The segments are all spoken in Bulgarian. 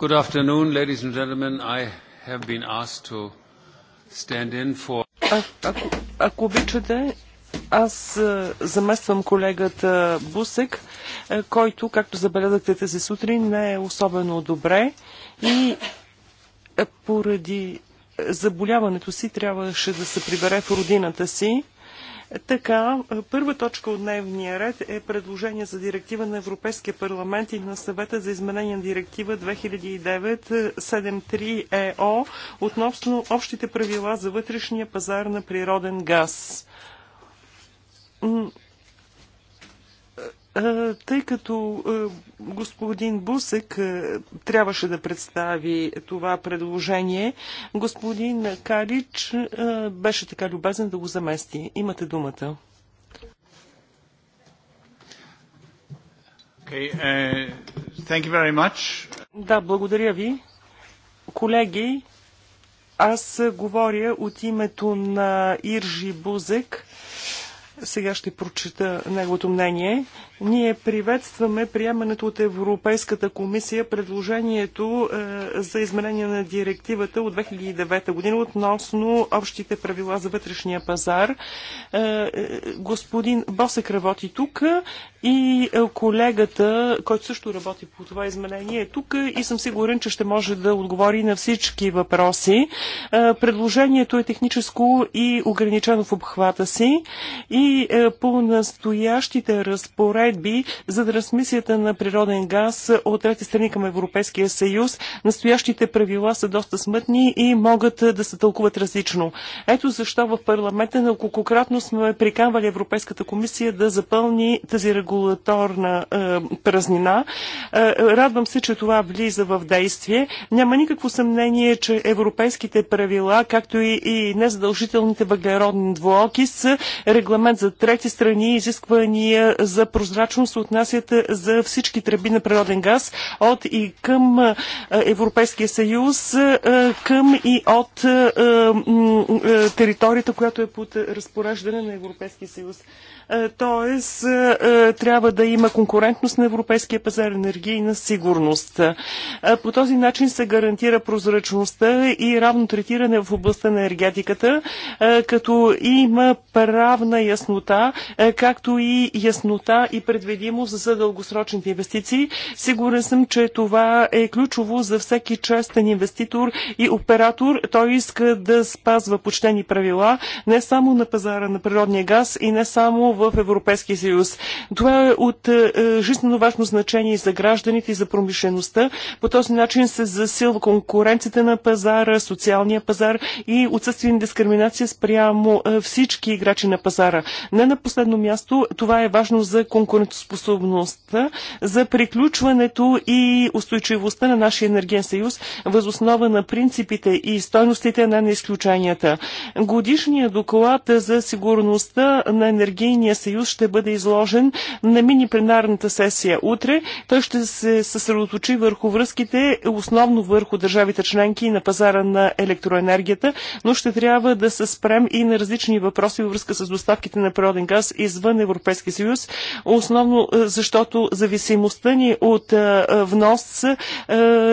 Good afternoon, ladies and gentlemen. I have been asked to stand in for... ако, ако обичате, аз замествам колегата Бусек, който, както забелязахте тази сутрин, не е особено добре и поради заболяването си трябваше да се прибере в родината си. Така, първа точка от дневния ред е предложение за директива на Европейския парламент и на съвета за изменение на директива 2009-73-ЕО е относно общите правила за вътрешния пазар на природен газ. Тъй като господин Бусек трябваше да представи това предложение, господин Калич беше така любезен да го замести. Имате думата. Okay, uh, thank you very much. Да, благодаря ви. Колеги, аз говоря от името на Иржи Бузек. Сега ще прочита неговото мнение. Ние приветстваме приемането от Европейската комисия предложението е, за изменение на директивата от 2009 година относно общите правила за вътрешния пазар. Е, е, господин Босек работи тук и колегата, който също работи по това изменение е тук и съм сигурен, че ще може да отговори на всички въпроси. Предложението е техническо и ограничено в обхвата си и е, по настоящите разпоредби за трансмисията на природен газ от трети страни към Европейския съюз, настоящите правила са доста смътни и могат е, да се тълкуват различно. Ето защо в парламента неколкократно сме приканвали Европейската комисия да запълни тази регулаторна е, празнина. Е, радвам се, че това влиза в действие. Няма никакво съмнение, че европейските правила, както и, и незадължителните въглеродни двуоки, са регламент за трети страни, изисквания за прозрачност отнасят за всички тръби на природен газ от и към Европейския съюз, към и от територията, която е под разпореждане на Европейския съюз. Е, тоест, е, е, трябва да има конкурентност на европейския пазар, енергийна сигурност. По този начин се гарантира прозрачността и равно третиране в областта на енергетиката, като има правна яснота, както и яснота и предвидимост за дългосрочните инвестиции. Сигурен съм, че това е ключово за всеки частен инвеститор и оператор. Той иска да спазва почтени правила не само на пазара на природния газ и не само в в Европейския съюз. Това е от е, е, жизненно важно значение за гражданите и за промишлеността. По този начин се засилва конкуренцията на пазара, социалния пазар и отсъствие на дискриминация спрямо е, всички играчи на пазара. Не на последно място, това е важно за конкурентоспособността, за приключването и устойчивостта на нашия енергиен съюз, възоснова на принципите и стойностите на изключенията. Годишният доклад за сигурността на енергийния Европейския съюз ще бъде изложен на мини пленарната сесия утре. Той ще се съсредоточи върху връзките, основно върху държавите членки и на пазара на електроенергията, но ще трябва да се спрем и на различни въпроси във връзка с доставките на природен газ извън Европейския съюз, основно е, защото зависимостта ни от е, внос е,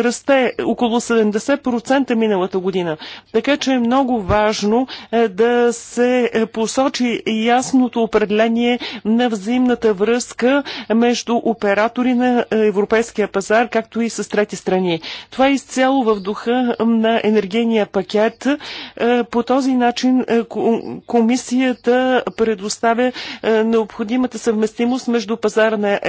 расте около 70% миналата година. Така че е много важно да се посочи ясното определение осветление на взаимната връзка между оператори на е, европейския пазар, както и с трети страни. Това е изцяло в духа на енергийния пакет. Е, по този начин е, комисията предоставя необходимата съвместимост между пазара на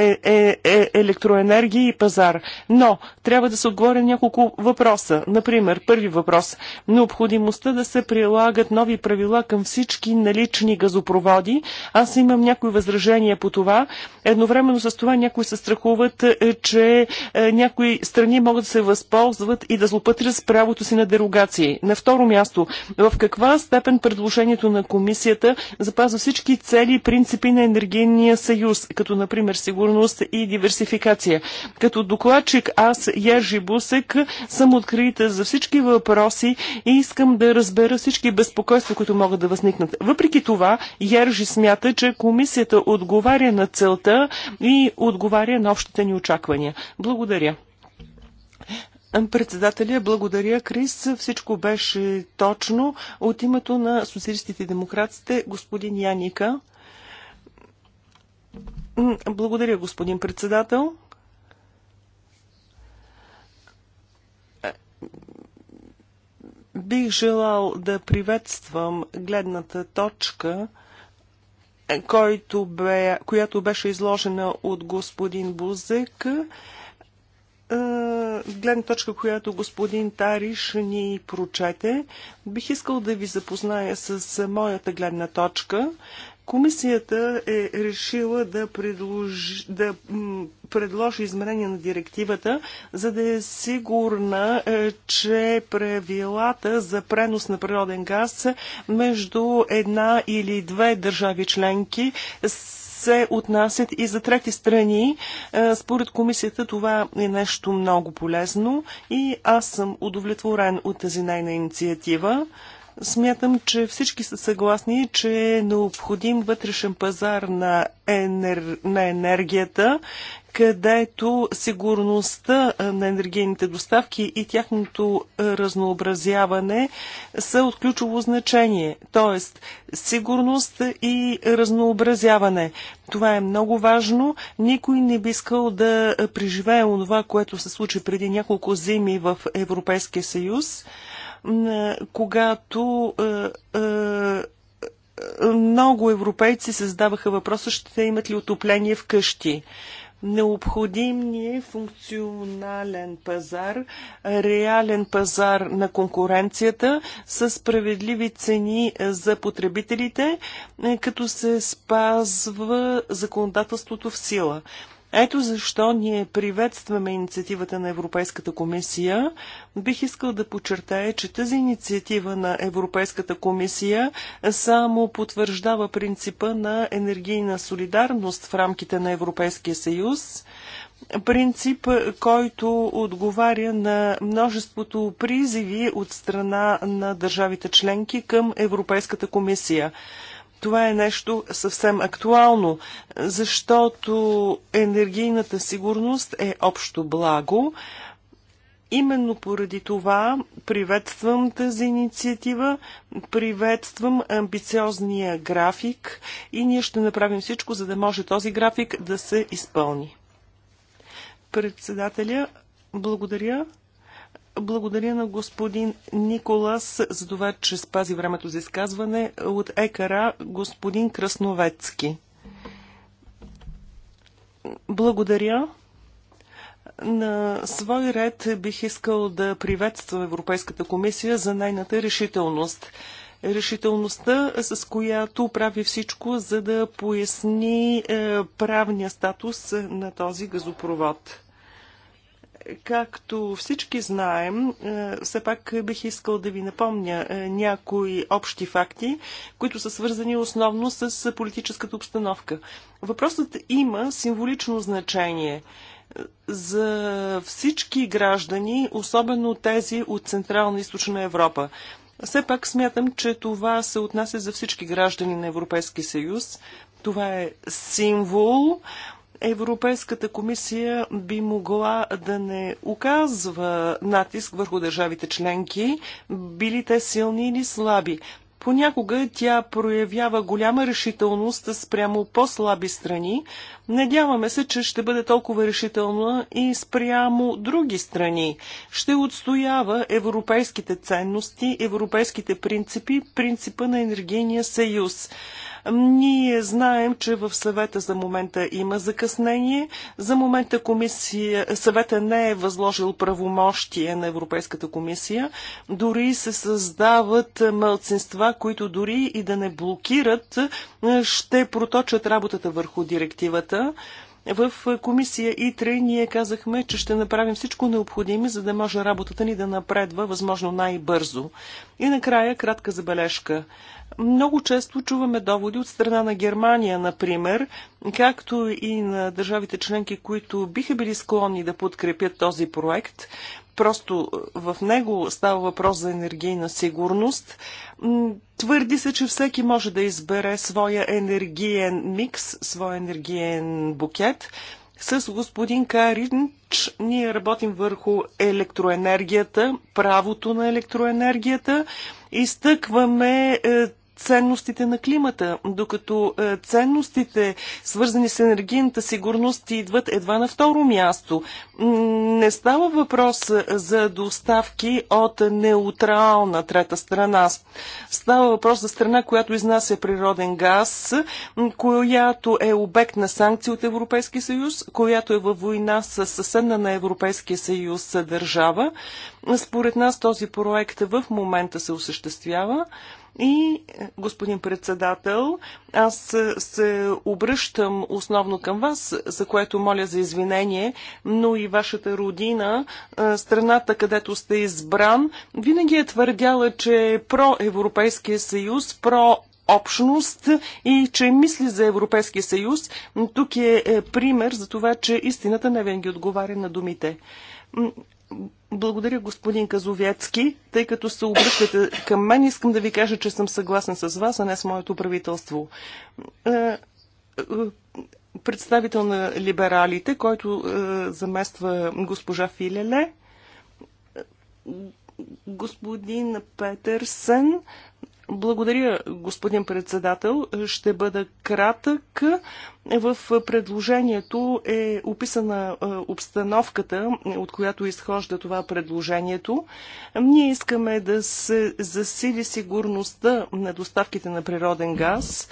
електроенергия и пазар. Но трябва да се отговоря няколко въпроса. Например, първи въпрос. Необходимостта да се прилагат нови правила към всички налични газопроводи. Аз имам някои възражения по това. Едновременно с това някои се страхуват, е, че е, някои страни могат да се възползват и да злопътрят с правото си на дерогации. На второ място, в каква степен предложението на комисията запазва всички цели и принципи на енергийния съюз, като например сигурност и диверсификация. Като докладчик аз, Ержи Бусек, съм открита за всички въпроси и искам да разбера всички безпокойства, които могат да възникнат. Въпреки това, Ержи смята, че че комисията отговаря на целта и отговаря на общите ни очаквания. Благодаря. Председателя, благодаря, Крис. Всичко беше точно. От името на социалистите и демократите, господин Яника. Благодаря, господин председател. Бих желал да приветствам гледната точка който бе, която беше изложена от господин Бузек, е, гледна точка, която господин Тариш ни прочете, бих искал да ви запозная с моята гледна точка. Комисията е решила да предложи, да предложи изменение на директивата, за да е сигурна, е, че правилата за пренос на природен газ между една или две държави членки се отнасят и за трети страни. Е, според комисията това е нещо много полезно и аз съм удовлетворен от тази нейна инициатива. Смятам, че всички са съгласни, че е необходим вътрешен пазар на, енер... на енергията, където сигурността на енергийните доставки и тяхното разнообразяване са от ключово значение. Тоест, сигурност и разнообразяване. Това е много важно. Никой не би искал да преживее онова, което се случи преди няколко зими в Европейския съюз когато е, е, много европейци създаваха въпроса, ще имат ли отопление в къщи. Необходим ни е функционален пазар, реален пазар на конкуренцията с справедливи цени е, за потребителите, като се спазва законодателството в сила. Ето защо ние приветстваме инициативата на Европейската комисия. Бих искал да подчертая, че тази инициатива на Европейската комисия само потвърждава принципа на енергийна солидарност в рамките на Европейския съюз принцип, който отговаря на множеството призиви от страна на държавите членки към Европейската комисия. Това е нещо съвсем актуално, защото енергийната сигурност е общо благо. Именно поради това приветствам тази инициатива, приветствам амбициозния график и ние ще направим всичко, за да може този график да се изпълни. Председателя, благодаря. Благодаря на господин Николас за това, че спази времето за изказване. От ЕКАРА господин Красновецки. Благодаря. На свой ред бих искал да приветствам Европейската комисия за нейната решителност. Решителността, с която прави всичко, за да поясни е, правния статус на този газопровод. Както всички знаем, е, все пак бих искал да ви напомня е, някои общи факти, които са свързани основно с политическата обстановка. Въпросът има символично значение е, за всички граждани, особено тези от Централна и Източна Европа. Все пак смятам, че това се отнася за всички граждани на Европейския съюз. Това е символ, Европейската комисия би могла да не оказва натиск върху държавите членки, били те силни или слаби. Понякога тя проявява голяма решителност спрямо по-слаби страни. Надяваме се, че ще бъде толкова решителна и спрямо други страни. Ще отстоява европейските ценности, европейските принципи, принципа на енергийния съюз. Ние знаем, че в съвета за момента има закъснение. За момента комисия, съвета не е възложил правомощие на Европейската комисия. Дори се създават мълцинства, които дори и да не блокират, ще проточат работата върху директивата. В комисия три ние казахме, че ще направим всичко необходимо, за да може работата ни да напредва възможно най-бързо. И накрая кратка забележка. Много често чуваме доводи от страна на Германия, например, както и на държавите членки, които биха били склонни да подкрепят този проект, Просто е, в него става въпрос за енергийна сигурност. Твърди се, че всеки може да избере своя енергиен микс, своя енергиен букет. С господин Каринч ние работим върху електроенергията, правото на електроенергията. Изтъкваме е, ценностите на климата, докато е, ценностите, свързани с енергийната сигурност, идват едва на второ място. Не става въпрос за доставки от неутрална трета страна. Става въпрос за страна, която изнася природен газ, която е обект на санкции от Европейския съюз, която е във война с съседна на Европейския съюз държава. Според нас този проект в момента се осъществява. И, господин председател, аз се обръщам основно към вас, за което моля за извинение, но и вашата родина, страната, където сте избран, винаги е твърдяла, че е про Европейския съюз, про общност и че мисли за Европейския съюз. Тук е, е пример за това, че истината не винаги отговаря на думите. Благодаря, господин Казовецки. Тъй като се обръщате към мен, искам да ви кажа, че съм съгласен с вас, а не с моето правителство. Е, е, представител на либералите, който е, замества госпожа Филеле, господин Петърсен, благодаря, господин председател. Ще бъда кратък. В предложението е описана е, обстановката, от която изхожда това предложението. Ние искаме да се засили сигурността на доставките на природен газ.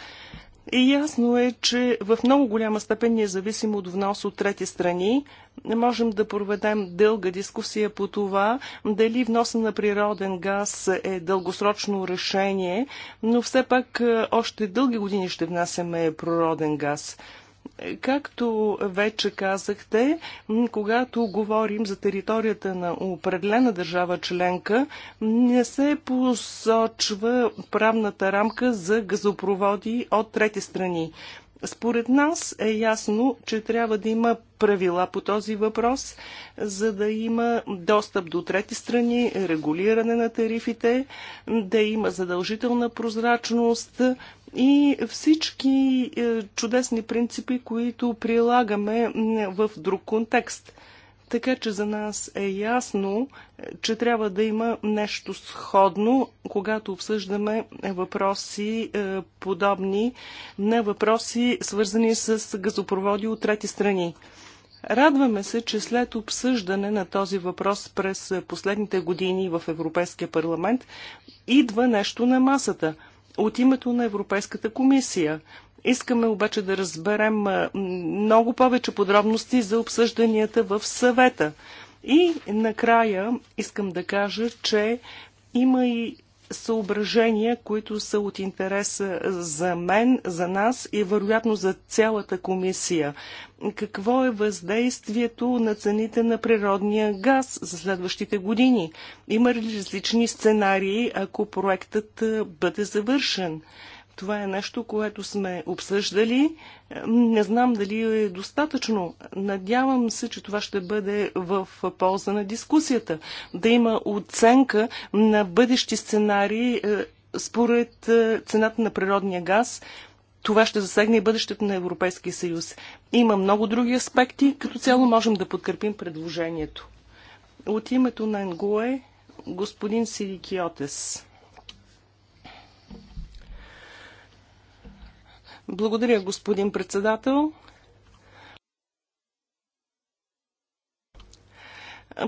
И ясно е, че в много голяма степен ние зависим от внос от трети страни. Можем да проведем дълга дискусия по това дали вноса на природен газ е дългосрочно решение, но все пак е, още дълги години ще внасяме природен газ. Както вече казахте, когато говорим за територията на определена държава членка, не се посочва правната рамка за газопроводи от трети страни. Според нас е ясно, че трябва да има правила по този въпрос, за да има достъп до трети страни, регулиране на тарифите, да има задължителна прозрачност и всички е, чудесни принципи, които прилагаме в друг контекст – така че за нас е ясно, че трябва да има нещо сходно, когато обсъждаме въпроси е, подобни на въпроси, свързани с газопроводи от трети страни. Радваме се, че след обсъждане на този въпрос през последните години в Европейския парламент идва нещо на масата от името на Европейската комисия. Искаме обаче да разберем много повече подробности за обсъжданията в съвета. И накрая искам да кажа, че има и съображения, които са от интереса за мен, за нас и вероятно за цялата комисия. Какво е въздействието на цените на природния газ за следващите години? Има ли различни сценарии, ако проектът бъде завършен? Това е нещо, което сме обсъждали. Не знам дали е достатъчно. Надявам се, че това ще бъде в полза на дискусията. Да има оценка на бъдещи сценарии е, според е, цената на природния газ. Това ще засегне и бъдещето на Европейския съюз. Има много други аспекти. Като цяло можем да подкрепим предложението. От името на НГОЕ господин Сирикиотес. Благодаря, господин председател.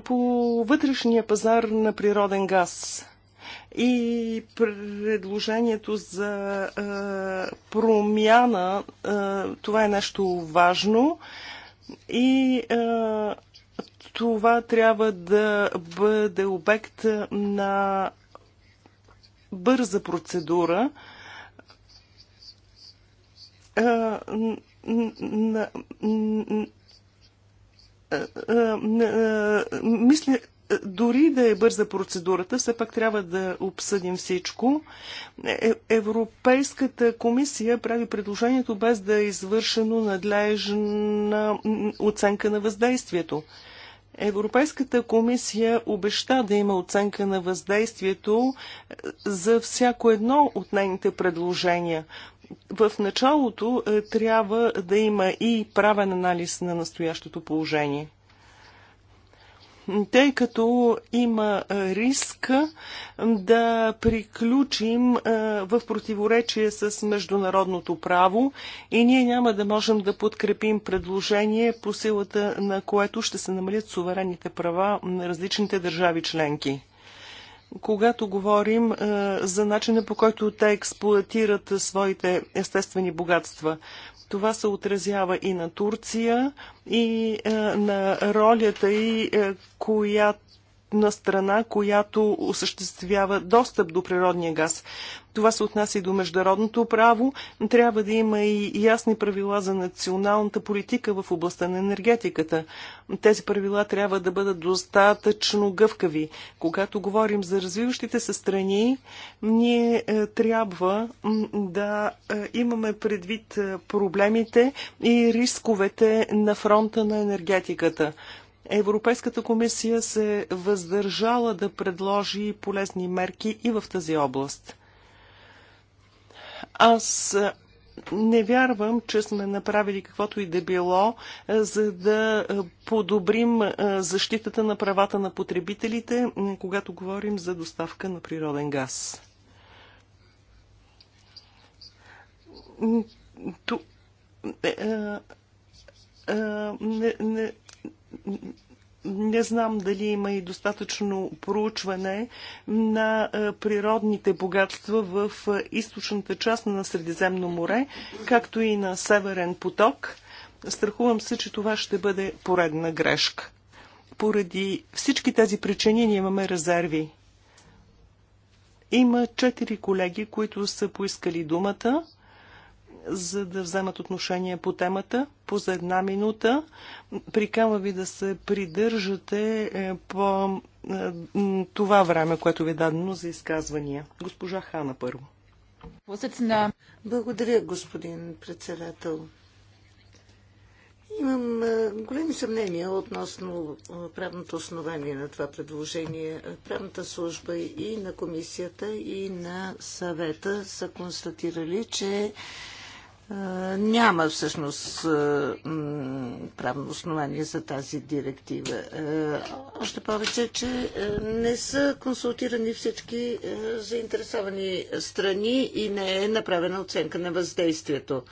По вътрешния пазар на природен газ и предложението за е, промяна, е, това е нещо важно и е, това трябва да бъде обект на бърза процедура. Е, мисля, дори да е бърза процедурата, все пак трябва да обсъдим всичко. Е, е, Европейската комисия прави предложението без да е извършено надлежна оценка на въздействието. Европейската комисия обеща да има оценка на въздействието е, за всяко едно от нейните предложения в началото е, трябва да има и правен анализ на настоящото положение тъй като има е, риск е, да приключим в противоречие с международното право и ние няма да можем да подкрепим предложение по силата на което ще се намалят суверенните права на различните държави членки когато говорим е, за начина по който те експлуатират своите естествени богатства. Това се отразява и на Турция, и е, на ролята и е, която на страна, която осъществява достъп до природния газ. Това се отнася и до международното право. Трябва да има и ясни правила за националната политика в областта на енергетиката. Тези правила трябва да бъдат достатъчно гъвкави. Когато говорим за развиващите се страни, ние е, трябва да е, имаме предвид е, проблемите и рисковете на фронта на енергетиката. Европейската комисия се въздържала да предложи полезни мерки и в тази област. Аз не вярвам, че сме направили каквото и да било, за да подобрим защитата на правата на потребителите, когато говорим за доставка на природен газ. Ту, е, е, е, не, не, не знам дали има и достатъчно проучване на е, природните богатства в е, източната част на Средиземно море, както и на Северен поток. Страхувам се, че това ще бъде поредна грешка. Поради всички тези причини ние имаме резерви. Има четири колеги, които са поискали думата за да вземат отношение по темата по за една минута. Прикава ви да се придържате е, по е, това време, което ви е дадено за изказвания. Госпожа Хана първо. Благодаря, господин председател. Имам е, големи съмнения относно правното основание на това предложение. Правната служба и на комисията, и на съвета са констатирали, че няма всъщност правно основание за тази директива. Още повече, че не са консултирани всички заинтересовани страни и не е направена оценка на въздействието.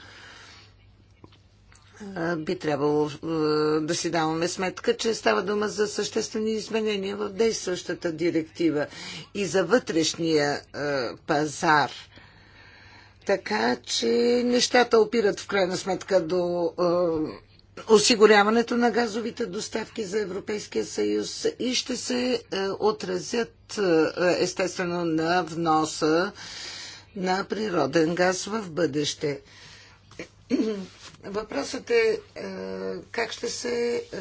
Би трябвало да си даваме сметка, че става дума за съществени изменения в действащата директива и за вътрешния пазар – така че нещата опират в крайна сметка до е, осигуряването на газовите доставки за Европейския съюз и ще се е, отразят е, естествено на вноса на природен газ в бъдеще. Въпросът е, е как ще се е,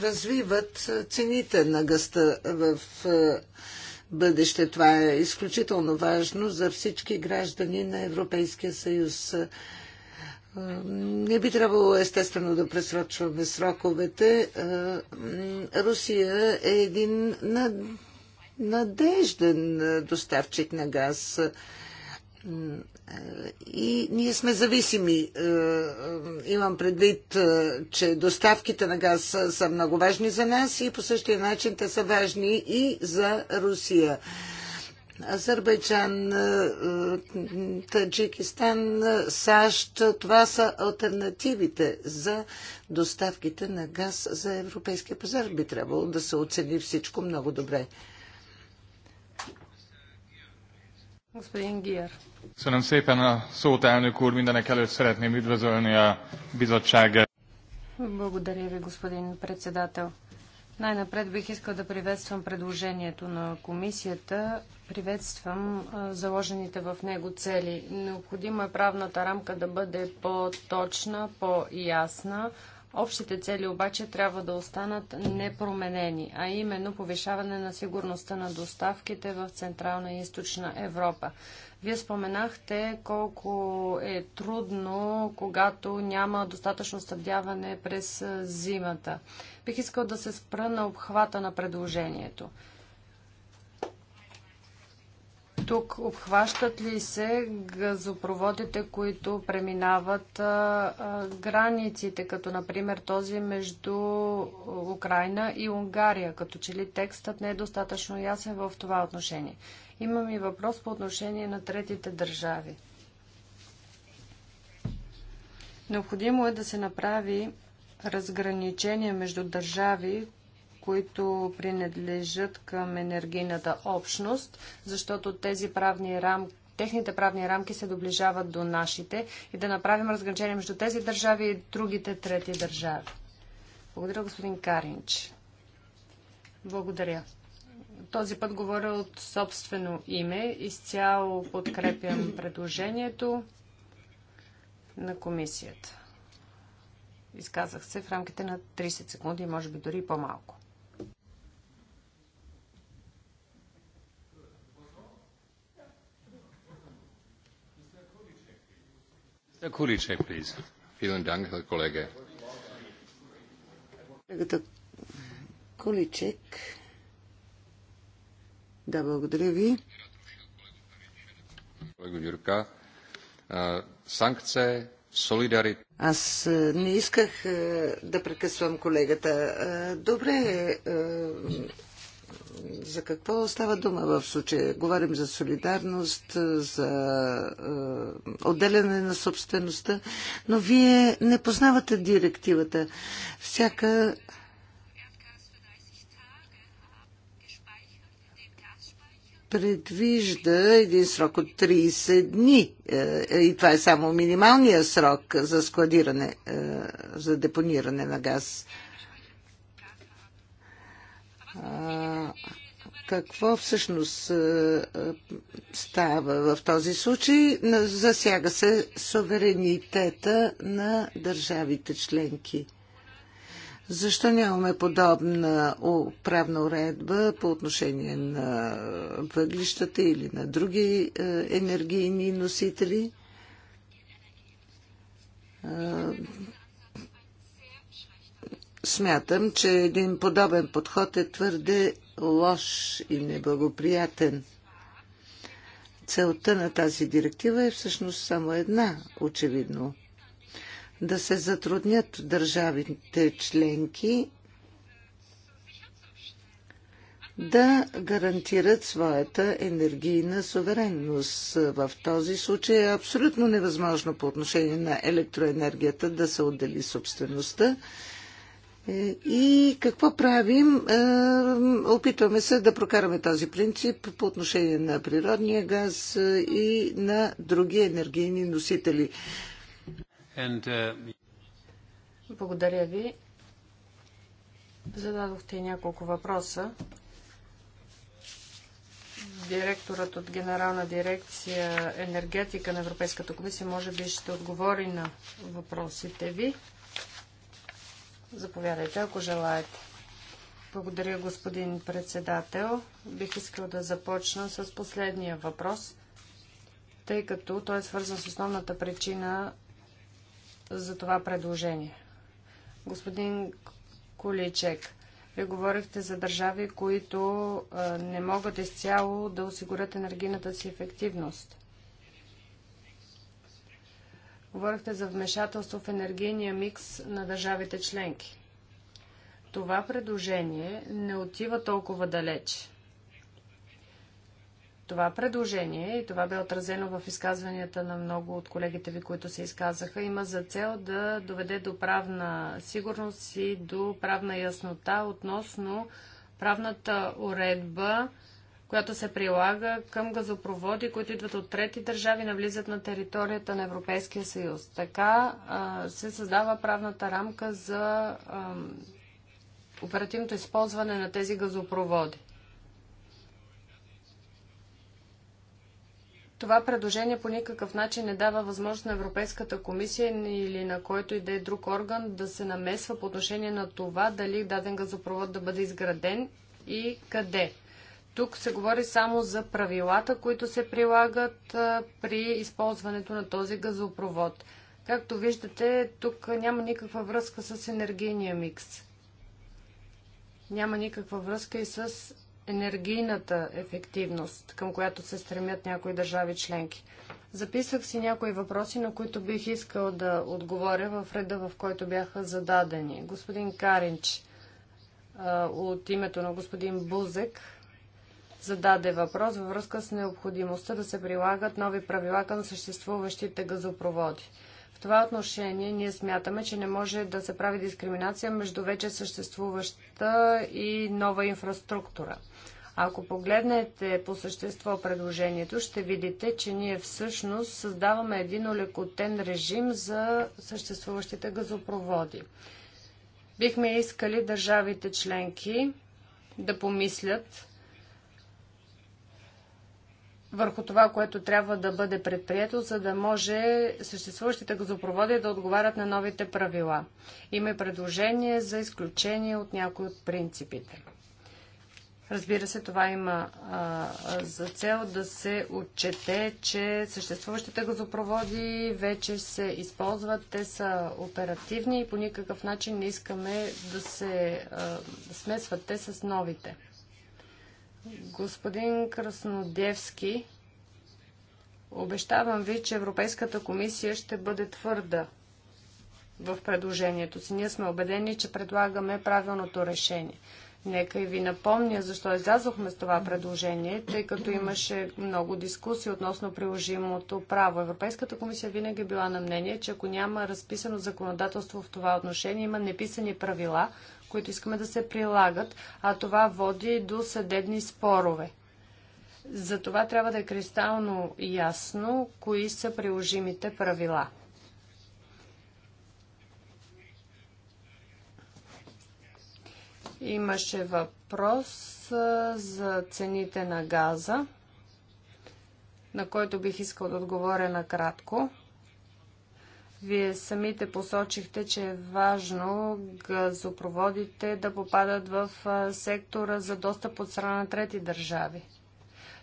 развиват цените на гъста в е, бъдеще. Това е изключително важно за всички граждани на Европейския съюз. Е, не би трябвало естествено да пресрочваме сроковете. Е, Русия е един надежден доставчик на газ. И ние сме зависими. Е, е, имам предвид, е, че доставките на газ са много важни за нас и по същия начин те са важни и за Русия. Азербайджан, Таджикистан, САЩ, това са альтернативите за доставките на газ за европейския пазар. Би трябвало да се оцени всичко много добре. Господин Гиер. Köszönöm szépen a szót, elnök úr. Mindenek előtt szeretném üdvözölni a bizottság. Благодаря ви, господин председател. Най-напред бих искал да приветствам предложението на комисията. Приветствам заложените в него цели. Необходимо е правната рамка да бъде по-точна, по-ясна, Общите цели обаче трябва да останат непроменени, а именно повишаване на сигурността на доставките в Централна и Източна Европа. Вие споменахте колко е трудно, когато няма достатъчно стъбдяване през зимата. Бих искал да се спра на обхвата на предложението. Тук обхващат ли се газопроводите, които преминават а, а, границите, като например този между Украина и Унгария, като че ли текстът не е достатъчно ясен в това отношение. Имам и въпрос по отношение на третите държави. Необходимо е да се направи разграничение между държави, които принадлежат към енергийната общност, защото тези правни рамки техните правни рамки се доближават до нашите и да направим разграничение между тези държави и другите трети държави. Благодаря, господин Каринч. Благодаря. Този път говоря от собствено име. Изцяло подкрепям предложението на комисията. Изказах се в рамките на 30 секунди, може би дори по-малко. Herr Vielen Dank, Herr Kollege. санкция, солидарит. Аз не исках да прекъсвам колегата. Добре, за какво става дума в случая? Говорим за солидарност, за е, отделяне на собствеността, но вие не познавате директивата. Всяка предвижда един срок от 30 дни. Е, и това е само минималния срок за складиране, е, за депониране на газ какво всъщност става в този случай? Засяга се суверенитета на държавите членки. Защо нямаме подобна правна уредба по отношение на въглищата или на други енергийни носители? смятам, че един подобен подход е твърде лош и неблагоприятен. Целта на тази директива е всъщност само една, очевидно. Да се затруднят държавите членки да гарантират своята енергийна суверенност. В този случай е абсолютно невъзможно по отношение на електроенергията да се отдели собствеността и какво правим? Е, опитваме се да прокараме този принцип по отношение на природния газ е, и на други енергийни носители. Е, Благодаря ви. Зададохте и няколко въпроса. Директорът от Генерална дирекция енергетика на Европейската комисия може би ще отговори на въпросите ви. Заповядайте, ако желаете. Благодаря, господин председател. Бих искал да започна с последния въпрос, тъй като той е свързан с основната причина за това предложение. Господин Куличек, вие говорихте за държави, които не могат изцяло да осигурят енергийната си ефективност. Говорихте за вмешателство в енергийния микс на държавите членки. Това предложение не отива толкова далеч. Това предложение, и това бе отразено в изказванията на много от колегите ви, които се изказаха, има за цел да доведе до правна сигурност и до правна яснота относно правната уредба която се прилага към газопроводи, които идват от трети държави, навлизат на територията на Европейския съюз. Така а, се създава правната рамка за а, оперативното използване на тези газопроводи. Това предложение по никакъв начин не дава възможност на Европейската комисия или на който и да е друг орган да се намесва по отношение на това дали даден газопровод да бъде изграден и къде. Тук се говори само за правилата, които се прилагат при използването на този газопровод. Както виждате, тук няма никаква връзка с енергийния микс. Няма никаква връзка и с енергийната ефективност, към която се стремят някои държави членки. Записах си някои въпроси, на които бих искал да отговоря в реда, в който бяха зададени. Господин Каринч, от името на господин Бузек, зададе въпрос във връзка с необходимостта да се прилагат нови правила към съществуващите газопроводи. В това отношение ние смятаме, че не може да се прави дискриминация между вече съществуваща и нова инфраструктура. Ако погледнете по същество предложението, ще видите, че ние всъщност създаваме един олекотен режим за съществуващите газопроводи. Бихме искали държавите членки да помислят върху това, което трябва да бъде предприето, за да може съществуващите газопроводи да отговарят на новите правила. Има и предложение за изключение от някои от принципите. Разбира се, това има а, за цел да се отчете, че съществуващите газопроводи вече се използват, те са оперативни и по никакъв начин не искаме да се а, смесват те с новите. Господин Краснодевски, обещавам ви, че Европейската комисия ще бъде твърда в предложението си. Ние сме убедени, че предлагаме правилното решение. Нека и ви напомня защо излязохме с това предложение, тъй като имаше много дискусии относно приложимото право. Европейската комисия винаги е била на мнение, че ако няма разписано законодателство в това отношение, има неписани правила, които искаме да се прилагат, а това води до съдебни спорове. Затова трябва да е кристално ясно кои са приложимите правила. Имаше въпрос за цените на газа, на който бих искал да отговоря накратко. кратко. Вие самите посочихте, че е важно газопроводите да попадат в сектора за достъп от страна на трети държави.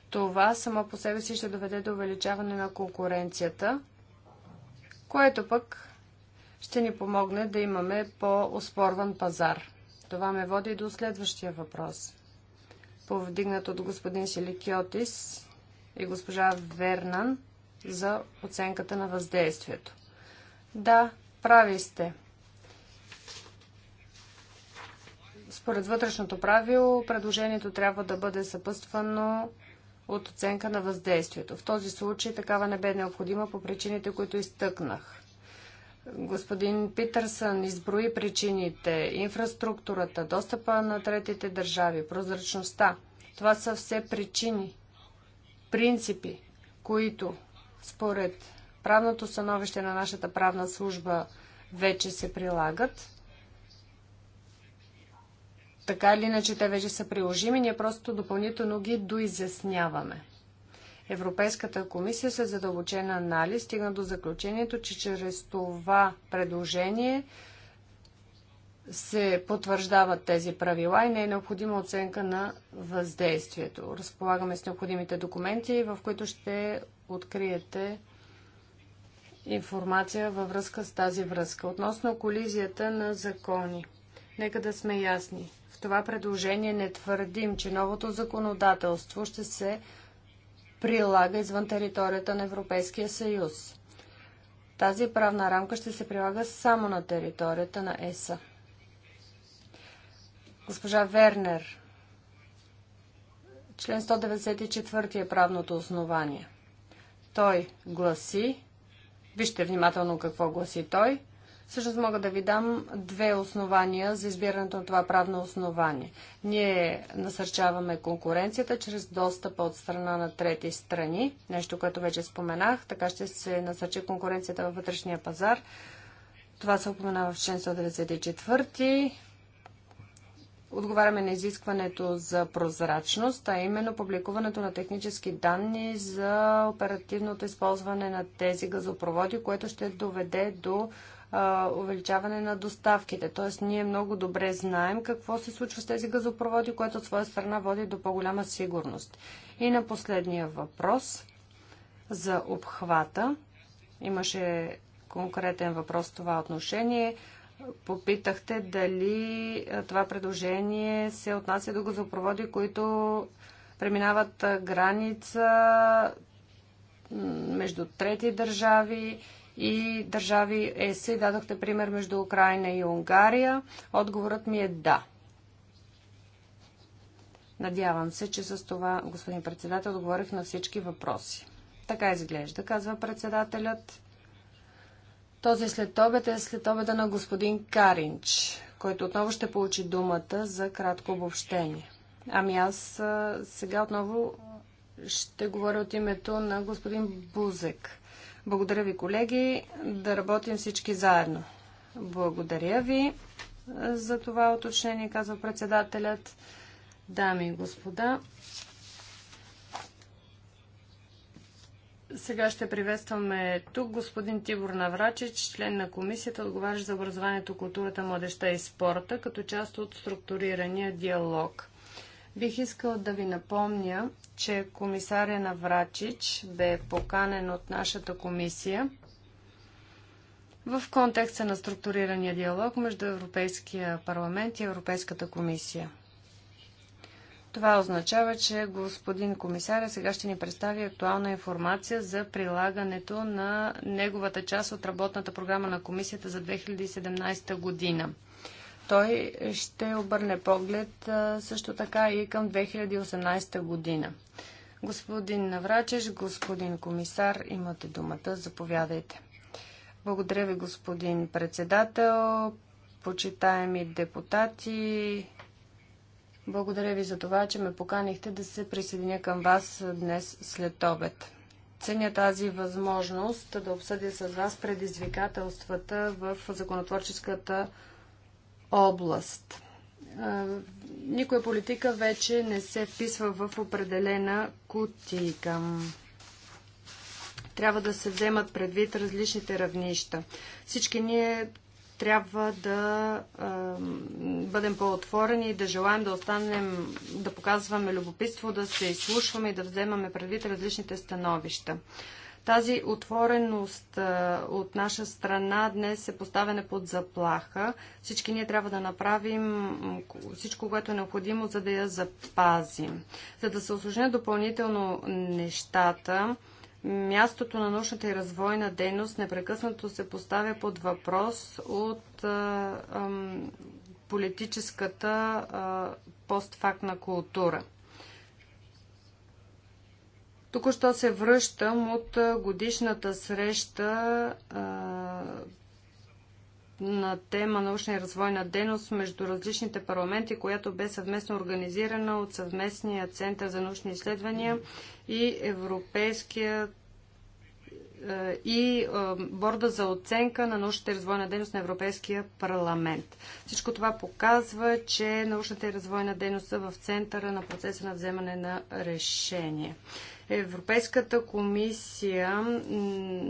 Това само по себе си ще доведе до увеличаване на конкуренцията, което пък ще ни помогне да имаме по-оспорван пазар. Това ме води и до следващия въпрос. Повдигнат от господин Силикиотис и госпожа Вернан за оценката на въздействието. Да, прави сте. Според вътрешното правило, предложението трябва да бъде съпъствано от оценка на въздействието. В този случай такава не бе необходима по причините, които изтъкнах. Господин Питърсън изброи причините, инфраструктурата, достъпа на третите държави, прозрачността. Това са все причини, принципи, които според правното становище на нашата правна служба вече се прилагат. Така или иначе те вече са приложими, ние просто допълнително ги доизясняваме. Европейската комисия се задълбочен анализ стигна до заключението, че чрез това предложение се потвърждават тези правила и не е необходима оценка на въздействието. Разполагаме с необходимите документи, в които ще откриете информация във връзка с тази връзка. Относно колизията на закони, нека да сме ясни. В това предложение не твърдим, че новото законодателство ще се прилага извън територията на Европейския съюз. Тази правна рамка ще се прилага само на територията на ЕСА. Госпожа Вернер, член 194 е правното основание. Той гласи, Вижте внимателно какво гласи той. Всъщност мога да ви дам две основания за избирането на това правно основание. Ние насърчаваме конкуренцията чрез достъпа от страна на трети страни, нещо, което вече споменах. Така ще се насърчи конкуренцията във вътрешния пазар. Това се упоменава в член 194 отговаряме на изискването за прозрачност, а именно публикуването на технически данни за оперативното използване на тези газопроводи, което ще доведе до увеличаване на доставките. Тоест, ние много добре знаем какво се случва с тези газопроводи, което от своя страна води до по-голяма сигурност. И на последния въпрос за обхвата. Имаше конкретен въпрос в това отношение. Попитахте дали това предложение се отнася до газопроводи, които преминават граница между трети държави и държави ЕС. дадохте пример между Украина и Унгария. Отговорът ми е да. Надявам се, че с това, господин председател, отговорих на всички въпроси. Така изглежда, казва председателят. Този след обед е след обеда на господин Каринч, който отново ще получи думата за кратко обобщение. Ами аз сега отново ще говоря от името на господин Бузек. Благодаря ви, колеги, да работим всички заедно. Благодаря ви за това уточнение, казва председателят. Дами и господа, Сега ще приветстваме тук господин Тибор Наврачич, член на комисията, отговарящ за образованието, културата, младеща и спорта, като част от структурирания диалог. Бих искал да ви напомня, че комисаря Наврачич бе поканен от нашата комисия в контекста на структурирания диалог между Европейския парламент и Европейската комисия. Това означава, че господин комисаря сега ще ни представи актуална информация за прилагането на неговата част от работната програма на комисията за 2017 година. Той ще обърне поглед също така и към 2018 година. Господин Наврачеш, господин комисар, имате думата. Заповядайте. Благодаря ви, господин председател, почитаеми депутати, благодаря ви за това, че ме поканихте да се присъединя към вас днес след обед. Ценя тази възможност да обсъдя с вас предизвикателствата в законотворческата област. Никоя политика вече не се вписва в определена кутийка. Трябва да се вземат предвид различните равнища. Всички ние трябва да е, бъдем по-отворени и да желаем да останем, да показваме любопитство, да се изслушваме и да вземаме предвид различните становища. Тази отвореност е, от наша страна днес е поставена под заплаха. Всички ние трябва да направим всичко, което е необходимо, за да я запазим. За да се осложнят допълнително нещата, мястото на научната и развойна дейност непрекъснато се поставя под въпрос от политическата постфактна култура. Току-що се връщам от годишната среща а, на тема научна и развойна дейност между различните парламенти, която бе съвместно организирана от съвместния Център за научни изследвания и Европейския е, и е, борда за оценка на научната и развойна дейност на Европейския парламент. Всичко това показва, че научната и развойна дейност са в центъра на процеса на вземане на решение. Европейската комисия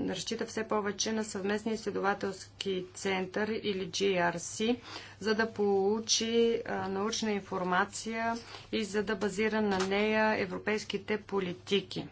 разчита все повече на съвместния изследователски център или GRC, за да получи научна информация и за да базира на нея европейските политики.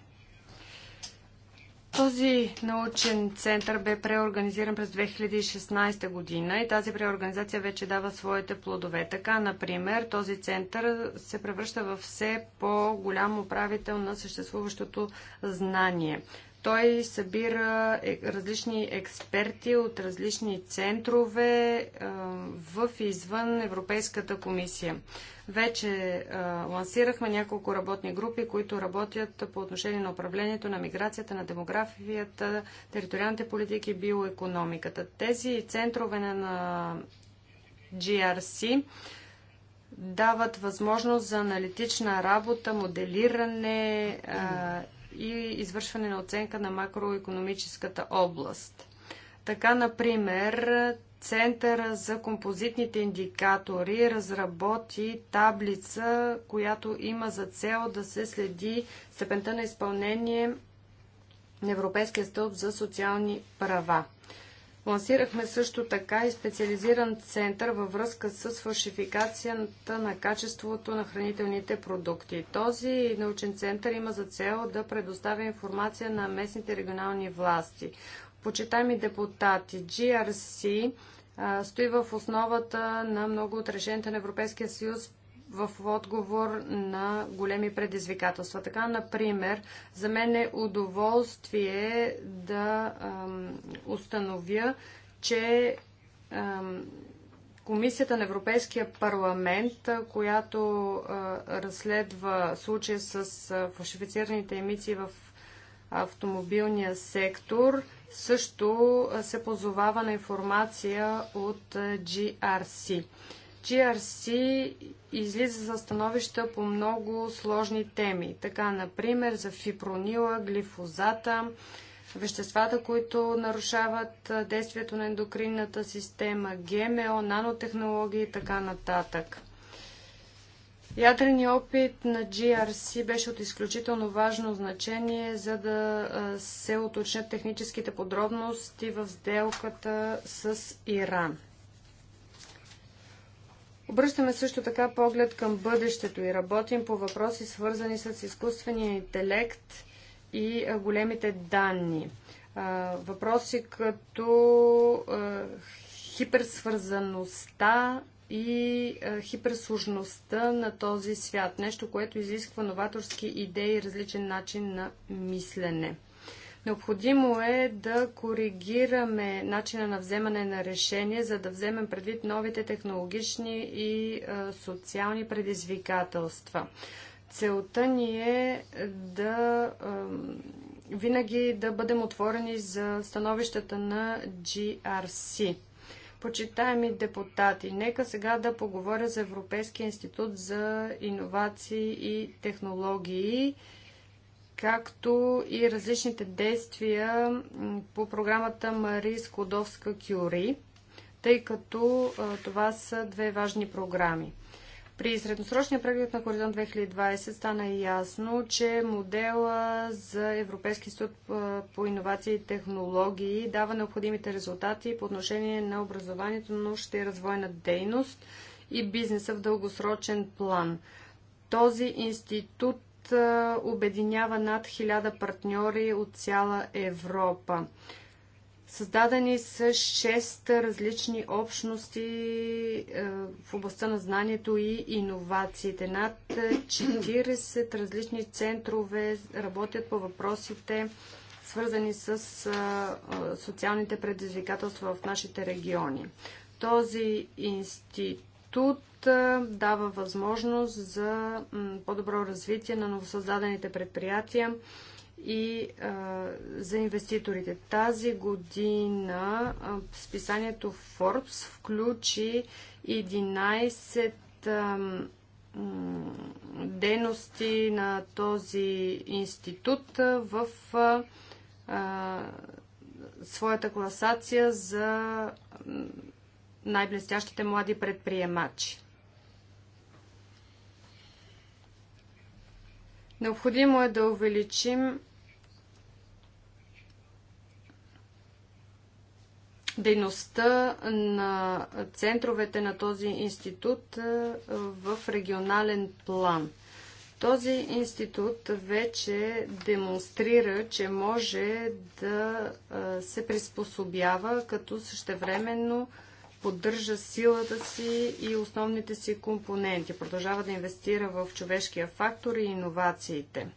Този научен център бе преорганизиран през 2016 година и тази преорганизация вече дава своите плодове. Така, например, този център се превръща в все по-голям управител на съществуващото знание. Той събира е, различни експерти от различни центрове в и извън Европейската комисия. Вече лансирахме няколко работни групи, които работят по отношение на управлението на миграцията, на демографията, териториалните политики и биоекономиката. Тези центрове на GRC дават възможност за аналитична работа, моделиране, и извършване на оценка на макроекономическата област. Така, например, Центъра за композитните индикатори разработи таблица, която има за цел да се следи степента на изпълнение на Европейския стълб за социални права. Лансирахме също така и специализиран център във връзка с фалшификацията на качеството на хранителните продукти. Този научен център има за цел да предоставя информация на местните регионални власти. Почитаеми депутати, GRC а, стои в основата на много от решенията на Европейския съюз в отговор на големи предизвикателства. Така, например, за мен е удоволствие да ам, установя, че ам, Комисията на Европейския парламент, която а, разследва случая с а, фалшифицираните емисии в автомобилния сектор, също се позовава на информация от GRC. GRC излиза за становища по много сложни теми. Така, например, за фипронила, глифозата, веществата, които нарушават действието на ендокринната система, ГМО, нанотехнологии и така нататък. Ядрени опит на GRC беше от изключително важно значение, за да се уточнят техническите подробности в сделката с Иран. Обръщаме също така поглед към бъдещето и работим по въпроси, свързани с изкуствения интелект и големите данни. Въпроси като хиперсвързаността и хиперсложността на този свят. Нещо, което изисква новаторски идеи и различен начин на мислене. Необходимо е да коригираме начина на вземане на решение, за да вземем предвид новите технологични и социални предизвикателства. Целта ни е да винаги да бъдем отворени за становищата на GRC. Почитаеми депутати, нека сега да поговоря за Европейския институт за иновации и технологии както и различните действия по програмата Мари Скодовска Кюри, тъй като това са две важни програми. При средносрочния преглед на Хоризонт 2020 стана ясно, че модела за Европейски институт по иновации и технологии дава необходимите резултати по отношение на образованието, научната и е развойна дейност и бизнеса в дългосрочен план. Този институт обединява над 1000 партньори от цяла Европа. Създадени са 6 различни общности в областта на знанието и иновациите. Над 40 различни центрове работят по въпросите, свързани с социалните предизвикателства в нашите региони. Този институт статут дава възможност за по-добро развитие на новосъздадените предприятия и а, за инвеститорите. Тази година а, списанието Forbes включи 11 а, дейности на този институт в а, а, своята класация за най-блестящите млади предприемачи. Необходимо е да увеличим дейността на центровете на този институт е, в регионален план. Този институт вече демонстрира, че може да е, се приспособява, като същевременно поддържа силата си и основните си компоненти. Продължава да инвестира в човешкия фактор и иновациите.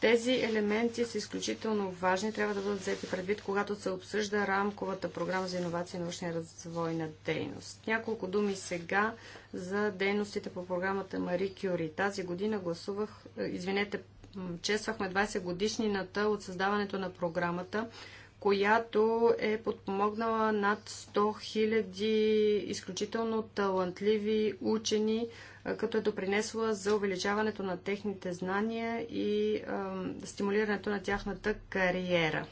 Тези елементи са изключително важни, трябва да бъдат взети предвид, когато се обсъжда рамковата програма за иновация и научния развой на дейност. Няколко думи сега за дейностите по програмата Мари Кюри. Тази година гласувах, е, извинете, чествахме 20 годишнината от създаването на програмата която е подпомогнала над 100 000 изключително талантливи учени, като е допринесла за увеличаването на техните знания и е, стимулирането на тяхната кариера.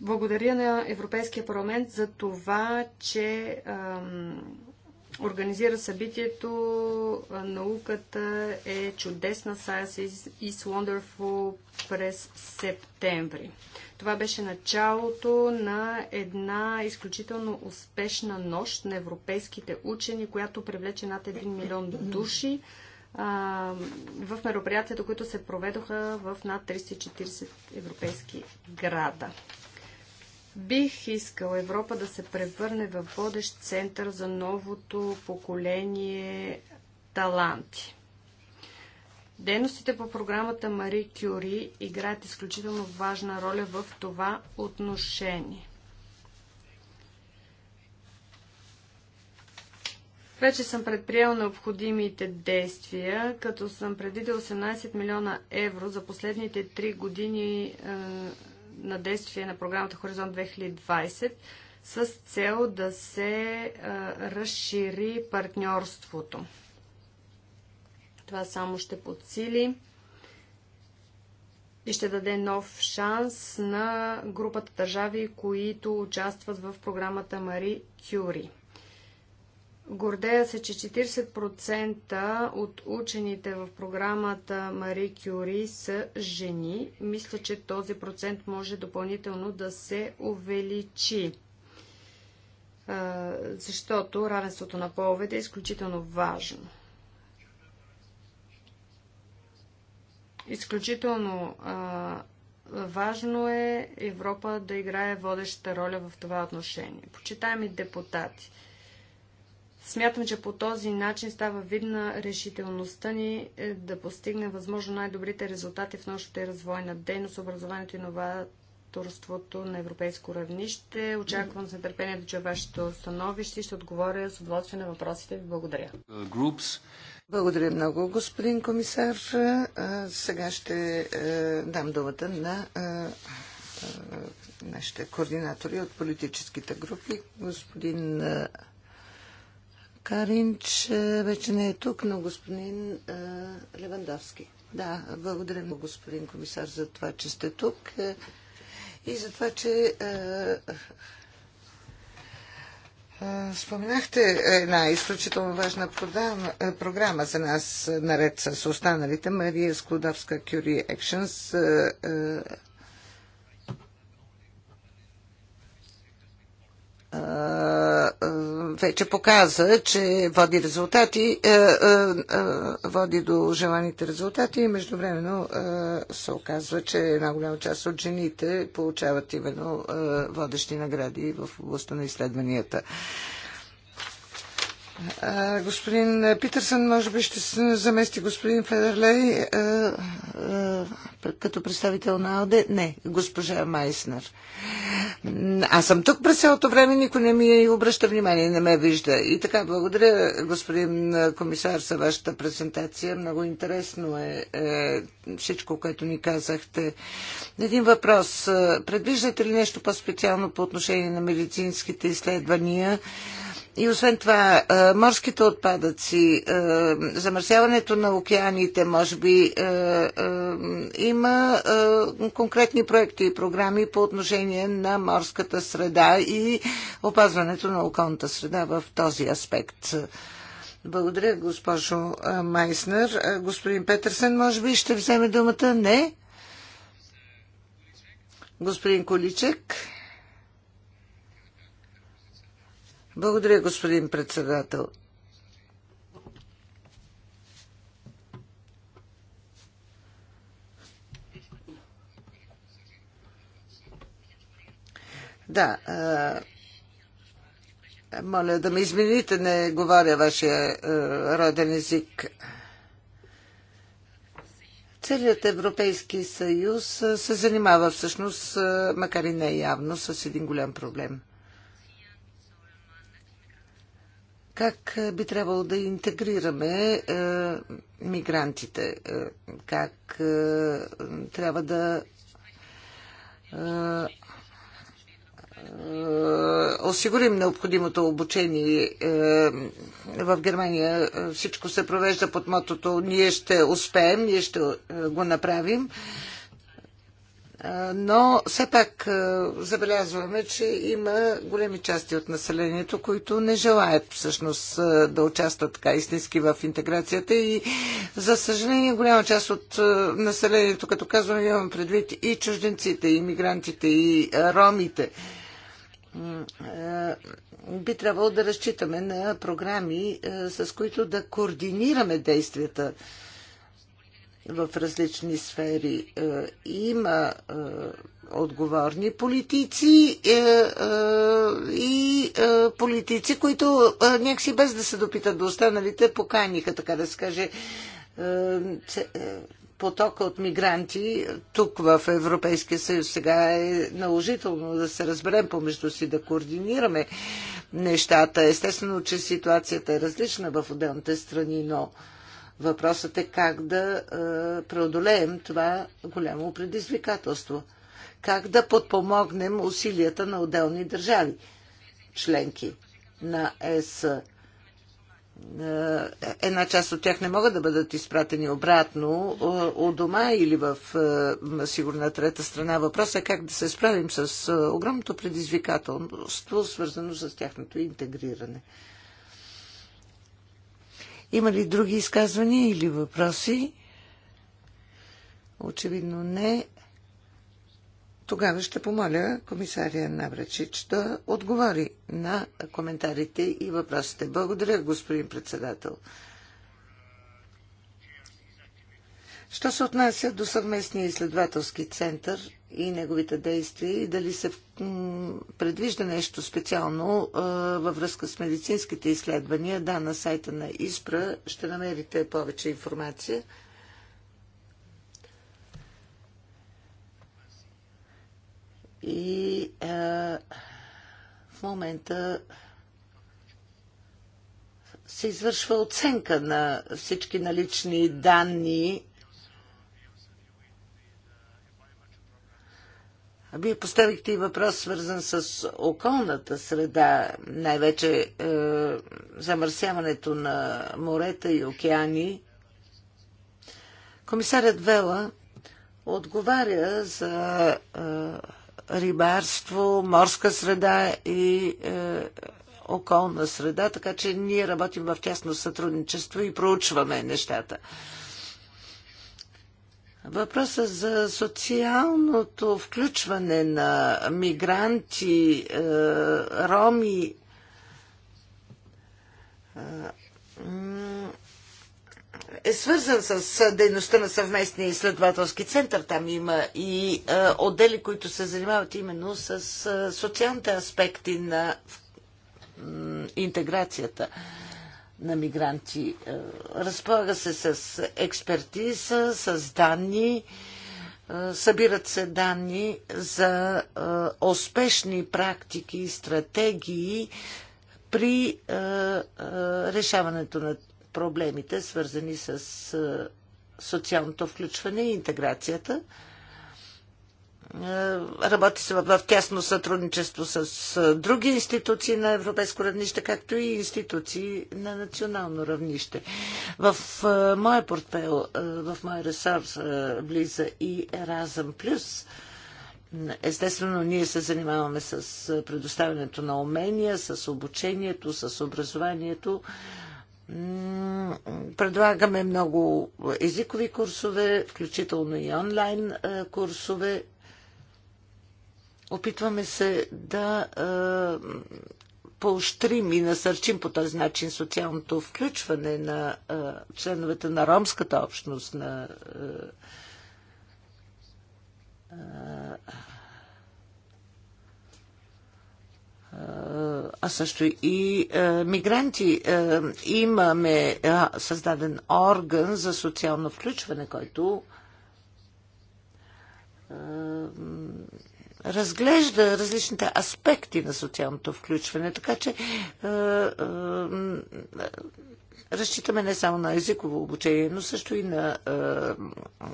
Благодаря на Европейския парламент за това, че е, организира събитието. Науката е чудесна Science is Wonderful през септември. Това беше началото на една изключително успешна нощ на европейските учени, която привлече над 1 милион души а, в мероприятията, които се проведоха в над 340 европейски града. Бих искал Европа да се превърне в водещ център за новото поколение таланти. Дейностите по програмата Мари Кюри играят изключително важна роля в това отношение. Вече съм предприел необходимите действия, като съм предвидил 18 милиона евро за последните 3 години е, на действие на програмата Хоризонт 2020 с цел да се а, разшири партньорството. Това само ще подсили и ще даде нов шанс на групата държави, които участват в програмата Мари Кюри. Гордея се, че 40% от учените в програмата Мари Кюри са жени. Мисля, че този процент може допълнително да се увеличи, защото равенството на половете е изключително важно. Изключително важно е Европа да играе водеща роля в това отношение. Почитаеми депутати – Смятам, че по този начин става видна решителността ни е, да постигне възможно най-добрите резултати в нашата развойна дейност, образованието и новаторството на европейско равнище. Очаквам с нетърпение да чуя вашето становище и ще отговоря с удоволствие на въпросите ви. Благодаря. Благодаря много, господин комисар. Сега ще е, дам думата на е, нашите координатори от политическите групи. Господин Каринч вече не е тук, но господин Левандовски. Да, благодаря много, господин комисар, за това, че сте тук и за това, че Споменахте една изключително важна програма за нас, наред с останалите, Мария Склодовска Curie Actions, вече показа, че води резултати, води до желаните резултати и междувременно се оказва, че една голяма част от жените получават именно водещи награди в областта на изследванията. Господин Питърсън, може би ще се замести господин Федерлей като представител на АОД. Не, госпожа Майснер. Аз съм тук през цялото време, никой не ми е и обръща внимание, не ме вижда. И така, благодаря, господин комисар, за вашата презентация. Много интересно е, е всичко, което ни казахте. Един въпрос. Предвиждате ли нещо по-специално по отношение на медицинските изследвания? И освен това, морските отпадъци, замърсяването на океаните, може би, има конкретни проекти и програми по отношение на морската среда и опазването на околната среда в този аспект. Благодаря, госпожо Майснер. Господин Петърсен, може би ще вземе думата? Не. Господин Количек. Благодаря, господин председател. Да. А, моля да ме измените, не говоря вашия а, роден език. Целият Европейски съюз се занимава всъщност, макар и не явно, с един голям проблем. как е, би трябвало да интегрираме е, мигрантите, е, как е, трябва да е, е осигурим необходимото обучение е, в Германия. Всичко се провежда под мотото ние ще успеем, ние ще го направим. Но все пак забелязваме, че има големи части от населението, които не желаят всъщност да участват така истински в интеграцията и за съжаление голяма част от населението, като казваме, имам предвид и чужденците, и мигрантите, и ромите би трябвало да разчитаме на програми, с които да координираме действията в различни сфери. Е, има е, отговорни политици е, и политици, които някакси без да се допитат до останалите, поканиха, така да се каже, потока от мигранти тук в Европейския съюз. Сега е наложително да се разберем помежду си, да координираме нещата. Естествено, че ситуацията е различна в отделните страни, но Въпросът е как да е, преодолеем това голямо предизвикателство. Как да подпомогнем усилията на отделни държави, членки на ЕС. Е, една част от тях не могат да бъдат изпратени обратно е, у дома или в сигурна трета страна. Въпросът е как да се справим с огромното предизвикателство, свързано с тяхното интегриране. Има ли други изказвания или въпроси? Очевидно не. Тогава ще помоля комисария Набрачич да отговори на коментарите и въпросите. Благодаря, господин председател. Що се отнася до съвместния изследователски център, и неговите действия и дали се предвижда нещо специално а, във връзка с медицинските изследвания. Да, на сайта на ИСПРА ще намерите повече информация. И а, в момента се извършва оценка на всички налични данни Вие поставихте и въпрос, свързан с околната среда, най-вече е, замърсяването на морета и океани. Комисарят Вела отговаря за е, рибарство, морска среда и е, околна среда, така че ние работим в тясно сътрудничество и проучваме нещата. Въпроса за социалното включване на мигранти, е, роми, е, е свързан с дейността на съвместния изследователски център. Там има и е, отдели, които се занимават именно с социалните аспекти на интеграцията на мигранти. Е, разполага се с експертиза, с данни, е, събират се данни за е, успешни практики и стратегии при решаването на проблемите, свързани с социалното включване и интеграцията. Е, работи се в тясно сътрудничество с е, други институции на европейско равнище, както и институции на национално равнище. В е, моя портфел, в моя ресор влиза и Еразъм Плюс. Естествено, ние се занимаваме с предоставянето на умения, с обучението, с образованието. Предлагаме много езикови курсове, включително и онлайн курсове Опитваме се да поощрим и насърчим по този начин социалното включване на членовете на ромската общност, на а също и мигранти. Имаме създаден орган за социално включване, който разглежда различните аспекти на социалното включване, така че е, е, разчитаме не само на езиково обучение, но също и на е,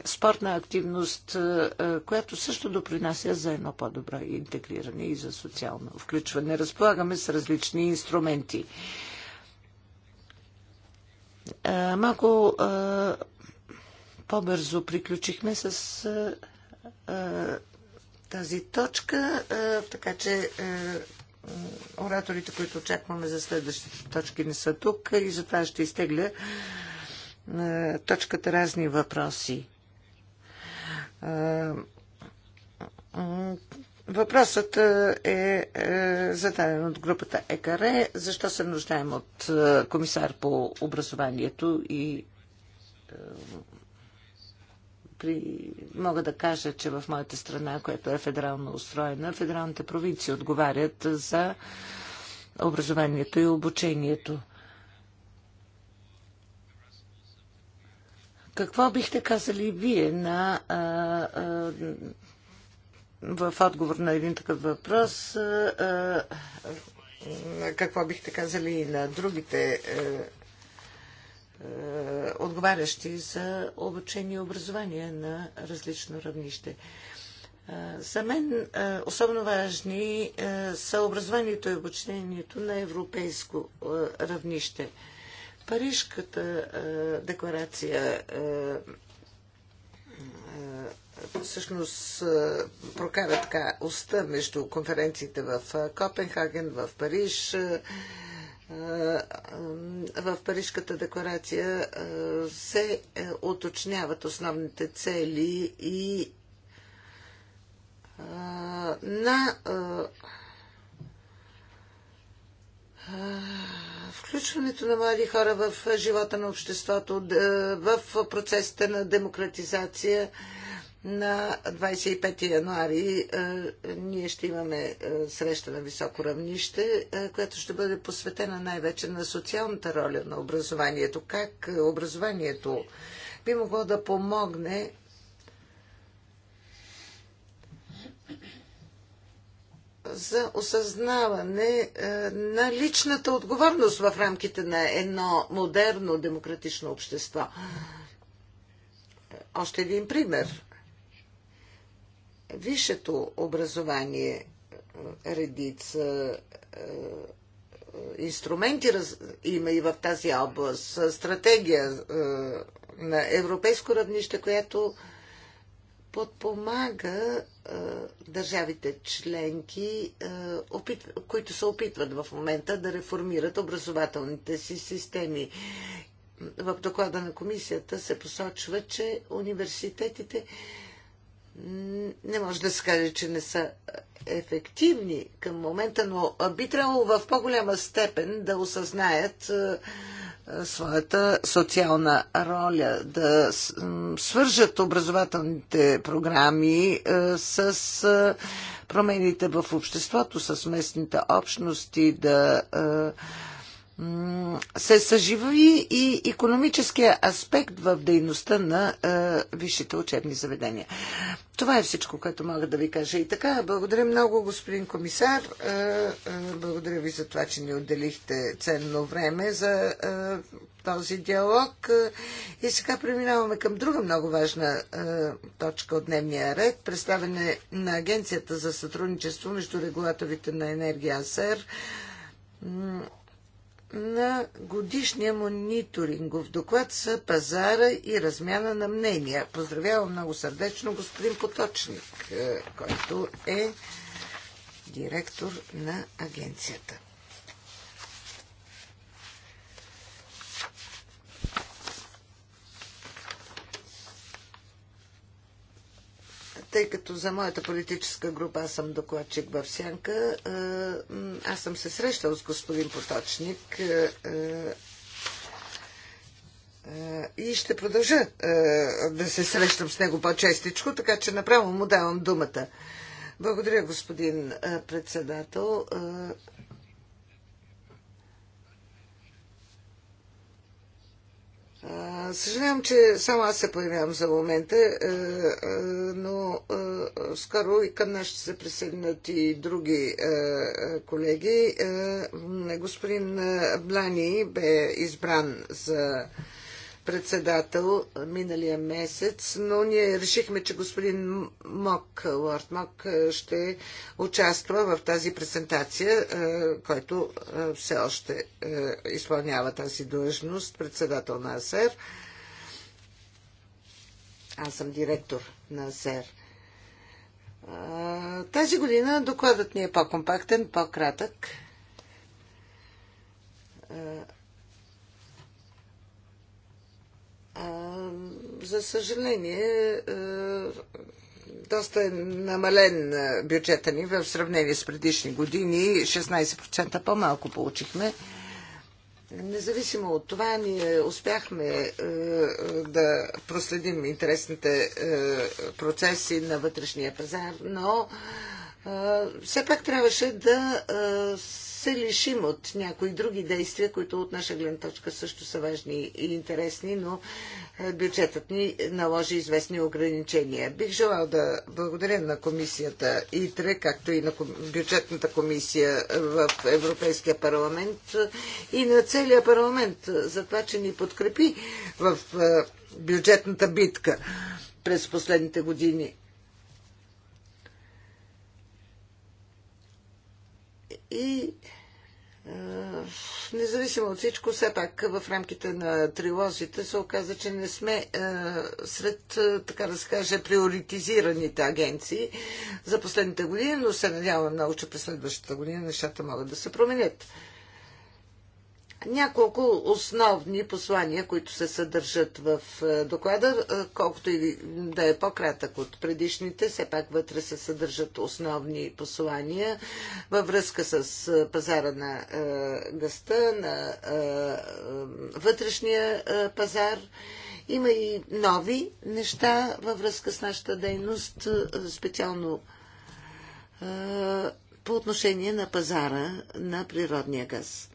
спортна активност, е, е която също допринася за едно по-добро интегриране и за социално включване. Разполагаме с различни инструменти. Е, малко е, по-бързо приключихме с. Е, е тази точка, така че ораторите, които очакваме за следващите точки не са тук и затова ще изтегля точката разни въпроси. Въпросът е, е, зададен от групата ЕКАРЕ. Защо се нуждаем от комисар по образованието и при... мога да кажа, че в моята страна, която е федерално устроена, федералните провинции отговарят за образованието и обучението. Какво бихте казали вие на, а, а, в отговор на един такъв въпрос? А, а, какво бихте казали и на другите а, е, отговарящи за обучение и образование на различно равнище. Е, за мен е, особено важни са образованието и обучението на европейско равнище. Парижката декларация всъщност прокара така уста между конференциите в Копенхаген, в Париж, е, в Парижката декларация е, се е, уточняват основните цели и на включването на млади хора в живота на обществото, в процесите на демократизация, на 25 януари е, ние ще имаме е, среща на високо равнище, е, която ще бъде посветена най-вече на социалната роля на образованието. Как образованието би могло да помогне за осъзнаване на личната отговорност в рамките на едно модерно демократично общество. Още един пример висшето образование е, редица е, инструменти има и в тази област. Стратегия е, на европейско равнище, която подпомага държавите членки, които се опитват в момента да реформират образователните си системи. В доклада на комисията се посочва, че университетите не може да се каже, че не са ефективни към момента, но би трябвало в по-голяма степен да осъзнаят своята социална роля, да свържат образователните програми с промените в обществото, с местните общности, да се съживи и економическия аспект в дейността на е, висшите учебни заведения. Това е всичко, което мога да ви кажа. И така, благодаря много, господин комисар. Е, е, благодаря ви за това, че ни отделихте ценно време за е, този диалог. И сега преминаваме към друга много важна е, точка от дневния ред. Представяне на Агенцията за сътрудничество между регулаторите на енергия АСЕР на годишния мониторингов доклад за пазара и размяна на мнения. Поздравявам много сърдечно господин Поточник, е, който е директор на агенцията. тъй като за моята политическа група аз съм докладчик в Сянка, е, аз съм се срещал с господин Поточник е, е, и ще продължа да се срещам с него по-честичко, така че направо му давам думата. Благодаря, господин председател. Съжалявам, че само аз се появявам за момента, е, е, но е, скоро и към нас ще се присъединят и други колеги. Господин Блани бе избран за председател миналия месец, но ние решихме, че господин Мок, Лорд Мок, е, ще участва в тази презентация, е, който е, все още изпълнява тази длъжност, председател на АСЕР. Аз съм директор на АСЕР. Тази година докладът ни е по-компактен, по-кратък За съжаление, е, доста е намален е, бюджета ни в сравнение с предишни години. 16% по-малко получихме. Независимо от това, ние успяхме е, да проследим интересните процеси на вътрешния пазар, но все пак трябваше да се лишим от някои други действия, които от наша гледна точка също са важни и интересни, но бюджетът ни наложи известни ограничения. Бих желал да благодаря на комисията ИТРЕ, както и на бюджетната комисия в Европейския парламент и на целия парламент за това, че ни подкрепи в бюджетната битка през последните години. И независимо от всичко, все пак в рамките на трилозите се оказа, че не сме сред, така да се каже, приоритизираните агенции за последните години, но се надявам много, че през следващата година нещата могат да се променят няколко основни послания, които се съдържат в е, доклада, е, колкото и да е по-кратък от предишните, все пак вътре се съдържат основни послания във връзка с е, пазара на гъста, на вътрешния пазар. Има и нови неща във връзка с нашата дейност, специално по отношение на пазара на природния газ.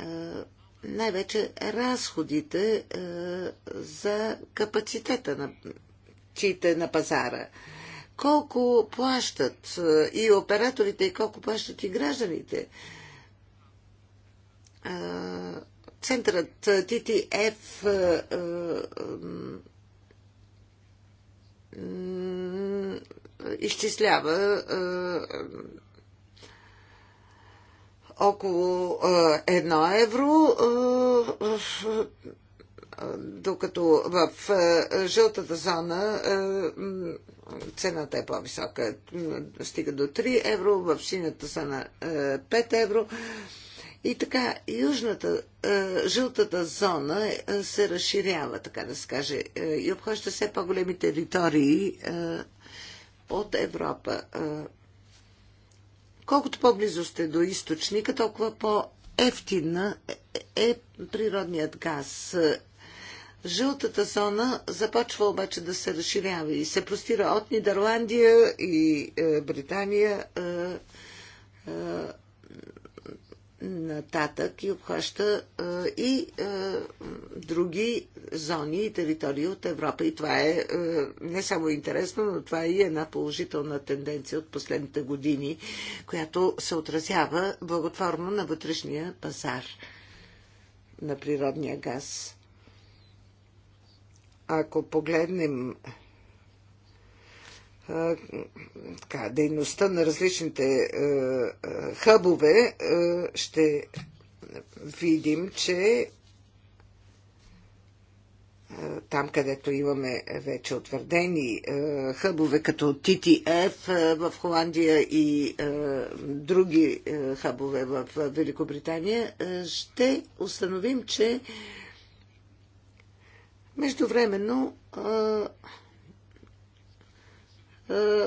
Е, най-вече разходите е, за капацитета на чиите на пазара. Колко плащат е, и операторите, и колко плащат и гражданите. Центърът TTF изчислява около 1 евро, докато в жълтата зона цената е по-висока, стига до 3 евро, в синята зона 5 евро. И така, южната, жълтата зона се разширява, така да се каже, и обхваща все по-големи територии от Европа. Колкото по-близо сте до източника, толкова по-ефтина е природният газ. Жълтата зона започва обаче да се разширява и се простира от Нидерландия и е, Британия е, е, нататък и обхваща и други зони и територии от Европа. И това е не само интересно, но това е и една положителна тенденция от последните години, която се отразява благотворно на вътрешния пазар на природния газ. Ако погледнем така, дейността на различните е, е, хъбове, е, ще видим, че там, където имаме вече утвърдени хъбове, като TTF в Холандия и други хъбове в Великобритания, ще установим, че междувременно е,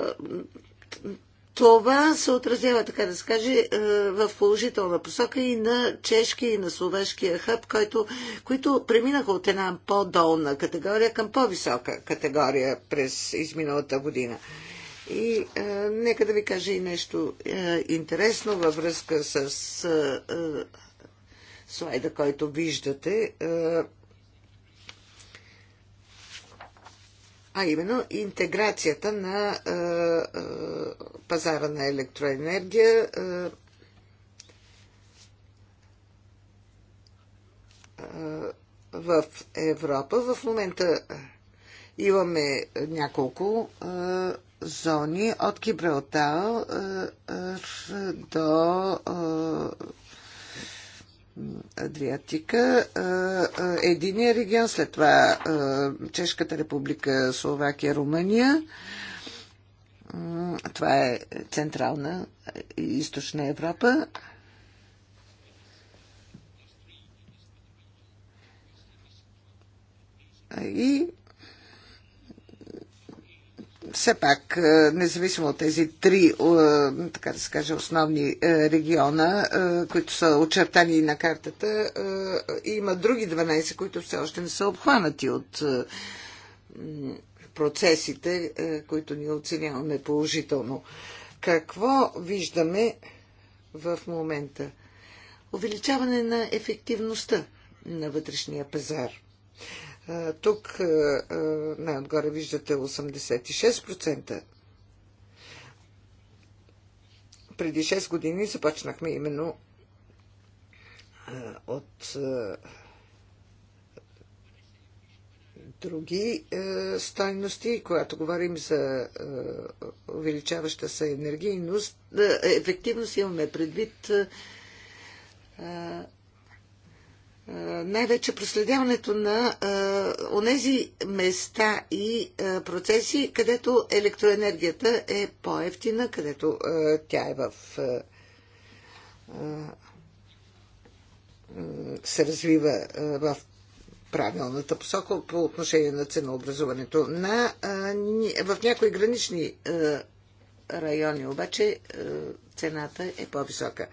това се отразява, така да се каже, е, в положителна посока и на чешкия и на словешкия хъб, който, които преминаха от една по-долна категория към по-висока категория през изминалата година. И е, нека да ви кажа и нещо е, интересно във връзка с е, е, слайда, който виждате. Е, а именно интеграцията на е, е, пазара на електроенергия е, в Европа. В момента имаме няколко зони от Гибралтар до Адриатика, единия регион, след това Чешката република, Словакия, Румъния. Това е Централна и Източна Европа. И все пак, е, независимо от тези три, е, така да се каже, основни е, региона, които са очертани на картата, има други 12, които все още не са обхванати от процесите, които ние оценяваме положително. Какво виждаме в момента? Увеличаване на ефективността на вътрешния пазар. Тук най-отгоре виждате 86%. Преди 6 години започнахме именно от други стойности, когато говорим за увеличаваща се енергийност, ефективност имаме предвид е, най-вече проследяването на е, онези места и е, процеси, където електроенергията е по-ефтина, където тя е в. се развива в правилната посока по отношение на ценообразуването. На, в някои гранични райони обаче цената е по-висока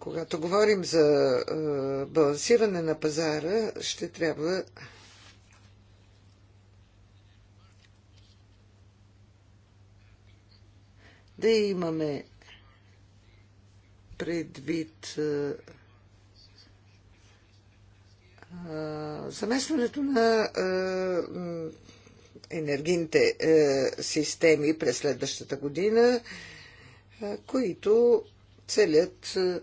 когато говорим за балансиране на пазара, ще трябва да имаме предвид заместването на енергийните системи през следващата година, които целят е,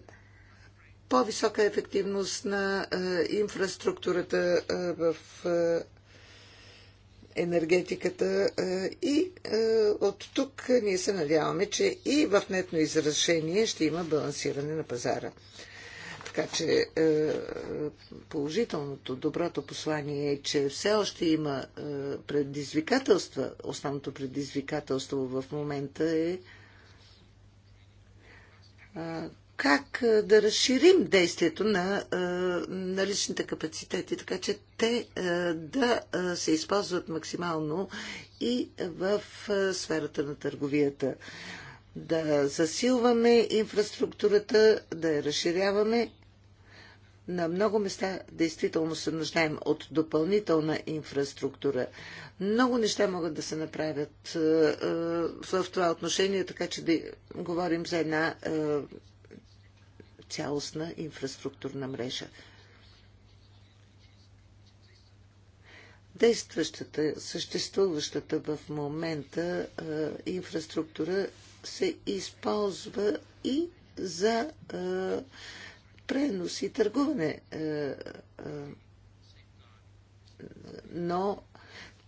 по-висока ефективност на е, инфраструктурата е, в енергетиката и от тук ние се надяваме, че и в нетно изрешение ще има балансиране на пазара. Така че положителното, доброто послание е, че все още има предизвикателства. Основното предизвикателство в момента е как да разширим действието на личните капацитети, така че те да се използват максимално и в сферата на търговията. Да засилваме инфраструктурата, да я разширяваме на много места действително се нуждаем от допълнителна инфраструктура. Много неща могат да се направят е, е, в това отношение, така че да говорим за една е, цялостна инфраструктурна мрежа. Действащата, съществуващата в момента инфраструктура се използва и за пренос и търгуване. Е, е, но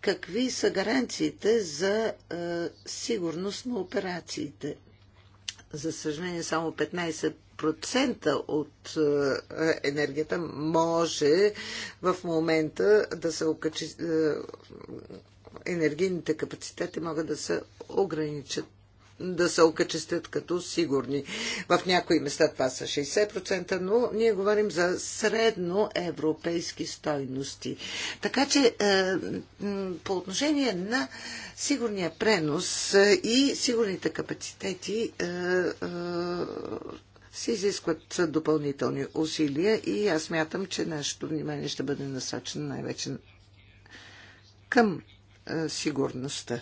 какви са гаранциите за е, сигурност на операциите? За съжаление, само 15% от енергията може в момента да се окачи. Енергийните капацитети могат да се ограничат да се окачестят като сигурни. В някои места това са 60%, но ние говорим за средно европейски стойности. Така че е, по отношение на сигурния пренос и сигурните капацитети е, е, се изискват допълнителни усилия и аз мятам, че нашето внимание ще бъде насочено най-вече към сигурността.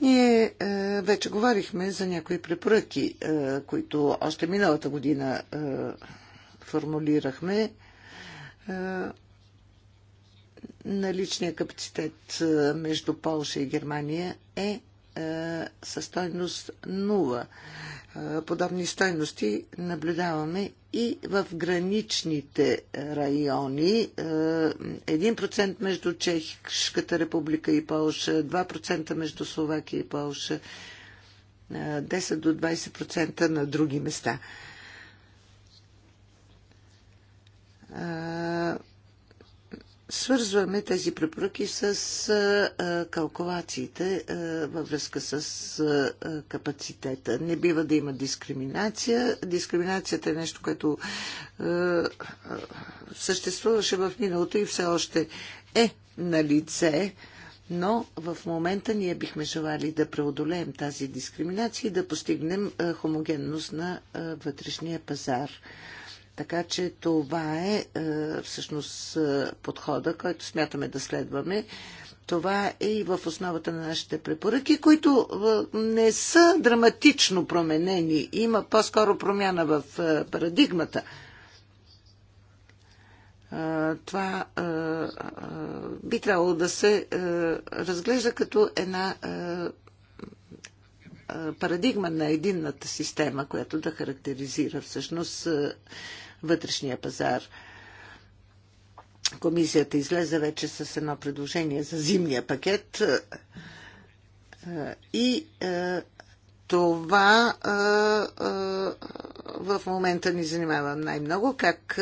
Ние е, вече говорихме за някои препоръки, е, които още миналата година е, формулирахме. Е, наличният капацитет е, между Полша и Германия е е, със стойност 0. Е, подобни стойности наблюдаваме и в граничните райони. 1% е, между Чехската република и Полша, 2% между Словакия и Полша, 10 до 20% на други места свързваме тези препоръки с калкулациите във връзка с капацитета. Не бива да има дискриминация. Дискриминацията е нещо, което съществуваше в миналото и все още е на лице, но в момента ние бихме желали да преодолеем тази дискриминация и да постигнем хомогенност на вътрешния пазар. Така че това е, е всъщност е, подхода, който смятаме да следваме. Това е и в основата на нашите препоръки, които е, не са драматично променени. Има по-скоро промяна в парадигмата. Това би трябвало да се разглежда като една парадигма на единната система, която да характеризира всъщност вътрешния пазар. Комисията излезе вече с едно предложение за зимния пакет е, и е, това е, в момента ни занимава най-много, как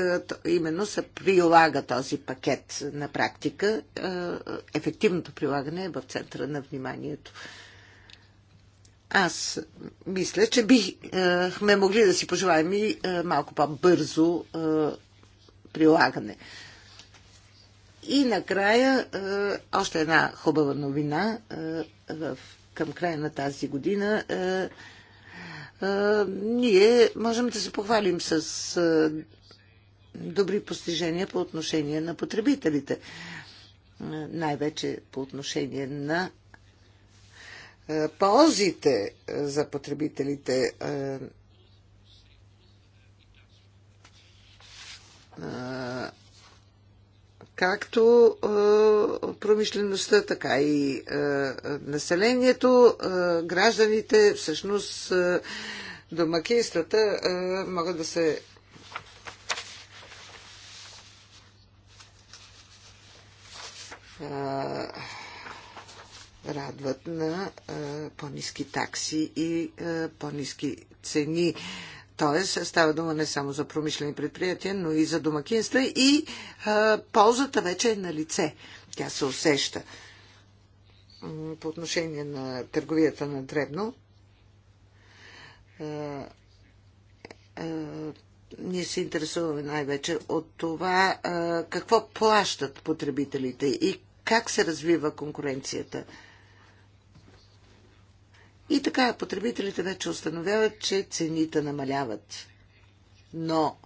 именно се прилага този пакет на практика. ефективното прилагане е в центъра на вниманието аз мисля, че бихме могли да си пожелаем и е, малко по-бързо е, прилагане. И накрая е, още една хубава новина в, към края на тази година. Ние можем да се похвалим с добри постижения по отношение на потребителите. Най-вече по отношение на е, ползите е, за потребителите е, както промишлеността, така и населението, гражданите, всъщност домакинствата могат да се радват на по-низки такси и по-низки цени. Тоест, става дума не само за промишлени предприятия, но и за домакинства и а, ползата вече е на лице. Тя се усеща. По отношение на търговията на Дребно, ние се интересуваме най-вече от това а, какво плащат потребителите и как се развива конкуренцията. И така, потребителите вече установяват, че цените намаляват. Но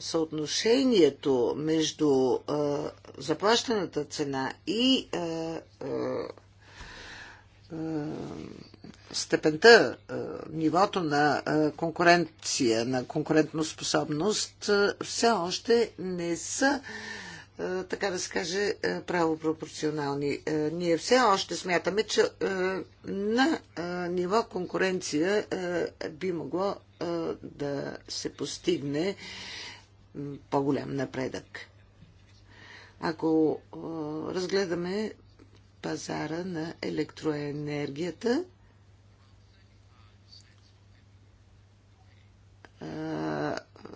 съотношението между а, заплащаната цена и а, а, степента, а, нивото на а, конкуренция, на конкурентоспособност все още не са а, е, така да се каже, е, право пропорционални. Е, ние все още смятаме, че на ниво конкуренция би могло да се постигне по-голям напредък. Ако разгледаме пазара на електроенергията,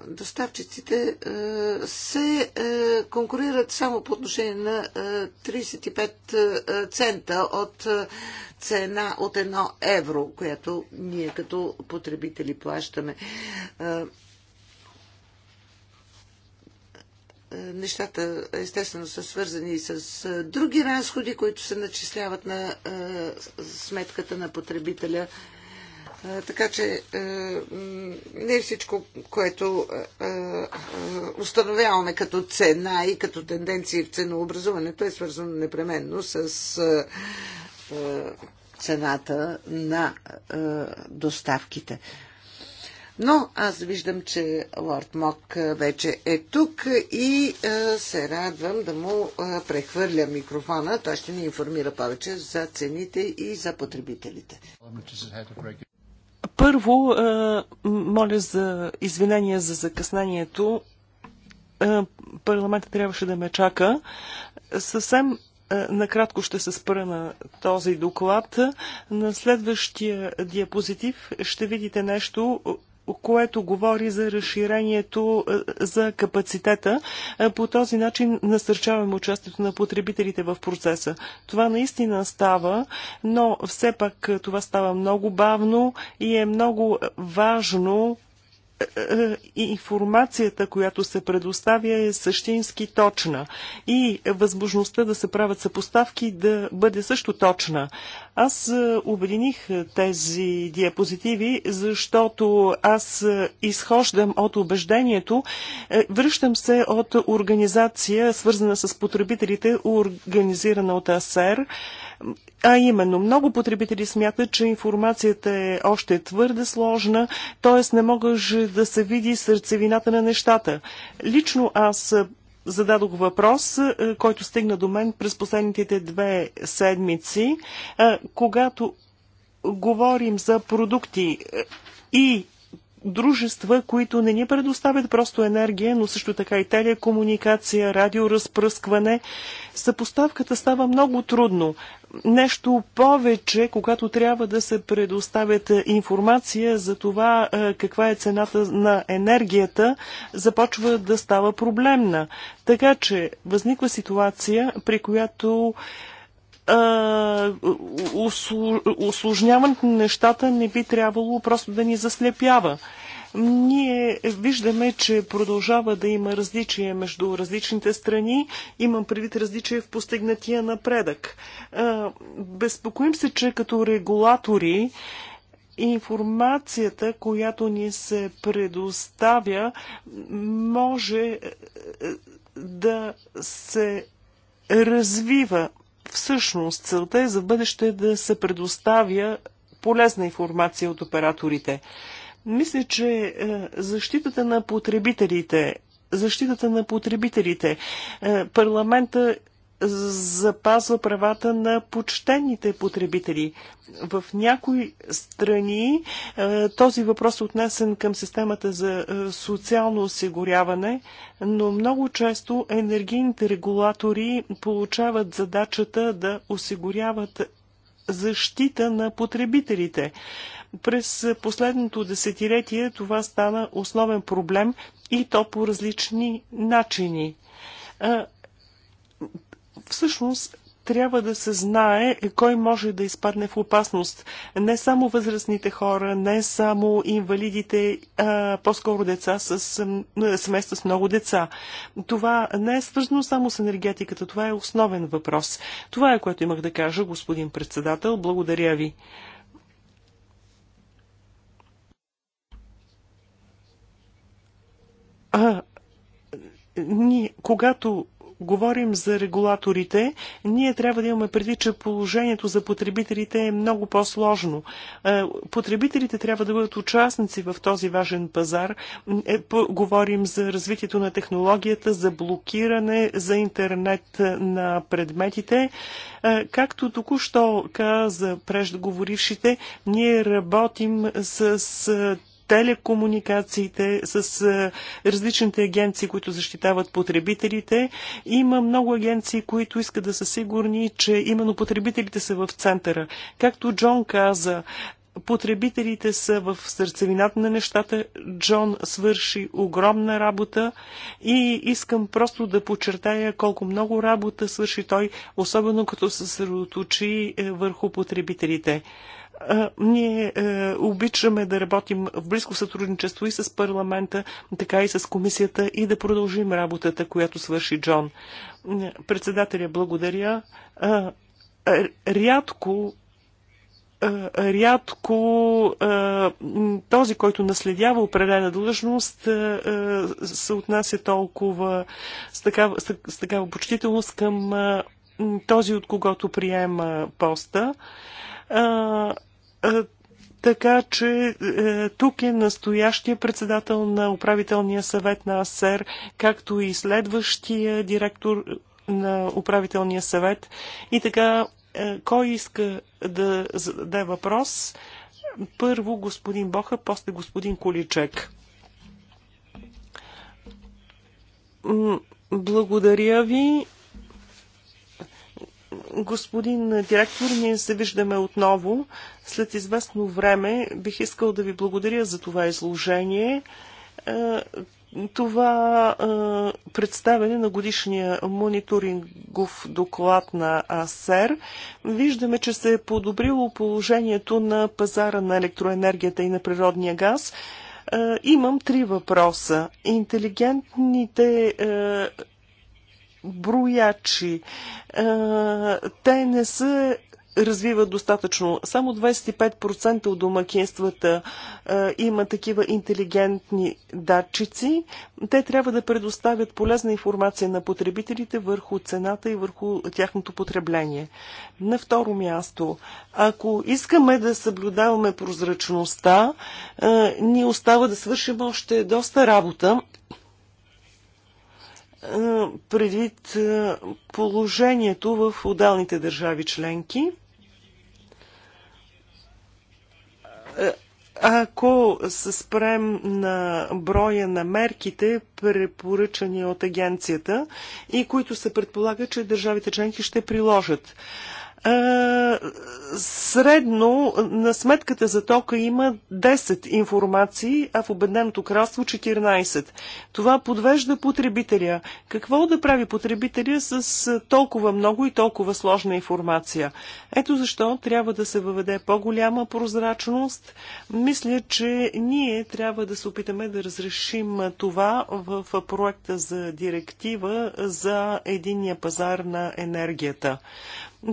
доставчиците е, се е, конкурират само по отношение на 35 е, цента от цена от 1 евро, която ние като потребители плащаме. Нещата естествено са свързани и с други разходи, които се начисляват на сметката на потребителя. Така че е, не всичко, което е, е, установяваме като цена и като тенденции в ценообразуването е свързано непременно с цената на доставките. Но аз виждам, че Лорд Мок вече е тук и се радвам да му прехвърля микрофона. Той ще ни информира повече за цените и за потребителите. Първо, моля за извинение за закъснението. Парламентът трябваше да ме чака. Съвсем накратко ще се спра на този доклад. На следващия диапозитив ще видите нещо, което говори за разширението е, за капацитета. Е, по този начин насърчаваме участието на потребителите в процеса. Това наистина става, но все пак е, това става много бавно и е много важно е, е, е, информацията, която се предоставя е същински точна и възможността да се правят съпоставки да бъде също точна. Аз обединих тези диапозитиви, защото аз изхождам от убеждението, връщам се от организация, свързана с потребителите, организирана от аСР. А именно, много потребители смятат, че информацията е още твърде сложна, т.е. не може да се види сърцевината на нещата. Лично аз зададох въпрос, който стигна до мен през последните две седмици, когато говорим за продукти и дружества, които не ни предоставят просто енергия, но също така и телекомуникация, радиоразпръскване. Съпоставката става много трудно. Нещо повече, когато трябва да се предоставят е, информация за това е, каква е цената на енергията, започва да става проблемна. Така че възниква ситуация, при която осложняването на нещата не би трябвало просто да ни заслепява. Ние виждаме, че продължава да има различие между различните страни. Имам предвид различие в постигнатия напредък. Безпокоим се, че като регулатори информацията, която ни се предоставя, може да се развива Всъщност целта е за бъдеще да се предоставя полезна информация от операторите. Мисля, че е, защитата на потребителите защитата на потребителите. Е, парламента запазва правата на почтените потребители. В някои страни е, този въпрос е отнесен към системата за е, социално осигуряване, но много често енергийните регулатори получават задачата да осигуряват защита на потребителите. През последното десетилетие това стана основен проблем и то по различни начини. Е, Всъщност, трябва да се знае кой може да изпадне в опасност. Не само възрастните хора, не само инвалидите, а по-скоро деца с семейства с много деца. Това не е свързано само с енергетиката, това е основен въпрос. Това е което имах да кажа, господин председател. Благодаря ви. А, ние, когато говорим за регулаторите, ние трябва да имаме предвид, че положението за потребителите е много по-сложно. Е, потребителите трябва да бъдат участници в този важен пазар. Е, говорим за развитието на технологията, за блокиране, за интернет е, на предметите. Както току-що каза преждоговорившите, ние работим с телекомуникациите, с различните агенции, които защитават потребителите. Има много агенции, които искат да са сигурни, че именно потребителите са в центъра. Както Джон каза, потребителите са в сърцевината на нещата. Джон свърши огромна работа и искам просто да подчертая колко много работа свърши той, особено като се съсредоточи е, върху потребителите. Ние е, обичаме да работим в близко сътрудничество и с парламента, така и с комисията и да продължим работата, която свърши Джон. Председателя, благодаря. Рядко рядко този, който наследява определена длъжност, се отнася толкова с такава, с такава почтителност към този, от когото приема поста. Така че е, тук е настоящия председател на управителния съвет на АСЕР, както и следващия директор на управителния съвет. И така, е, кой иска да зададе въпрос? Първо господин Боха, после господин Количек. Благодаря ви. Господин директор, ние се виждаме отново. След известно време бих искал да ви благодаря за това изложение. Е, това е, представяне на годишния мониторингов доклад на АСЕР виждаме, че се е подобрило положението на пазара на електроенергията и на природния газ. Е, имам три въпроса. Интелигентните броячи. Е, те не са развиват достатъчно. Само 25% от домакинствата е, има такива интелигентни датчици. Те трябва да предоставят полезна информация на потребителите върху цената и върху тяхното потребление. На второ място, ако искаме да съблюдаваме прозрачността, е, ни остава да свършим още доста работа предвид е, положението в отделните държави членки. Е, ако се спрем на броя на мерките, препоръчани от агенцията и които се предполага, че държавите членки ще приложат средно на сметката за тока има 10 информации, а в Обедненото кралство 14. Това подвежда потребителя. Какво да прави потребителя с толкова много и толкова сложна информация? Ето защо трябва да се въведе по-голяма прозрачност. Мисля, че ние трябва да се опитаме да разрешим това в проекта за директива за единия пазар на енергията.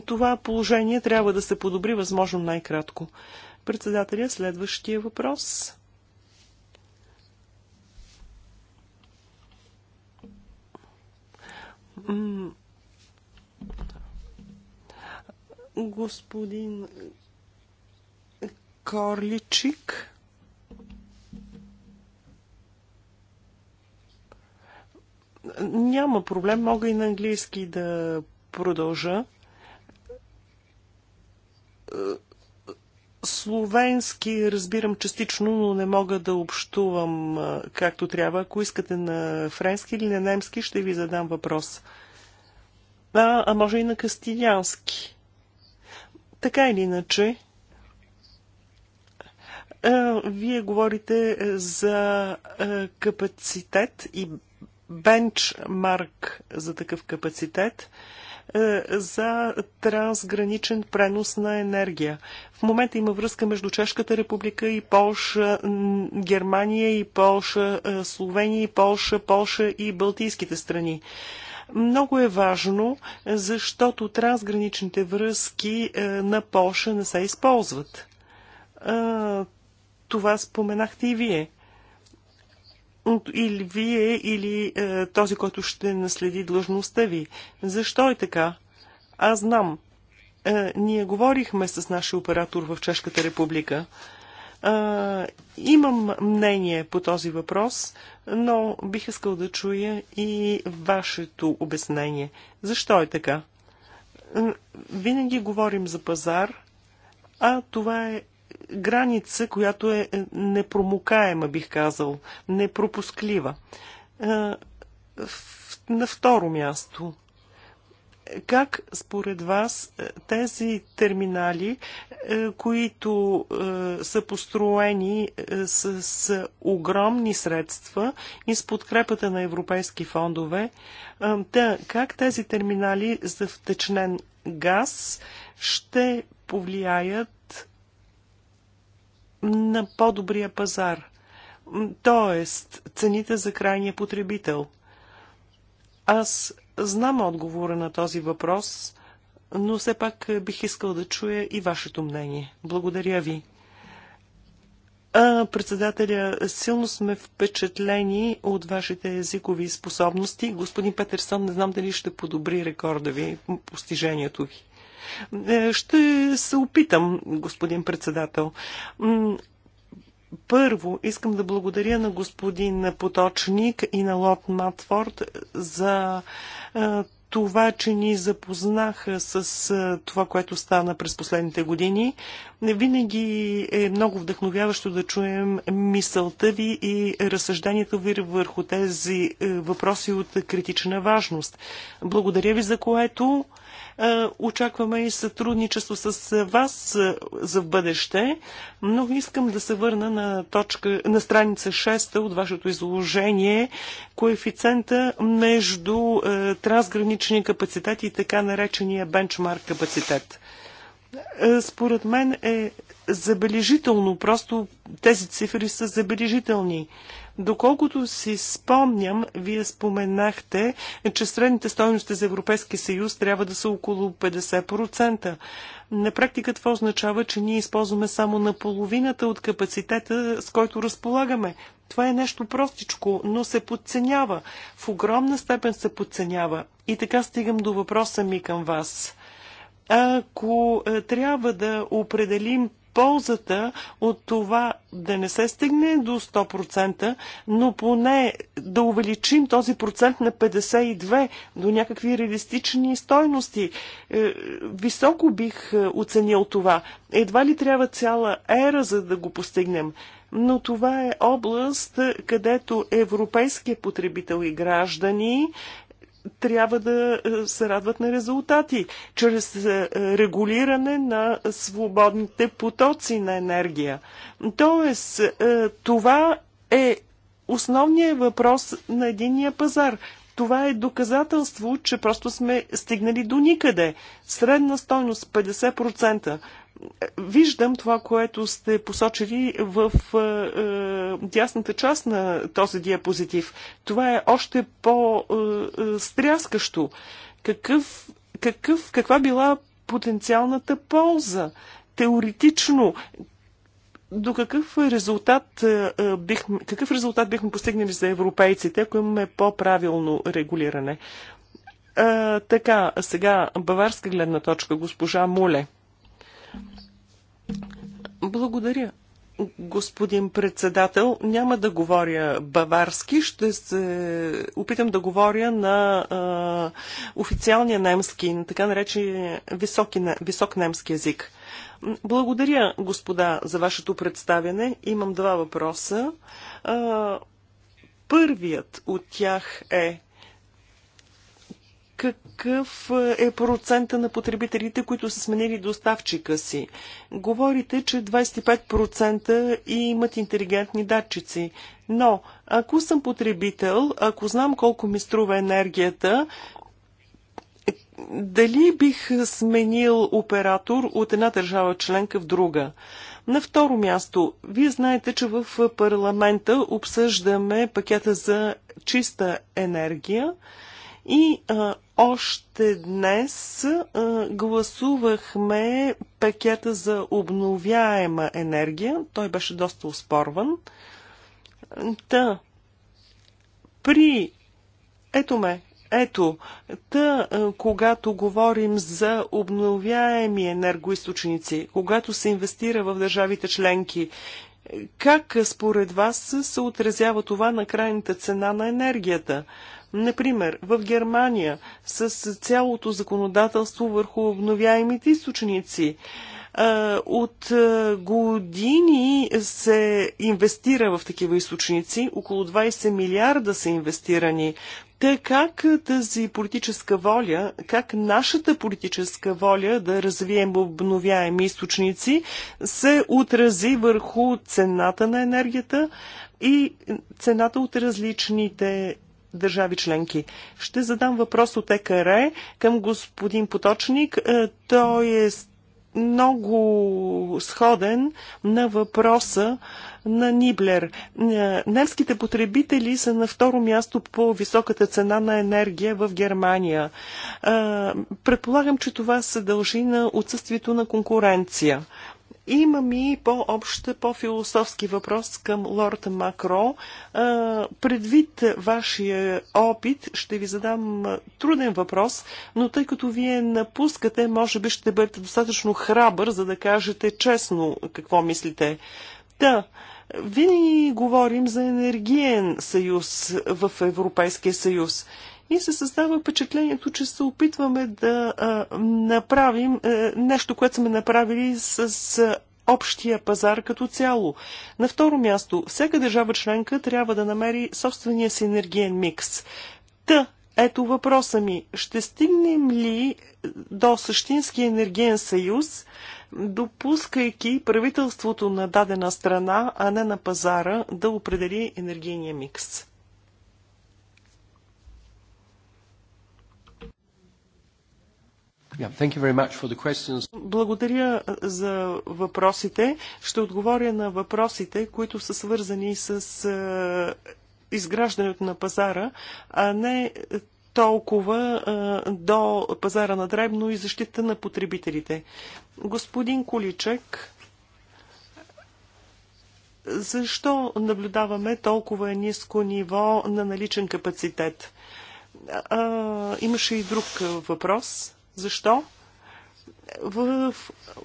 Това положение трябва да се подобри възможно най-кратко. Председателя, следващия въпрос. Господин Корличик. Няма проблем, мога и на английски да продължа. Словенски разбирам частично, но не мога да общувам както трябва. Ако искате на френски или на немски, ще ви задам въпрос. А, а може и на кастилянски. Така или иначе, вие говорите за капацитет и бенчмарк за такъв капацитет. Е, за трансграничен пренос на енергия. В момента има връзка между Чешката република и Полша, Германия и Полша, е, Словения и Полша, Полша и Балтийските страни. Много е важно, защото трансграничните връзки е, на Полша не се използват. Това споменахте и вие или вие, или е, този, който ще наследи длъжността ви. Защо е така? Аз знам. Е, ние говорихме с нашия оператор в Чешката република. Е, имам мнение по този въпрос, но бих искал да чуя и вашето обяснение. Защо е така? Е, винаги говорим за пазар, а това е граница, която е, е непромокаема, бих казал, непропусклива. Е, на второ място, как според вас е, тези терминали, които са построени с огромни средства и с подкрепата на европейски фондове, как тези терминали за втечнен газ ще повлияят на по-добрия пазар, т.е. цените за крайния потребител. Аз знам отговора на този въпрос, но все пак е, бих искал да чуя и вашето мнение. Благодаря ви. А, председателя, силно сме впечатлени от вашите езикови способности. Господин Петерсон, не знам дали ще подобри рекорда ви, постижението ви. Е, ще се опитам, господин председател. Първо, искам да благодаря на господин Поточник и на Лот Матфорд за е, това, че ни запознаха с е, това, което стана през последните години. Винаги е много вдъхновяващо да чуем мисълта ви и разсъждението ви върху тези въпроси от критична важност. Благодаря ви за което. Очакваме и сътрудничество с вас за в бъдеще, но искам да се върна на, точка, на страница 6 от вашето изложение, коефициента между трансграничния капацитет и така наречения бенчмарк капацитет. Според мен е забележително, просто тези цифри са забележителни. Доколкото си спомням, вие споменахте, че средните стоености за Европейския съюз трябва да са около 50%. На практика това означава, че ние използваме само на половината от капацитета, с който разполагаме. Това е нещо простичко, но се подценява. В огромна степен се подценява. И така стигам до въпроса ми към вас. Ако е, трябва да определим ползата от това да не се стигне до 100%, но поне да увеличим този процент на 52 до някакви реалистични стойности. Е, високо бих е, оценил това. Едва ли трябва цяла ера, за да го постигнем но това е област, където европейският потребител и граждани трябва да е, се радват на резултати чрез е, регулиране на свободните потоци на енергия. Тоест, е, това е основният въпрос на единия пазар. Това е доказателство, че просто сме стигнали до никъде. Средна стойност 50% виждам това, което сте посочили в е, е, дясната част на този диапозитив. Това е още по-стряскащо. Какъв, какъв, каква била потенциалната полза? Теоретично, до какъв резултат, е, е, бих, какъв резултат бихме постигнали за европейците, ако имаме по-правилно регулиране? Е, така, сега баварска гледна точка, госпожа Муле. Благодаря, господин председател. Няма да говоря баварски, ще се опитам да говоря на а, официалния немски, на така наречи високи, висок немски язик. Благодаря, господа, за вашето представяне. Имам два въпроса. А, първият от тях е какъв е процента на потребителите, които са сменили доставчика си. Говорите, че 25% имат интелигентни датчици. Но, ако съм потребител, ако знам колко ми струва енергията, дали бих сменил оператор от една държава членка в друга? На второ място, вие знаете, че в парламента обсъждаме пакета за чиста енергия и а, още днес гласувахме пакета за обновяема енергия. Той беше доста успорван. Та, при... Ето ме, ето, та, когато говорим за обновяеми енергоисточници, когато се инвестира в държавите членки, как според вас се отразява това на крайната цена на енергията? Например, в Германия с цялото законодателство върху обновяемите източници. От години се инвестира в такива източници. Около 20 милиарда са инвестирани. Те как е, тази политическа воля, как нашата политическа воля да развием обновяеми източници се отрази върху цената на енергията и цената от различните държави членки. Ще задам въпрос от ЕКР към господин Поточник. Е, той е много сходен на въпроса на Ниблер. Немските потребители са на второ място по високата цена на енергия в Германия. Предполагам, че това се дължи на отсъствието на конкуренция. Имам и по-общ, по-философски въпрос към лорд Макро. Предвид вашия опит, ще ви задам труден въпрос, но тъй като вие напускате, може би ще бъдете достатъчно храбър, за да кажете честно какво мислите. Да, винаги говорим за енергиен съюз в Европейския съюз и се създава впечатлението, че се опитваме да направим е, нещо, което сме направили с общия пазар като цяло. На второ място, всяка държава членка трябва да намери собствения си енергиен микс. Та, ето въпроса ми. Ще стигнем ли до същински енергиен съюз, допускайки правителството на дадена страна, а не на пазара, да определи енергийния микс? Благодаря за въпросите. Ще отговоря на въпросите, които са свързани с изграждането на пазара, а не е, толкова до пазара на дребно и защита на потребителите. Господин Количек, защо наблюдаваме толкова ниско ниво на наличен капацитет? имаше и друг въпрос. Защо? в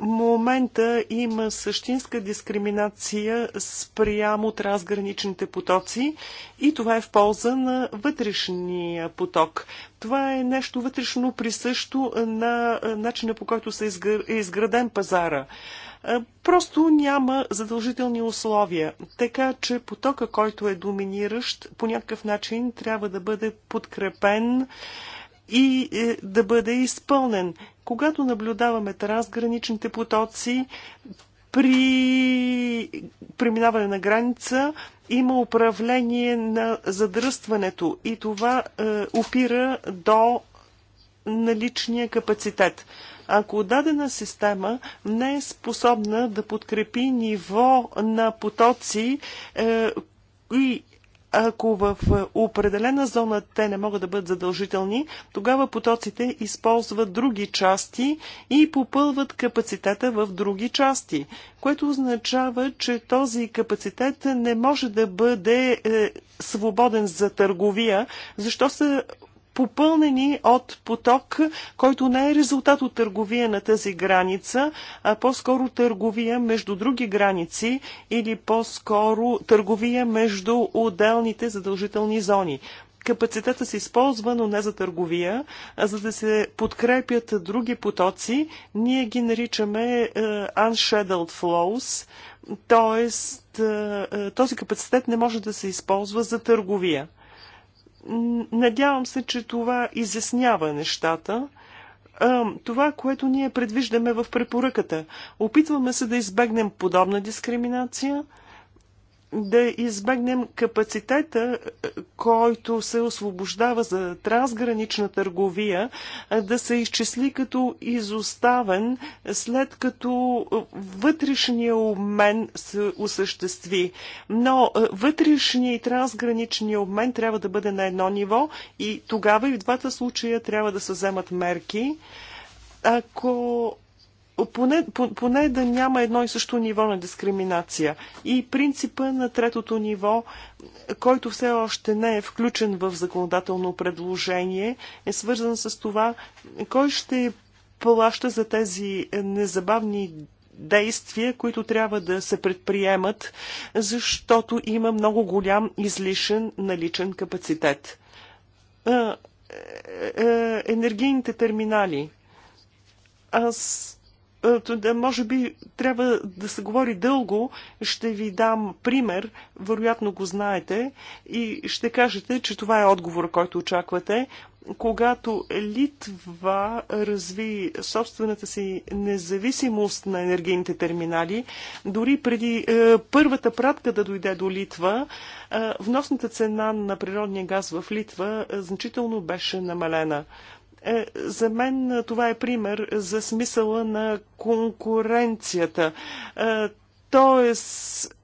момента има същинска дискриминация спрямо трансграничните потоци и това е в полза на вътрешния поток. Това е нещо вътрешно присъщо на начина по който се е изграден пазара. Просто няма задължителни условия, така че потока, който е доминиращ, по някакъв начин трябва да бъде подкрепен и е, да бъде изпълнен. Когато наблюдаваме трансграничните потоци, при преминаване на граница има управление на задръстването и това е, опира до наличния капацитет. Ако дадена система не е способна да подкрепи ниво на потоци е, и ако в е, определена зона те не могат да бъдат задължителни, тогава потоците използват други части и попълват капацитета в други части, което означава, че този капацитет не може да бъде е, свободен за търговия, защо са попълнени от поток, който не е резултат от търговия на тази граница, а по-скоро търговия между други граници или по-скоро търговия между отделните задължителни зони. Капацитета се използва, но не за търговия, а за да се подкрепят други потоци. Ние ги наричаме е, unshadowed flows, т.е. Е, този капацитет не може да се използва за търговия. Надявам се, че това изяснява нещата. Това, което ние предвиждаме в препоръката. Опитваме се да избегнем подобна дискриминация – да избегнем капацитета, е, който се освобождава за трансгранична търговия, е, да се изчисли като изоставен, след като е, вътрешния обмен се осъществи. Но вътрешния и трансграничния обмен трябва да бъде на едно ниво и тогава и в двата случая трябва да се вземат мерки. Ако поне, поне да няма едно и също ниво на дискриминация. И принципа на третото ниво, който все още не е включен в законодателно предложение, е свързан с това, кой ще плаща за тези незабавни действия, които трябва да се предприемат, защото има много голям излишен наличен капацитет. Е, е, е, енергийните терминали. Аз е, е, може би трябва да се говори дълго. Ще ви дам пример, вероятно го знаете, и ще кажете, че това е отговор, който очаквате. Когато Литва разви собствената си независимост на енергийните терминали, дори преди е, първата пратка да дойде до Литва, е, вносната цена на природния газ в Литва е, значително беше намалена. Е, за мен това е пример за смисъла на конкуренцията. Е, тоест,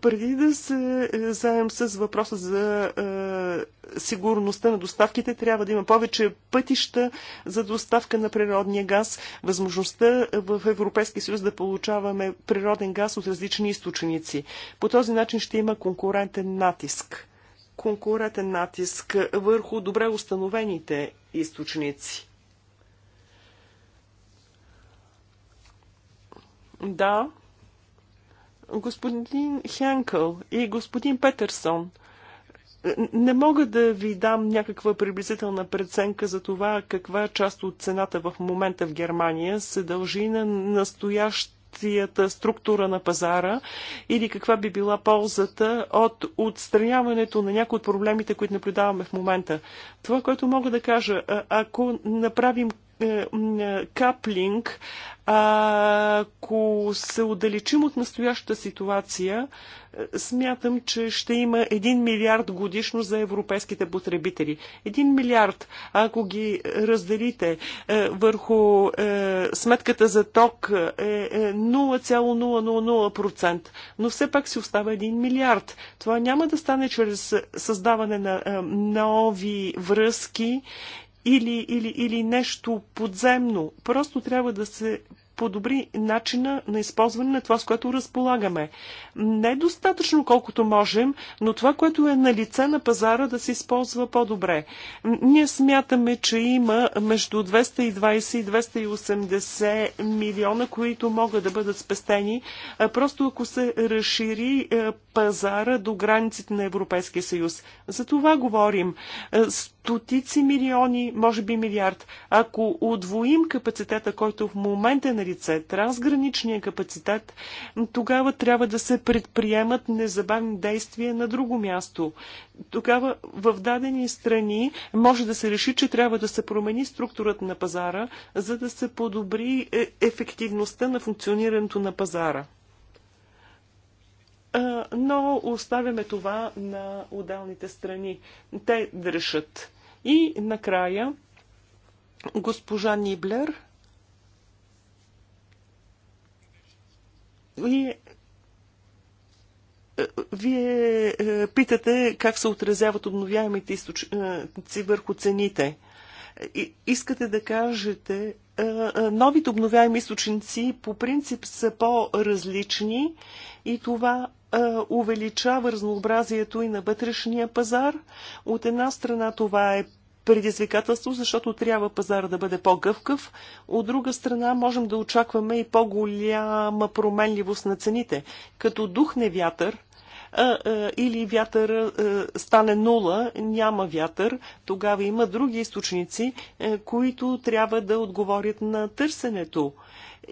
преди да се заем с въпроса за е, сигурността на доставките, трябва да има повече пътища за доставка на природния газ, възможността в Европейския съюз да получаваме природен газ от различни източници. По този начин ще има конкурентен натиск конкурентен натиск върху добре установените източници. Да, господин Хенкъл и господин Петерсон, не мога да ви дам някаква приблизителна преценка за това каква част от цената в момента в Германия се дължи на настоящ общата структура на пазара или каква би била ползата от отстраняването на някои от проблемите, които наблюдаваме в момента. Това, което мога да кажа, ако направим е, е, каплинг, ако се отдалечим от настоящата ситуация, е, смятам, че ще има 1 милиард годишно за европейските потребители. 1 милиард, ако ги разделите върху сметката за ток е 0,000%, но все пак си остава 1 милиард. Това няма да стане чрез създаване на нови връзки или, или, или нещо подземно. Просто трябва да се подобри начина на използване на това, с което разполагаме. Не достатъчно колкото можем, но това, което е на лице на пазара, да се използва по-добре. Ние смятаме, че има между 220 и 280 милиона, които могат да бъдат спестени, просто ако се разшири пазара до границите на Европейския съюз. За това говорим стотици милиони, може би милиард. Ако удвоим капацитета, който в момента е на лице, трансграничния капацитет, тогава трябва да се предприемат незабавни действия на друго място. Тогава в дадени страни може да се реши, че трябва да се промени структурата на пазара, за да се подобри е, ефективността на функционирането на пазара но оставяме това на отделните страни. Те да решат. И накрая госпожа Ниблер и е, е, вие е, питате как се отразяват обновяемите източници върху цените искате да кажете, новите обновяеми източници по принцип са по-различни и това увеличава разнообразието и на вътрешния пазар. От една страна това е предизвикателство, защото трябва пазар да бъде по-гъвкав. От друга страна можем да очакваме и по-голяма променливост на цените. Като духне вятър, или вятър стане нула, няма вятър, тогава има други източници, е, които трябва да отговорят на търсенето.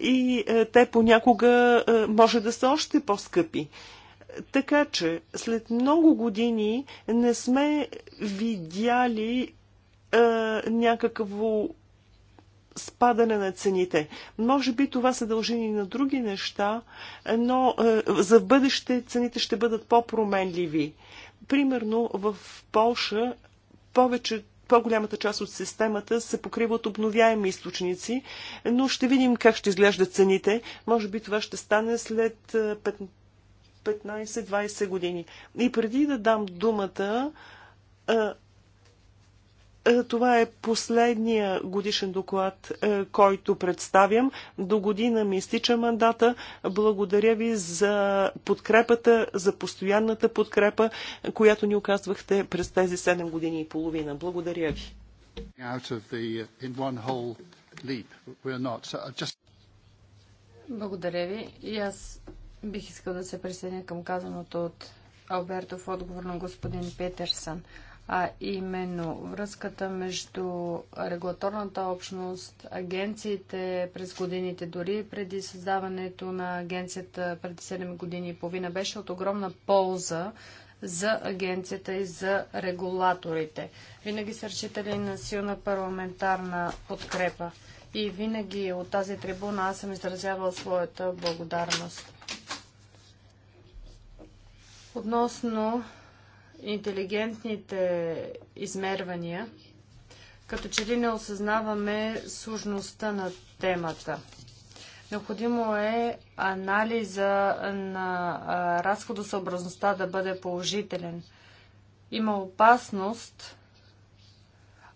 И е, те понякога е, може да са още по-скъпи. Така че след много години не сме видяли а, някакво спадане на цените. Може би това се дължи и на други неща, но е, за бъдеще цените ще бъдат по-променливи. Примерно в Польша повече по-голямата част от системата се покрива от обновяеми източници, но ще видим как ще изглеждат цените. Може би това ще стане след 15-20 е, години. И преди да дам думата, е, е, това е последния годишен доклад, е, който представям. До година ми изтича мандата. Благодаря ви за подкрепата, за постоянната подкрепа, която ни оказвахте през тези 7 години и половина. Благодаря ви. Uh, uh, Благодаря ви. И аз бих искал да се присъединя към казаното от Алберто в отговор на господин Петерсън а именно връзката между регулаторната общност, агенциите през годините, дори преди създаването на агенцията преди 7 години и половина, беше от огромна полза за агенцията и за регулаторите. Винаги са разчитали на силна парламентарна подкрепа. И винаги от тази трибуна аз съм изразявал своята благодарност. Относно интелигентните измервания, като че ли не осъзнаваме сложността на темата. Необходимо е анализа на разходосъобразността да бъде положителен. Има опасност,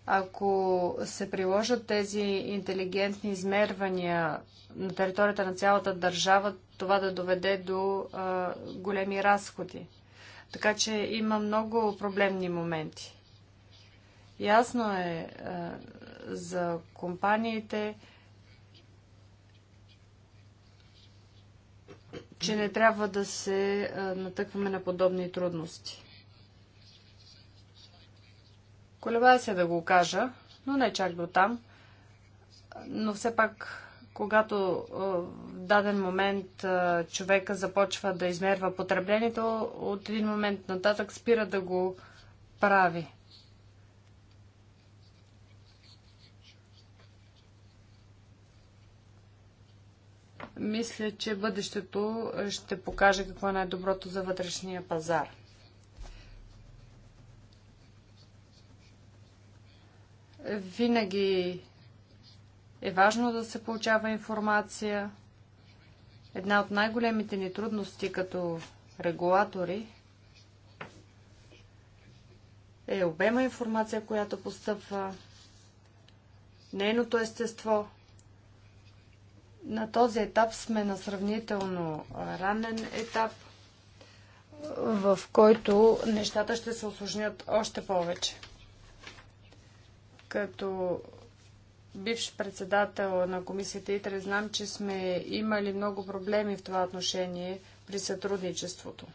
ако се приложат тези интелигентни измервания на територията на цялата държава, това да доведе до а, големи разходи. Така че има много проблемни моменти. Ясно е, е за компаниите, че не трябва да се е, натъкваме на подобни трудности. Колебая се да го кажа, но не чак до там. Но все пак когато в даден момент човека започва да измерва потреблението, от един момент нататък спира да го прави. Мисля, че бъдещето ще покаже какво е най-доброто за вътрешния пазар. Винаги е важно да се получава информация. Една от най-големите ни трудности като регулатори е обема информация, която постъпва, нейното естество. На този етап сме на сравнително ранен етап, в който нещата ще се осложнят още повече. Като бивш председател на комисията ИТРЕ, знам, че сме имали много проблеми в това отношение при сътрудничеството.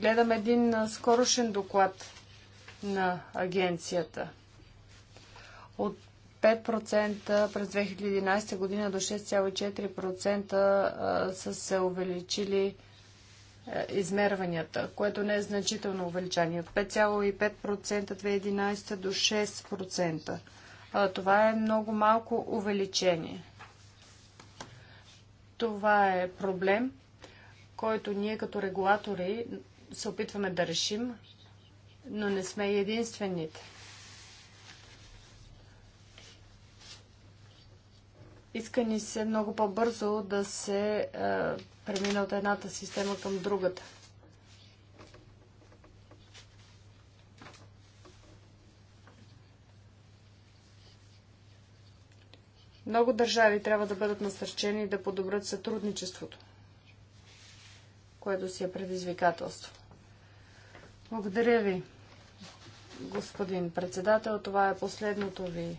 Гледам един скорошен доклад на агенцията. От 5% през 2011 година до 6,4% са се увеличили е, измерванията, което не е значително увеличение. От 5,5% 2011 до 6%. Това е много малко увеличение. Това е проблем, който ние като регулатори се опитваме да решим, но не сме единствените. Иска ни се много по-бързо да се е, премина от едната система към другата. Много държави трябва да бъдат насърчени да подобрят сътрудничеството, което си е предизвикателство. Благодаря ви, господин председател. Това е последното ви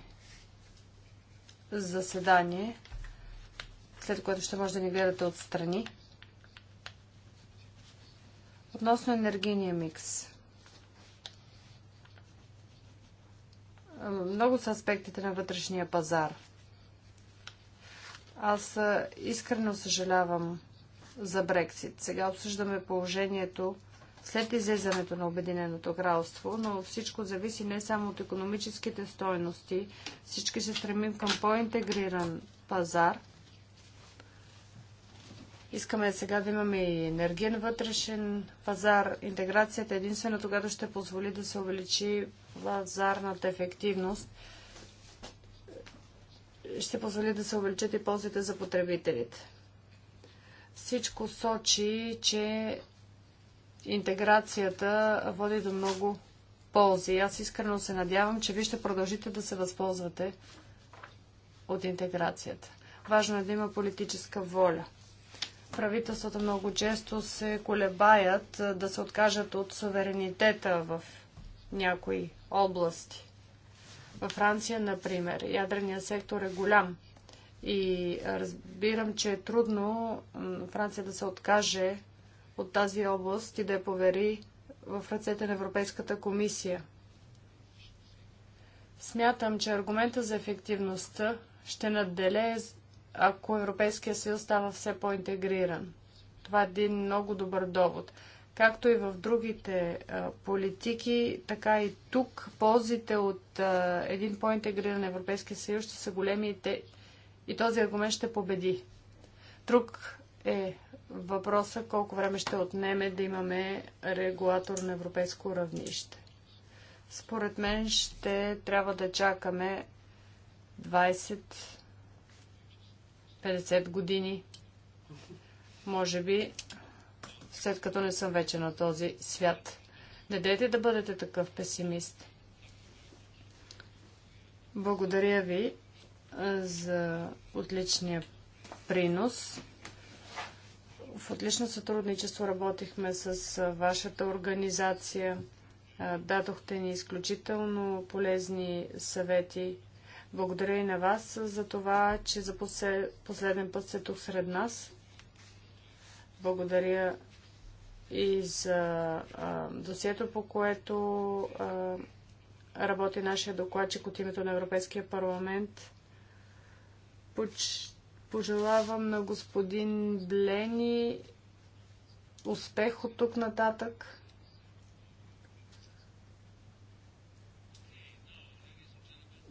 заседание, след което ще може да ни гледате отстрани. Относно енергийния микс. Много са аспектите на вътрешния пазар. Аз искрено съжалявам за Брексит. Сега обсъждаме положението след излизането на Обединеното кралство, но всичко зависи не само от економическите стойности. Всички се стремим към по-интегриран пазар. Искаме сега да имаме и енергиен вътрешен пазар. Интеграцията е единствено тогава ще позволи да се увеличи пазарната ефективност. Ще позволи да се увеличат и ползите за потребителите. Всичко сочи, че интеграцията води до много ползи. Аз искрено се надявам, че ви ще продължите да се възползвате от интеграцията. Важно е да има политическа воля. Правителствата много често се колебаят да се откажат от суверенитета в някои области. Във Франция, например, ядреният сектор е голям. И разбирам, че е трудно Франция да се откаже от тази област и да я повери в ръцете на Европейската комисия. Смятам, че аргумента за ефективността ще надделее, ако Европейския съюз става все по-интегриран. Това е един много добър довод. Както и в другите а, политики, така и тук ползите от а, един по-интегриран Европейски съюз ще са големи и, те, и този аргумент ще победи. Друг е въпроса колко време ще отнеме да имаме регулатор на европейско равнище. Според мен ще трябва да чакаме 20-50 години. Може би, след като не съм вече на този свят. Не дайте да бъдете такъв песимист. Благодаря ви за отличния принос. В отлично сътрудничество работихме с вашата организация. Дадохте ни изключително полезни съвети. Благодаря и на вас за това, че за последен път сте тук сред нас. Благодаря и за а, досието, по което а, работи нашия докладчик от името на Европейския парламент. Почти Пожелавам на господин Блени успех от тук нататък.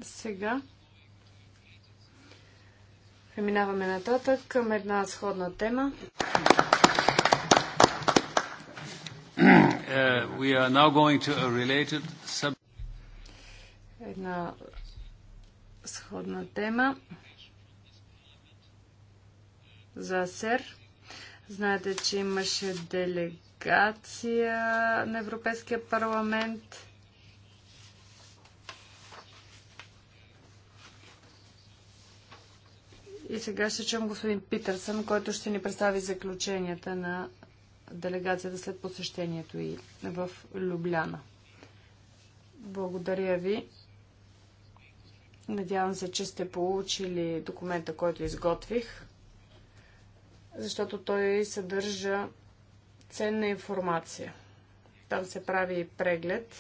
Сега преминаваме нататък към една сходна тема. Една сходна тема за Асер. Знаете, че имаше делегация на Европейския парламент. И сега ще чуем господин Питърсън, който ще ни представи заключенията на делегацията след посещението и в Любляна. Благодаря ви. Надявам се, че сте получили документа, който изготвих защото той съдържа ценна информация. Там се прави и преглед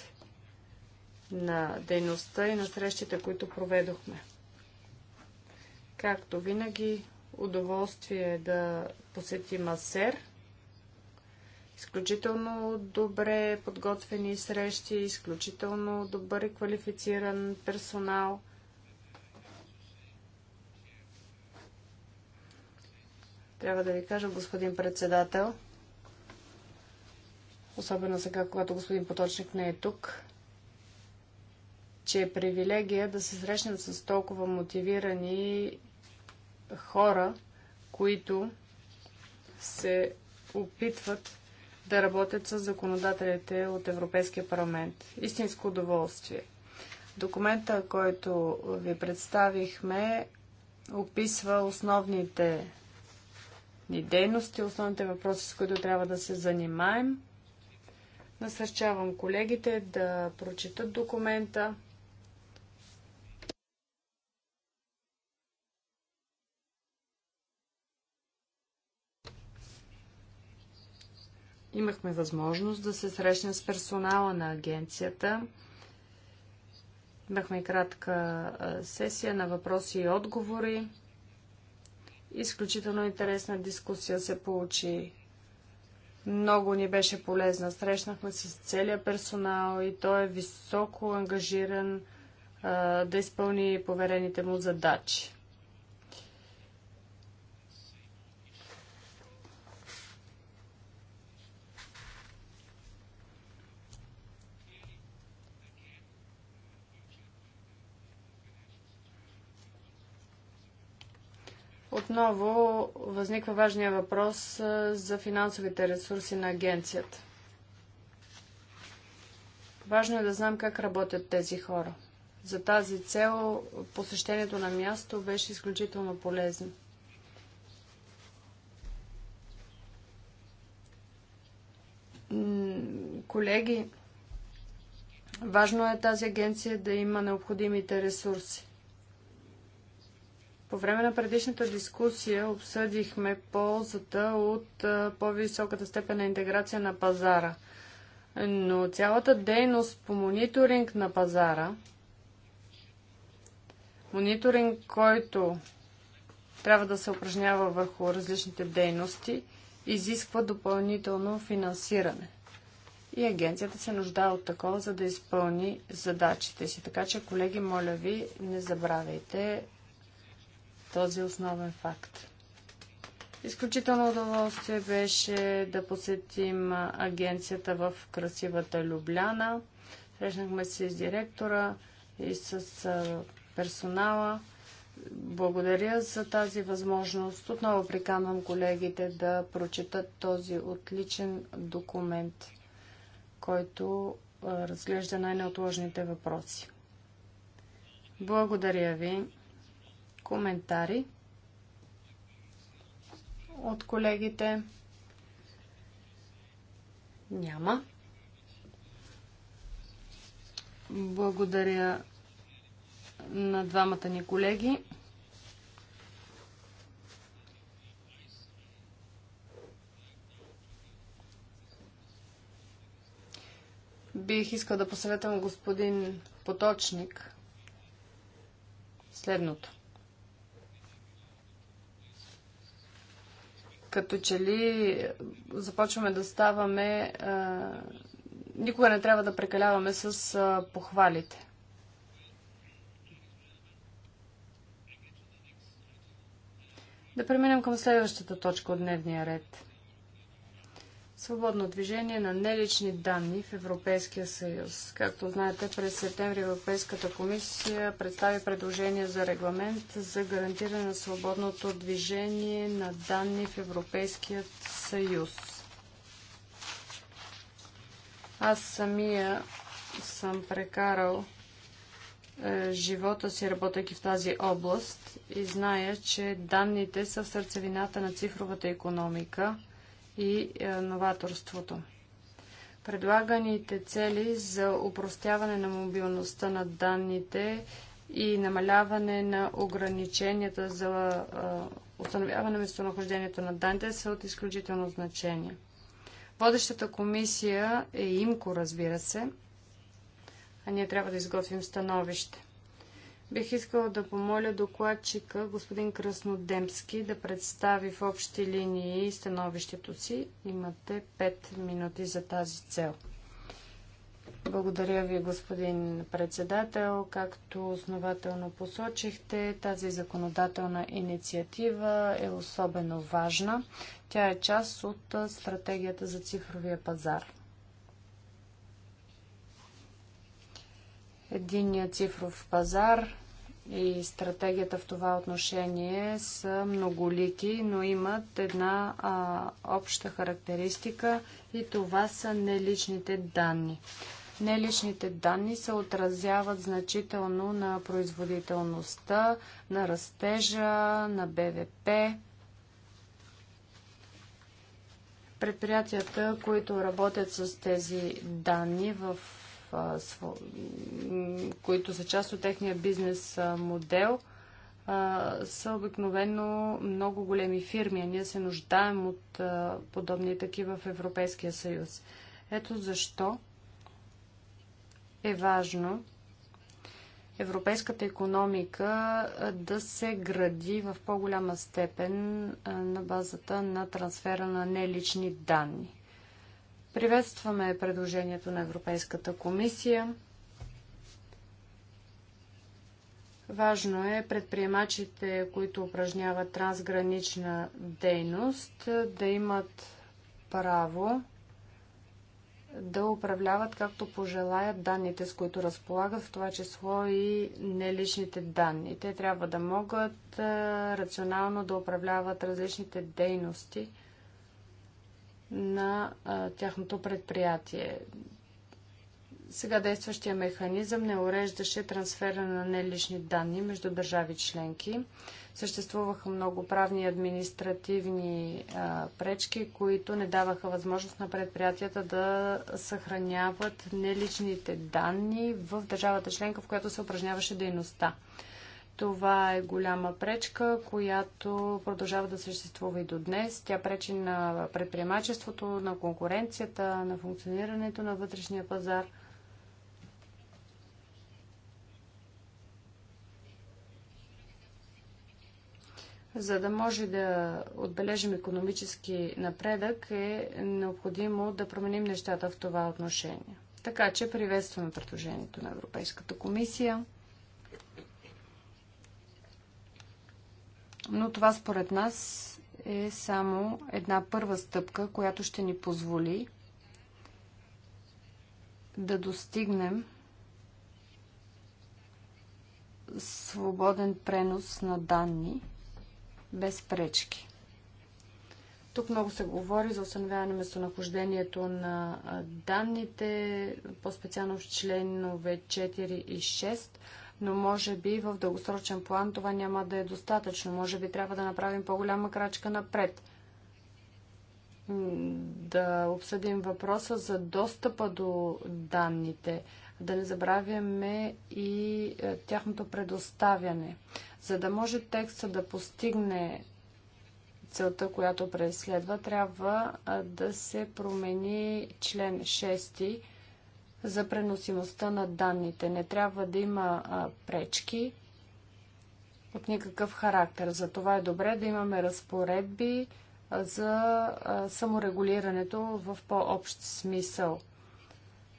на дейността и на срещите, които проведохме. Както винаги, удоволствие е да посетим Асер. Изключително добре подготвени срещи, изключително добър и квалифициран персонал – Трябва да ви кажа, господин председател, особено сега, когато господин Поточник не е тук, че е привилегия да се срещнем с толкова мотивирани хора, които се опитват да работят с законодателите от Европейския парламент. Истинско удоволствие. Документа, който ви представихме, описва основните ни дейности, основните въпроси, с които трябва да се занимаем. Насърчавам колегите да прочитат документа. Имахме възможност да се срещнем с персонала на агенцията. Имахме кратка сесия на въпроси и отговори. Изключително интересна дискусия се получи. Много ни беше полезна. Срещнахме се с целият персонал и той е високо ангажиран а, да изпълни поверените му задачи. отново възниква важния въпрос за финансовите ресурси на агенцията. Важно е да знам как работят тези хора. За тази цел посещението на място беше изключително полезно. Колеги, важно е тази агенция да има необходимите ресурси. По време на предишната дискусия обсъдихме ползата от по-високата степен на интеграция на пазара. Но цялата дейност по мониторинг на пазара, мониторинг, който трябва да се упражнява върху различните дейности, изисква допълнително финансиране. И агенцията се нуждае от такова, за да изпълни задачите си. Така че, колеги, моля ви, не забравяйте този основен факт. Изключително удоволствие беше да посетим агенцията в красивата Любляна. Срещнахме се с директора и с персонала. Благодаря за тази възможност. Отново приканвам колегите да прочитат този отличен документ, който разглежда най-неотложните въпроси. Благодаря ви коментари от колегите? Няма. Благодаря на двамата ни колеги. Бих искал да посъветвам господин Поточник следното. като че ли започваме да ставаме. А, никога не трябва да прекаляваме с а, похвалите. Да преминем към следващата точка от дневния ред свободно движение на нелични данни в Европейския съюз. Както знаете, през септември Европейската комисия представи предложение за регламент за гарантиране на свободното движение на данни в Европейския съюз. Аз самия съм прекарал е, живота си, работейки в тази област и зная, че данните са в сърцевината на цифровата економика – и е, новаторството. Предлаганите цели за упростяване на мобилността на данните и намаляване на ограниченията за е, установяване местонахождението на данните са от изключително значение. Водещата комисия е ИМКО, разбира се, а ние трябва да изготвим становище. Бих искала да помоля докладчика господин Краснодемски да представи в общи линии становището си. Имате 5 минути за тази цел. Благодаря ви, господин председател. Както основателно посочихте, тази законодателна инициатива е особено важна. Тя е част от стратегията за цифровия пазар. Единният цифров пазар и стратегията в това отношение са многолики, но имат една а, обща характеристика и това са неличните данни. Неличните данни се отразяват значително на производителността, на растежа, на БВП. Предприятията, които работят с тези данни в които са част от техния бизнес модел, са обикновено много големи фирми, а ние се нуждаем от подобни такива в Европейския съюз. Ето защо е важно европейската економика да се гради в по-голяма степен на базата на трансфера на нелични данни. Приветстваме предложението на Европейската комисия. Важно е предприемачите, които упражняват трансгранична дейност, да имат право да управляват както пожелаят данните, с които разполагат, в това число и неличните данни. Те трябва да могат е, рационално да управляват различните дейности – на а, тяхното предприятие. Сега действащия механизъм не уреждаше трансфера на нелични данни между държави членки. Съществуваха много правни и административни а, пречки, които не даваха възможност на предприятията да съхраняват неличните данни в държавата членка, в която се упражняваше дейността. Това е голяма пречка, която продължава да съществува и до днес. Тя пречи на предприемачеството, на конкуренцията, на функционирането на вътрешния пазар. За да може да отбележим економически напредък, е необходимо да променим нещата в това отношение. Така че приветстваме предложението на Европейската комисия. Но това според нас е само една първа стъпка, която ще ни позволи да достигнем свободен пренос на данни без пречки. Тук много се говори за установяване местонахождението на данните, по-специално в членове 4 и 6 но може би в дългосрочен план това няма да е достатъчно. Може би трябва да направим по-голяма крачка напред. Да обсъдим въпроса за достъпа до данните да не забравяме и е, тяхното предоставяне. За да може текста да постигне целта, която преследва, трябва е, да се промени член 6 за преносимостта на данните. Не трябва да има а, пречки от никакъв характер. Затова е добре да имаме разпоредби а, за а, саморегулирането в по-общ смисъл.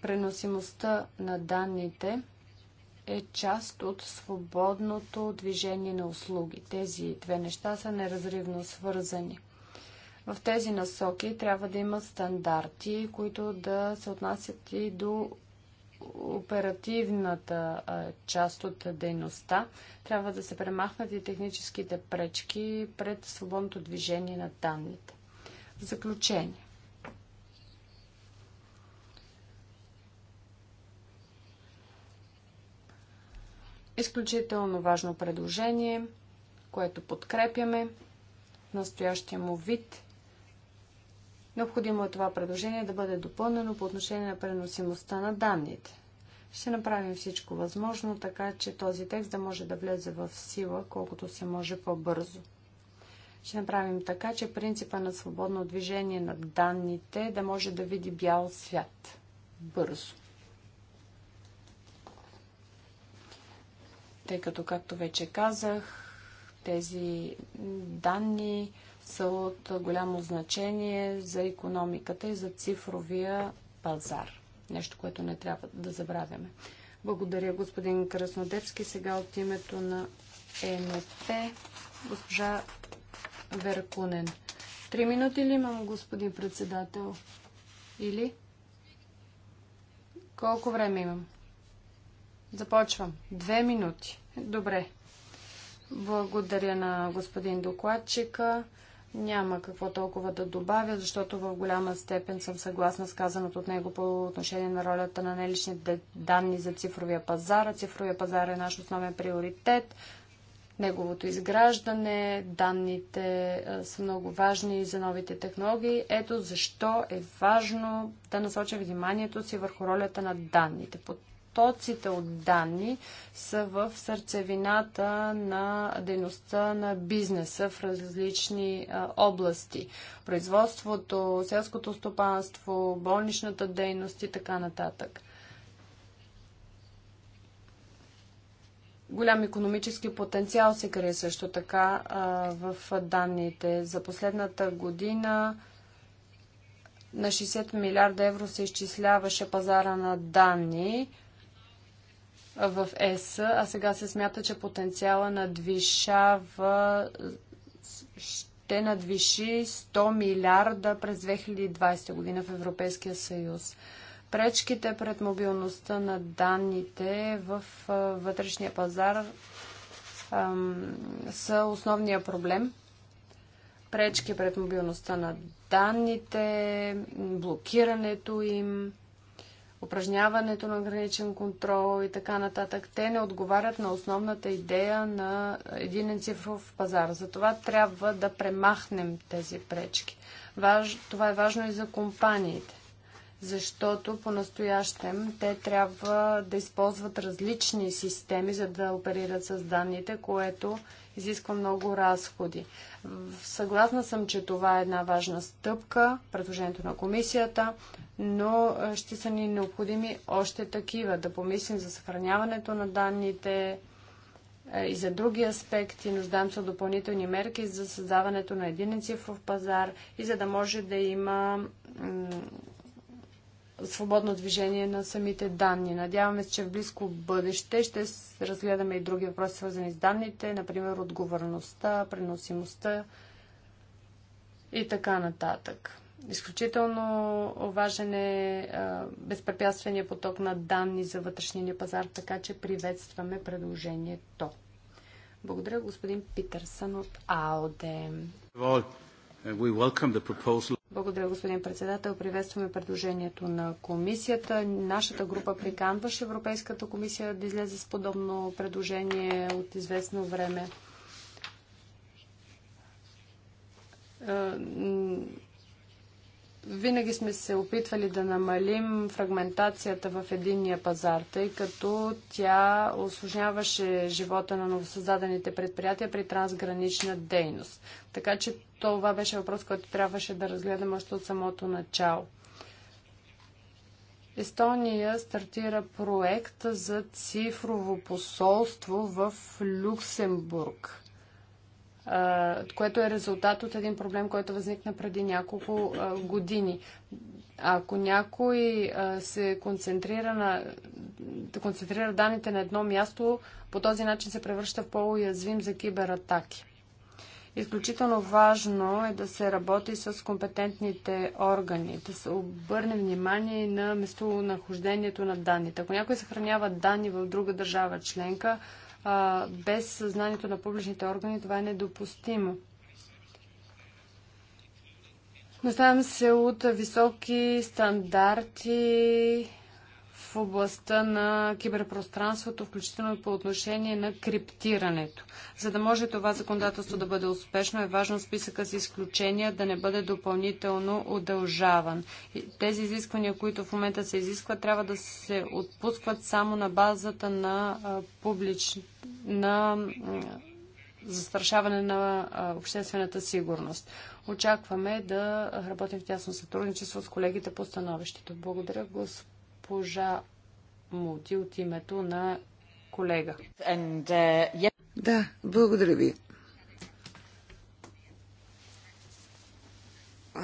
Преносимостта на данните е част от свободното движение на услуги. Тези две неща са неразривно свързани. В тези насоки трябва да има стандарти, които да се отнасят и до оперативната част от дейността. Трябва да се премахнат и техническите пречки пред свободното движение на данните. заключение. Изключително важно предложение, което подкрепяме в настоящия му вид – Необходимо е това предложение да бъде допълнено по отношение на преносимостта на данните. Ще направим всичко възможно, така че този текст да може да влезе в сила колкото се може по-бързо. Ще направим така, че принципа на свободно движение на данните да може да види бял свят бързо. Тъй като, както вече казах, тези данни са от голямо значение за економиката и за цифровия пазар. Нещо, което не трябва да забравяме. Благодаря, господин Краснодевски Сега от името на ЕНФ, госпожа Веркунен. Три минути ли имам, господин председател? Или? Колко време имам? Започвам. Две минути. Добре. Благодаря на господин докладчика. Няма какво толкова да добавя, защото в голяма степен съм съгласна с казаното от него по отношение на ролята на неличните данни за цифровия пазар. Цифровия пазар е наш основен приоритет. Неговото изграждане, данните са много важни за новите технологии. Ето защо е важно да насоча вниманието си върху ролята на данните. По потоците от данни са в сърцевината на дейността на бизнеса в различни области. Производството, селското стопанство, болничната дейност и така нататък. Голям економически потенциал се крие също така а, в данните. За последната година на 60 милиарда евро се изчисляваше пазара на данни в ЕС, а сега се смята, че потенциала надвишава ще надвиши 100 милиарда през 2020 година в Европейския съюз. Пречките пред мобилността на данните в вътрешния пазар ам, са основния проблем. Пречки пред мобилността на данните, блокирането им, упражняването на граничен контрол и така нататък, те не отговарят на основната идея на един цифров пазар. Затова трябва да премахнем тези пречки. Важ... Това е важно и за компаниите, защото по-настоящем те трябва да използват различни системи, за да оперират с данните, което изисква много разходи. Съгласна съм, че това е една важна стъпка, предложението на комисията, но е, ще са ни необходими още такива. Да помислим за съхраняването на данните е, и за други аспекти. Нуждаем се от допълнителни мерки за създаването на един цифров пазар и за да може да има свободно движение на самите данни. Надяваме се, че в близко бъдеще ще разгледаме и други въпроси, свързани с данните, например отговорността, преносимостта и така нататък. Изключително важен е безпрепятствения поток на данни за вътрешния пазар, така че приветстваме предложението. Благодаря господин Питърсън от АОДЕМ. Uh, благодаря, господин председател. Приветстваме предложението на комисията. Нашата група приканваше Европейската комисия да излезе с подобно предложение от известно време е, винаги сме се опитвали да намалим фрагментацията в единния пазар, тъй като тя осложняваше живота на новосъздадените предприятия при трансгранична дейност. Така че това беше въпрос, който трябваше да разгледаме още от самото начало. Естония стартира проект за цифрово посолство в Люксембург което е резултат от един проблем, който възникна преди няколко години. Ако някой се концентрира, на, да концентрира данните на едно място, по този начин се превръща в по-уязвим за кибератаки. Изключително важно е да се работи с компетентните органи, да се обърне внимание на местонахождението на данните. Ако някой съхранява данни в друга държава членка, без съзнанието на публичните органи това е недопустимо. Наставям се от високи стандарти в областта на киберпространството, включително и по отношение на криптирането. За да може това законодателство да бъде успешно, е важно списъка с изключения да не бъде допълнително удължаван. Тези изисквания, които в момента се изискват, трябва да се отпускват само на базата на публични на застрашаване на обществената сигурност. Очакваме да работим в тясно сътрудничество с колегите по становището. Благодаря, господин госпожа Мути от името на колега. And, uh, е, yeah. Да, благодаря ви.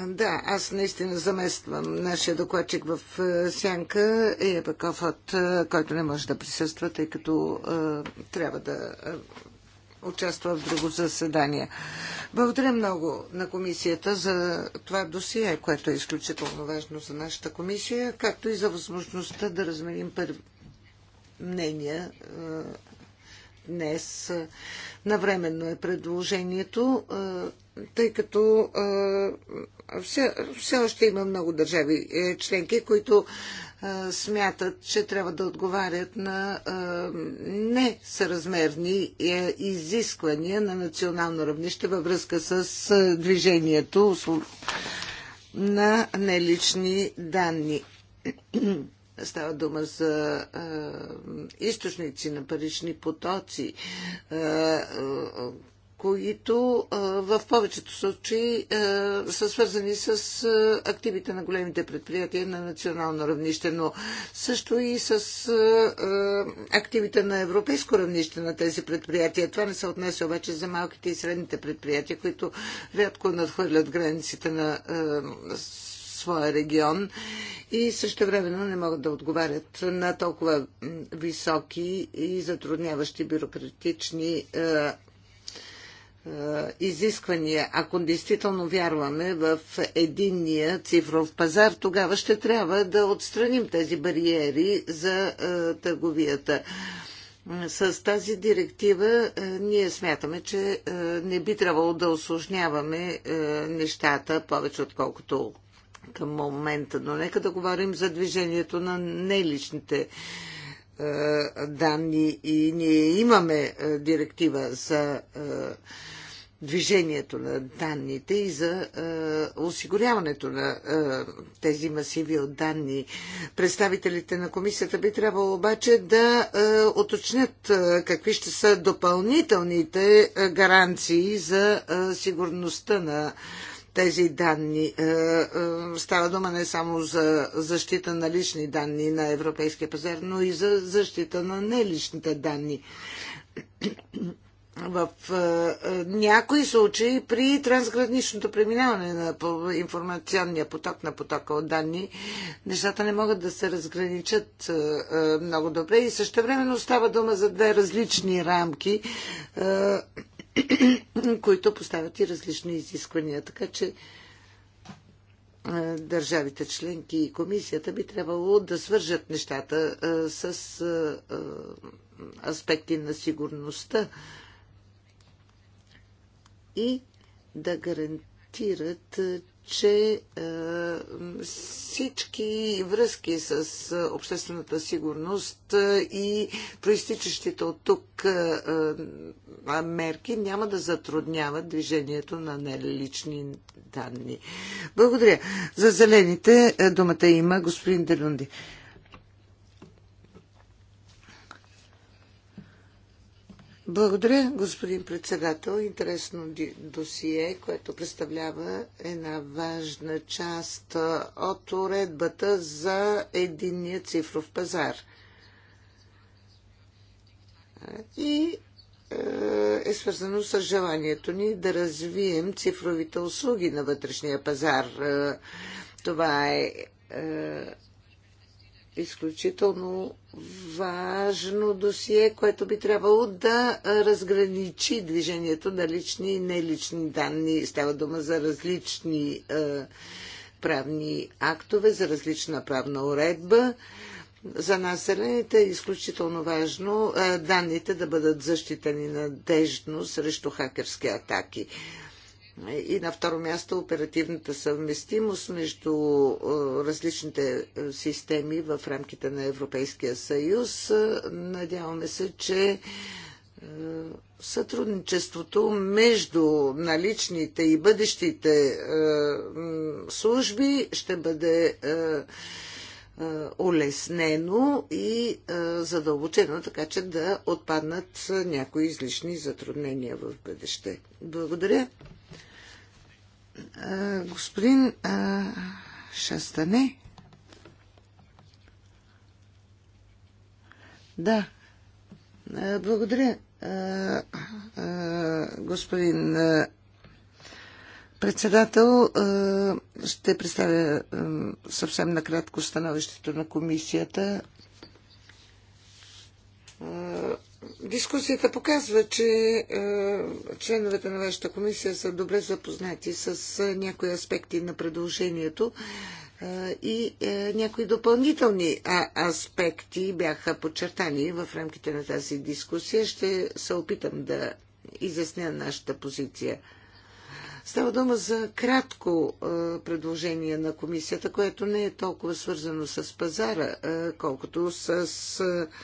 Да, аз наистина замествам нашия докладчик в е, Сянка, и Ея Бакофът, е, който не може да присъства, тъй като е, трябва да участва в друго заседание. Благодаря много на комисията за това досие, което е изключително важно за нашата комисия, както и за възможността да разменим пър... мнения е, днес. Навременно е предложението, е, тъй като е, все, все още има много държави членки, които смятат, че трябва да отговарят на несъразмерни е, изисквания на национално равнище във връзка с движението на нелични данни. Става дума за а, източници на парични потоци, а, които в повечето случаи са свързани с активите на големите предприятия на национално равнище, но също и с активите на европейско равнище на тези предприятия. Това не се отнесе обаче за малките и средните предприятия, които рядко надхвърлят границите на своя регион и също времено не могат да отговарят на толкова високи и затрудняващи бюрократични е, изисквания, ако действително вярваме в единния цифров пазар, тогава ще трябва да отстраним тези бариери за е, търговията. С тази директива е, ние смятаме, че не би трябвало да осложняваме нещата повече отколкото към момента. Но нека да говорим за движението на неличните данни и ние имаме директива за движението на данните и за е, осигуряването на е, тези масиви от данни. Представителите на комисията би трябвало обаче да е, уточнят е, какви ще са допълнителните е, гаранции за е, сигурността на тези данни. Е, е, става дума не само за защита на лични данни на европейския пазар, но и за защита на неличните данни в е, е, някои случаи при трансграничното преминаване на информационния поток на потока от данни, нещата не могат да се разграничат е, много добре и също времено става дума за две различни рамки, които поставят и различни изисквания. Така че държавите членки и комисията би трябвало да свържат нещата с аспекти на сигурността и да гарантират, е, че е, всички връзки с е, обществената сигурност и проистичащите от тук мерки няма да затрудняват движението на нелични данни. Благодаря. За зелените думата има господин Делюнди. Благодаря, господин председател. Интересно досие, което представлява една важна част от уредбата за единния цифров пазар. И е свързано с желанието ни да развием цифровите услуги на вътрешния пазар. Това е изключително важно досие, което би трябвало да разграничи движението на лични и нелични данни. Става дума за различни е, правни актове, за различна правна уредба. За населените е изключително важно е, данните да бъдат защитени надежно срещу хакерски атаки. И на второ място оперативната съвместимост между е, различните е, системи в рамките на Европейския съюз. Е, надяваме се, че сътрудничеството между наличните и бъдещите служби ще бъде улеснено и задълбочено, така че да отпаднат някои излишни затруднения в бъдеще. Благодаря господин Шастане. Да. Благодаря, господин председател. Ще представя съвсем накратко становището на комисията Дискусията показва, че е, членовете на вашата комисия са добре запознати с е, някои аспекти на предложението е, и е, някои допълнителни а, аспекти бяха подчертани в рамките на тази дискусия. Ще се опитам да изясня нашата позиция. Става дума за кратко е, предложение на комисията, което не е толкова свързано с пазара, е, колкото с. Е,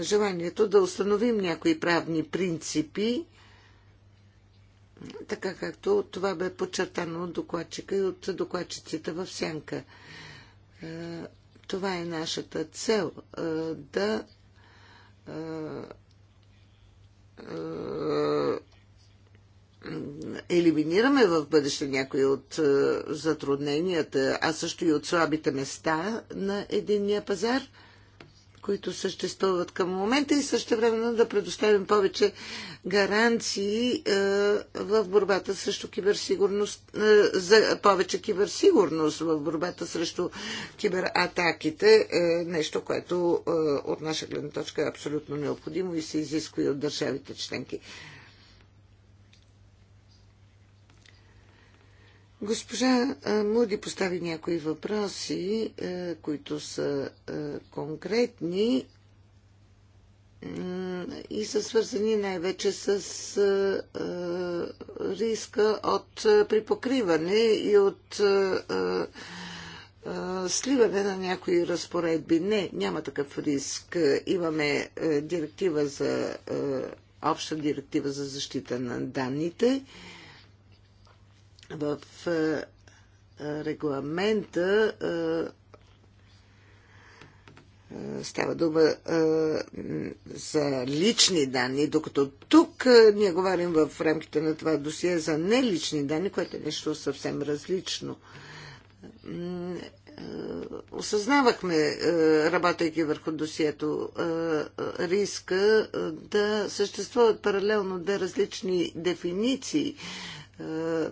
желанието да установим някои правни принципи, така както това бе подчертано от докладчика и от докладчиците в Сянка. Е, това е нашата цел е, да е, елиминираме в бъдеще някои от затрудненията, а също и от слабите места на единния пазар – които съществуват към момента и също времено да предоставим повече гаранции е, в борбата срещу киберсигурност, е, за повече киберсигурност в борбата срещу кибератаките, е, нещо, което от наша гледна точка е абсолютно необходимо и се изисква и от държавите членки. Госпожа Муди постави някои въпроси, които са конкретни и са свързани най-вече с риска от припокриване и от сливане на някои разпоредби. Не, няма такъв риск. Имаме директива за обща директива за защита на данните в е, е, регламента е, става дума за лични данни, докато тук ние говорим в рамките на това досие за нелични данни, което е нещо съвсем различно осъзнавахме, работейки върху досието, риска да съществуват паралелно две различни дефиниции е,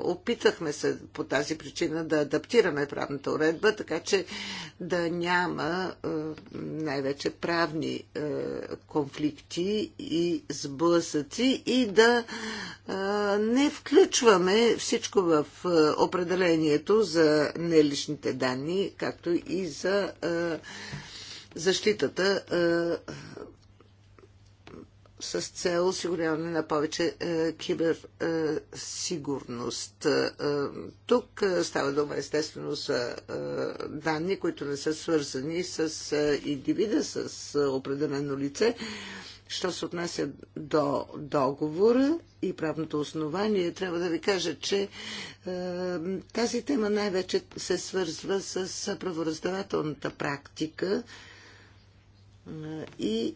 опитахме се по тази причина да адаптираме правната уредба, така че да няма е, най-вече правни е, конфликти и сблъсъци и да не включваме всичко в определението за неличните данни, както и за защитата с цел осигуряване на повече е, киберсигурност. Е, е, е, тук е, става дума естествено за е, данни, които не са свързани с индивида, с определено лице. Що се отнася до договора и правното основание, трябва да ви кажа, че е, тази тема най-вече се свързва с правораздавателната практика, и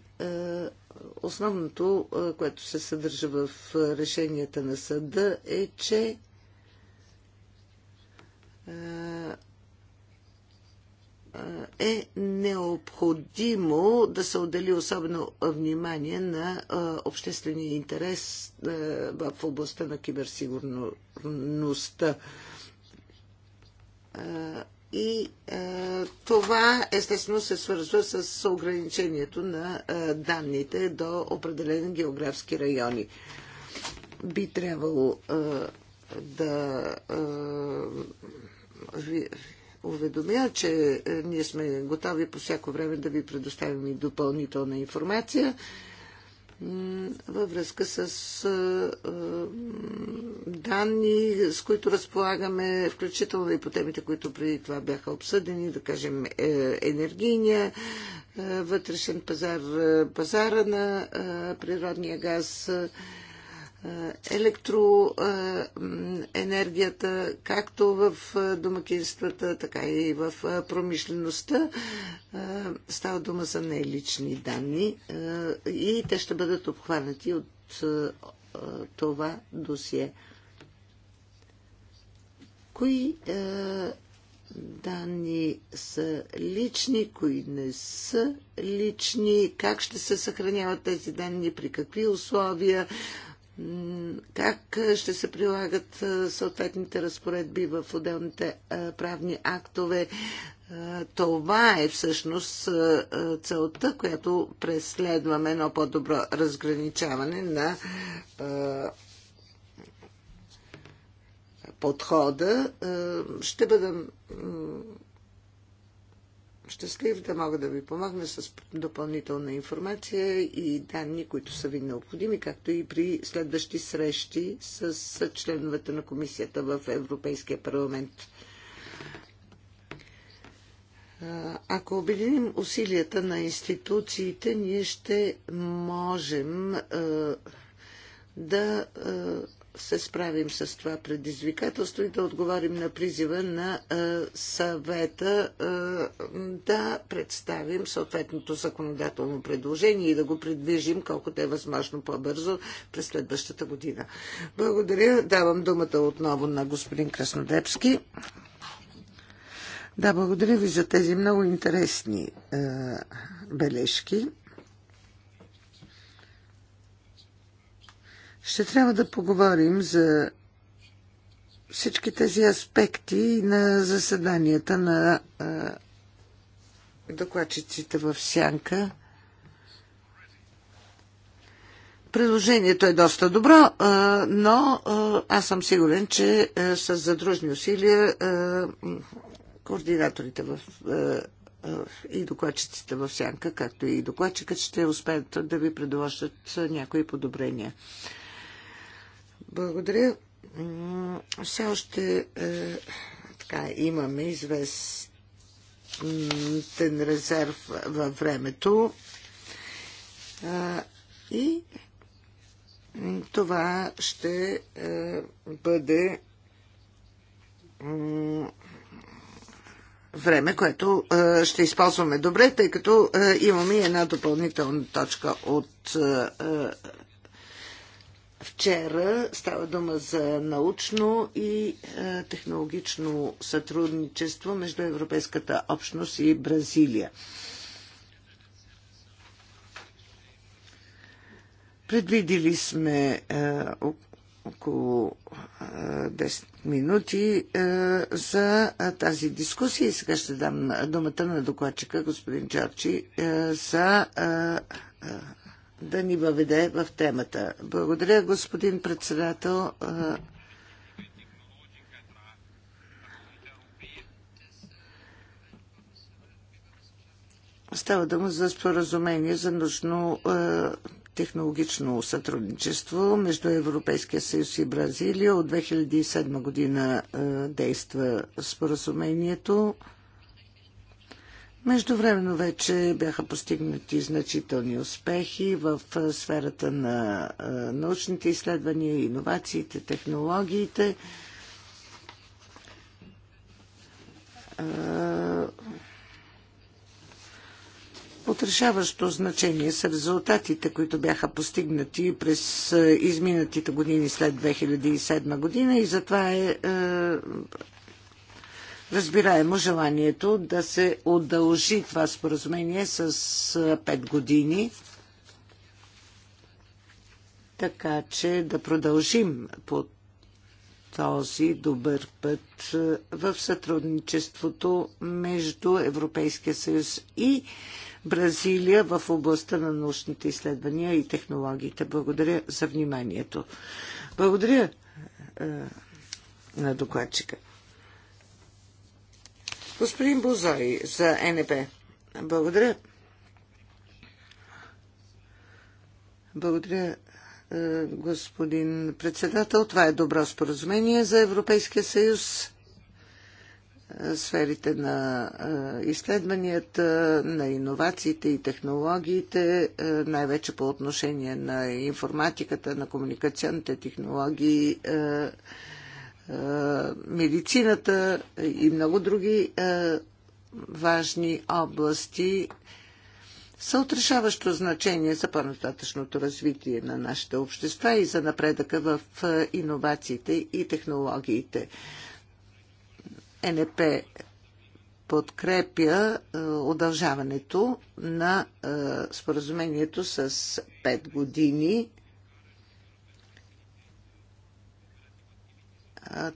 основното, което се съдържа в решенията на съда е, че е необходимо да се отдели особено внимание на обществения интерес в областта на киберсигурността. И е, това естествено се свързва с ограничението на е, данните до определени географски райони. Би трябвало е, да е, ви уведомя, че е, ние сме готови по всяко време да ви предоставим и допълнителна информация. Е, във връзка с данни, с които разполагаме, включително и по темите, които преди това бяха обсъдени, да кажем е, енергийния е, вътрешен пазар, е, пазара на природния газ, електроенергията, както в домакинствата, така и в промишлеността. Става дума за нелични данни и те ще бъдат обхванати от това досие. Кои данни са лични, кои не са лични, как ще се съхраняват тези данни, при какви условия, как е, ще се прилагат е, съответните разпоредби в отделните е, правни актове. Това е всъщност целта, която преследваме едно по-добро разграничаване на подхода. Ще бъдам щастлив да мога да ви помогна с допълнителна информация и данни, които са ви необходими, както и при следващи срещи с членовете на комисията в Европейския парламент. Ако обединим усилията на институциите, ние ще можем да се справим с това предизвикателство и да отговорим на призива на съвета да представим съответното законодателно предложение и да го предвижим колкото е възможно по-бързо през следващата година. Благодаря. Давам думата отново на господин Краснодепски. Да, благодаря ви за тези много интересни а, бележки. Ще трябва да поговорим за всички тези аспекти на заседанията на докладчиците в Сянка. Предложението е доста добро, но аз съм сигурен, че с задружни усилия координаторите в, и докладчиците в Сянка, както и докладчикът, ще успеят да ви предложат някои подобрения. Благодаря. Все още е, така, имаме известен резерв във времето. Е, и това ще е, бъде време, което е, ще използваме добре, тъй като е, имаме една допълнителна точка от е, е Вчера става дума за научно и е, технологично сътрудничество между Европейската общност и Бразилия. Предвидили сме е, около 10 е, минути за тази дискусия и сега ще дам думата на докладчика господин Джорджи за да ни въведе в темата. Благодаря, господин председател. Става дума за споразумение за нужно технологично сътрудничество между Европейския съюз и Бразилия. От 2007 година действа споразумението. Междувременно вече бяха постигнати значителни успехи в сферата на научните изследвания, иновациите, технологиите. Отрешаващо значение са резултатите, които бяха постигнати през изминатите години след 2007 година и затова е, Разбираемо желанието да се удължи това споразумение с 5 години, така че да продължим по този добър път в сътрудничеството между Европейския съюз и Бразилия в областта на научните изследвания и технологиите. Благодаря за вниманието. Благодаря на докладчика. Господин Бузой за НП. Благодаря. Благодаря, е, господин председател. Това е добро споразумение за Европейския съюз. Е, сферите на е, изследванията, на иновациите и технологиите, най-вече по отношение на информатиката, на комуникационните технологии, е, медицината и много други е, важни области са от решаващо значение за по-нататъчното развитие на нашите общества и за напредъка в е, иновациите и технологиите. НП подкрепя удължаването на споразумението с 5 години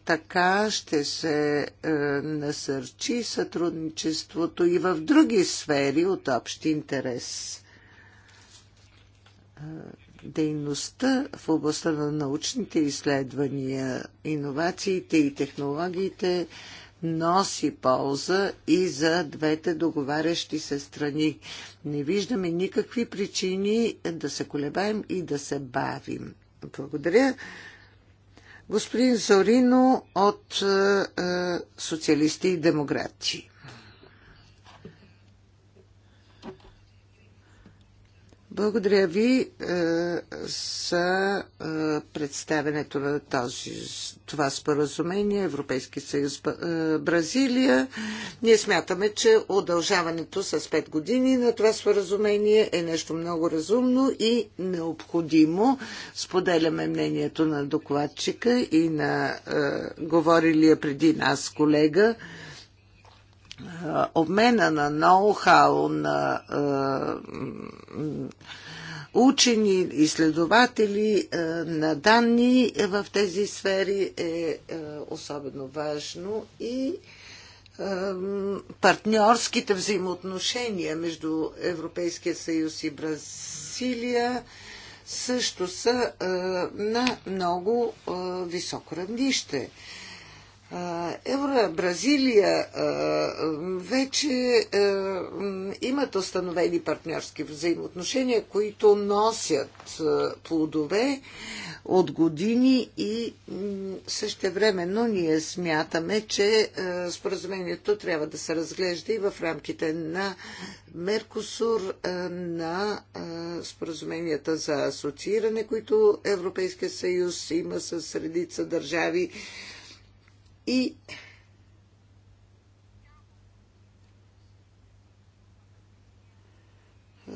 така ще се е, насърчи сътрудничеството и в други сфери от общ интерес. Дейността в областта на научните изследвания, иновациите и технологиите носи полза и за двете договарящи се страни. Не виждаме никакви причини да се колебаем и да се бавим. Благодаря господин Зорино от е, е, Социалисти и Демократи. Благодаря ви е, за е, представенето на този, това споразумение Европейски съюз е, Бразилия. Ние смятаме, че удължаването с 5 години на това споразумение е нещо много разумно и необходимо. Споделяме мнението на докладчика и на е, говорилия преди нас колега обмена на ноу-хау, на учени, изследователи на данни в тези сфери е, е особено важно и партньорските взаимоотношения между Европейския съюз и Бразилия също са на много високо равнище. Евро, Бразилия вече имат установени партньорски взаимоотношения, които носят плодове от години и същевременно ние смятаме, че споразумението трябва да се разглежда и в рамките на Меркосур, на споразуменията за асоцииране, които Европейския съюз има с редица държави и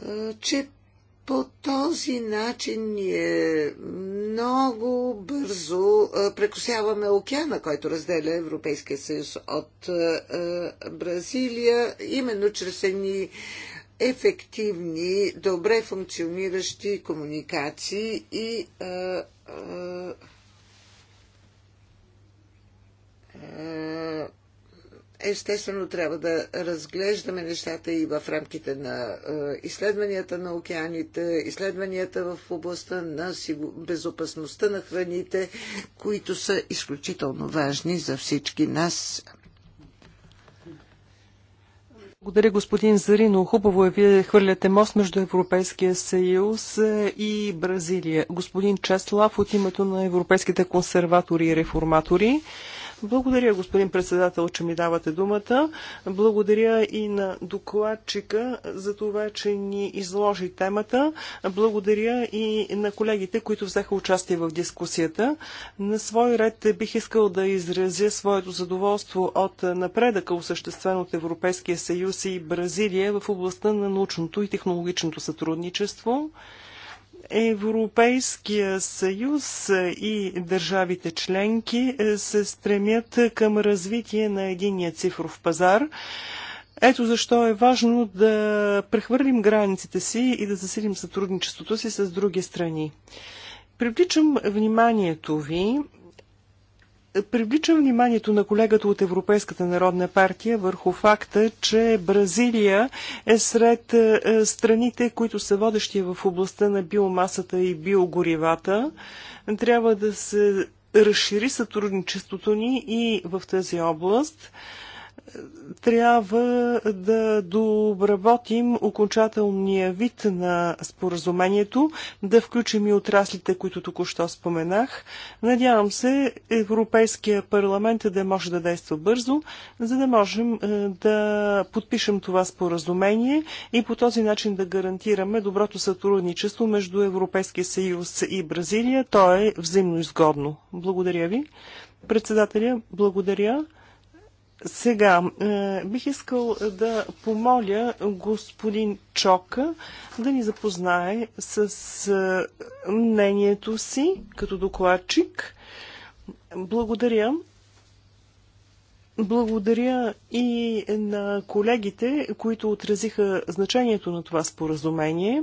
е, че по този начин ние много бързо е, прекусяваме океана, който разделя Европейския съюз от е, Бразилия, именно чрез едни ефективни, добре функциониращи комуникации и е, естествено, трябва да разглеждаме нещата и в рамките на е, изследванията на океаните, изследванията в областта на безопасността на храните, които са изключително важни за всички нас. Благодаря, господин Зарино. Хубаво е, вие хвърляте мост между Европейския съюз е, и Бразилия. Господин Чеслав от името на европейските консерватори и реформатори. Благодаря, господин председател, че ми давате думата. Благодаря и на докладчика за това, че ни изложи темата. Благодаря и на колегите, които взеха участие в дискусията. На свой ред бих искал да изразя своето задоволство от напредъка, осъществен от Европейския съюз и Бразилия в областта на научното и технологичното сътрудничество. Европейския съюз и държавите членки е, се стремят към развитие на единия цифров пазар. Ето защо е важно да прехвърлим границите си и да засилим сътрудничеството си с други страни. Привличам вниманието ви Привличам вниманието на колегата от Европейската народна партия върху факта, че Бразилия е сред е, страните, които са водещи в областта на биомасата и биогоривата. Трябва да се разшири сътрудничеството ни и в тази област трябва да дообработим окончателния вид на споразумението, да включим и отраслите, които току-що споменах. Надявам се Европейския парламент да може да действа бързо, за да можем е, да подпишем това споразумение и по този начин да гарантираме доброто сътрудничество между Европейския съюз и Бразилия. То е взаимно изгодно. Благодаря ви. Председателя, благодаря. Сега е, бих искал да помоля господин Чока да ни запознае с е, мнението си като докладчик. Благодаря. Благодаря и на колегите, които отразиха значението на това споразумение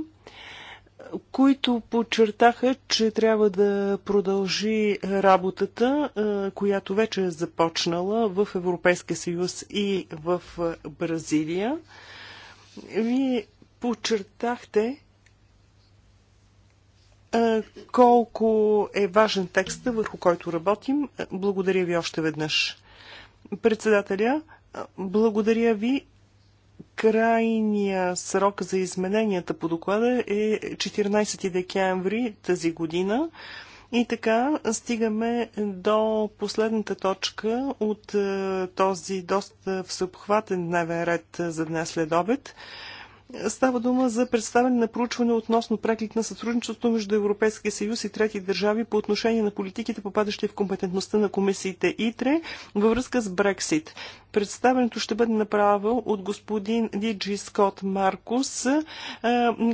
които подчертаха, че трябва да продължи работата, която вече е започнала в Европейския съюз и в Бразилия. Вие подчертахте колко е важен текст, върху който работим. Благодаря ви още веднъж. Председателя, благодаря ви Крайния срок за измененията по доклада е 14 декември тази година. И така стигаме до последната точка от е, този доста всеобхватен дневен ред за днес след обед. Става дума за представяне на проучване относно преглед на сътрудничеството между Европейския съюз и трети държави по отношение на политиките, попадащи в компетентността на комисиите ИТРЕ във връзка с Брексит. Представенето ще бъде направо от господин Диджи Скот Маркус, е,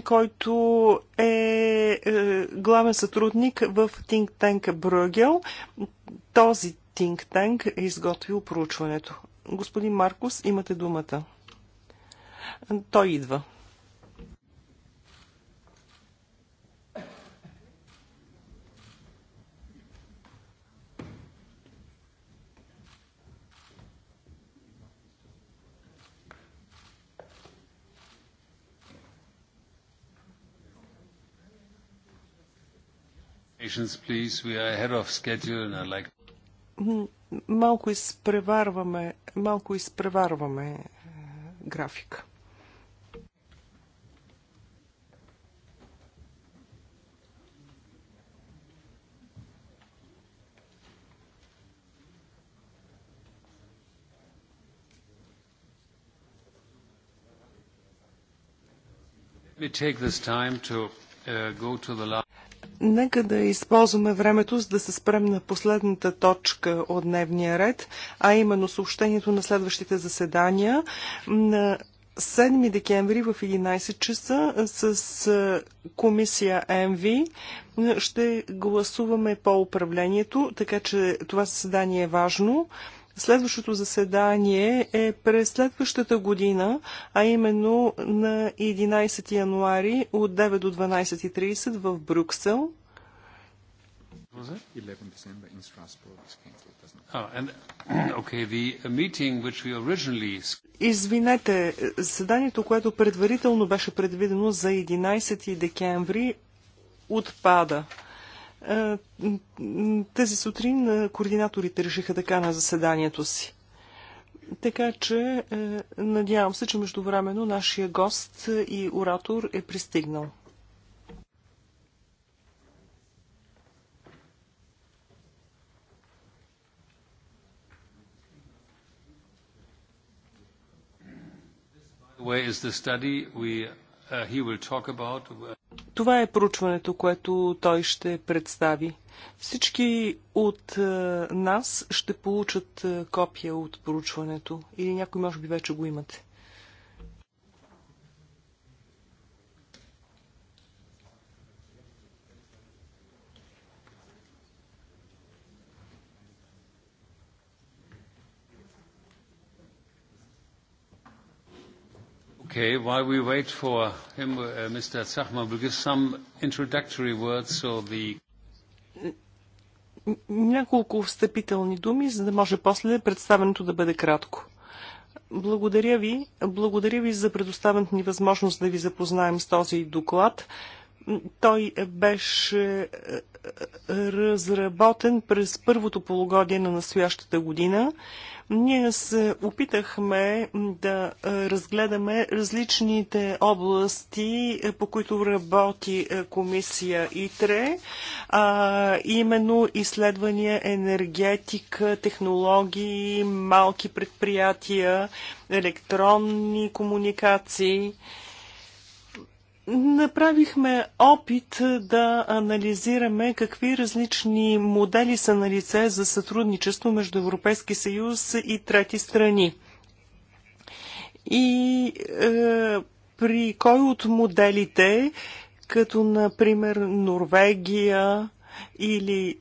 който е, е главен сътрудник в Think Tank Брюгел. Този Think Tank е изготвил проучването. Господин Маркус, имате думата. Той идва. Малко изпреварваме, малко изпреварваме е, графика. Uh, Нека да използваме времето, за да се спрем на последната точка от дневния ред, а именно съобщението на следващите заседания на 7 декември в 11 часа с комисия МВ ще гласуваме по управлението, така че това заседание е важно. Следващото заседание е през следващата година, а именно на 11 януари от 9 до 12.30 в Брюксел. Ah, uh, Извинете, заседанието, което предварително беше предвидено за 11 декември, отпада. Е, Тази сутрин е, координаторите решиха така на заседанието си. Така че е, надявам се, че междувременно нашия гост и оратор е пристигнал. way is the study we Uh, uh, Това е проучването, което той ще представи. Всички от е, нас ще получат е, копия от проучването или някой може би вече го имате. Okay, while we wait for him, uh, Mr. Zachman will give some introductory words so the няколко встъпителни думи, за да може после представенето да бъде кратко. Благодаря ви. Благодаря ви за предоставената ни възможност да ви запознаем с този доклад. Той беше разработен през първото полугодие на настоящата година. Ние се опитахме да разгледаме различните области, по които работи комисия ИТРЕ, а именно изследвания, енергетика, технологии, малки предприятия, електронни комуникации – Направихме опит е, да анализираме какви различни модели са на лице за сътрудничество между Европейски съюз и трети страни. И е, при кой от моделите, като например Норвегия или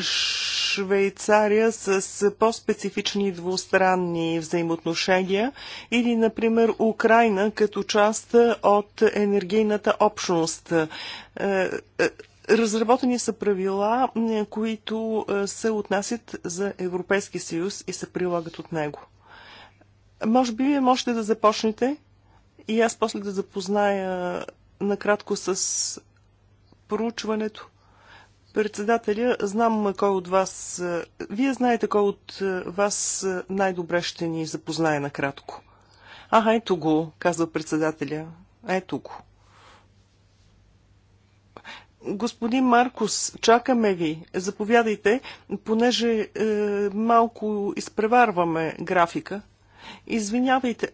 Швейцария с по-специфични двустранни взаимоотношения или, например, Украина като част от енергийната общност. Е, е, разработени са правила, е, които се отнасят за Европейски съюз и се прилагат от него. Може би вие можете да започнете и аз после да запозная накратко с проучването. Председателя, знам кой от вас... Е, вие знаете кой от е, вас е, най-добре ще ни запознае накратко. А, ето го, казва председателя. Ето го. Господин Маркус, чакаме ви. Заповядайте, понеже е, малко изпреварваме графика. Извинявайте.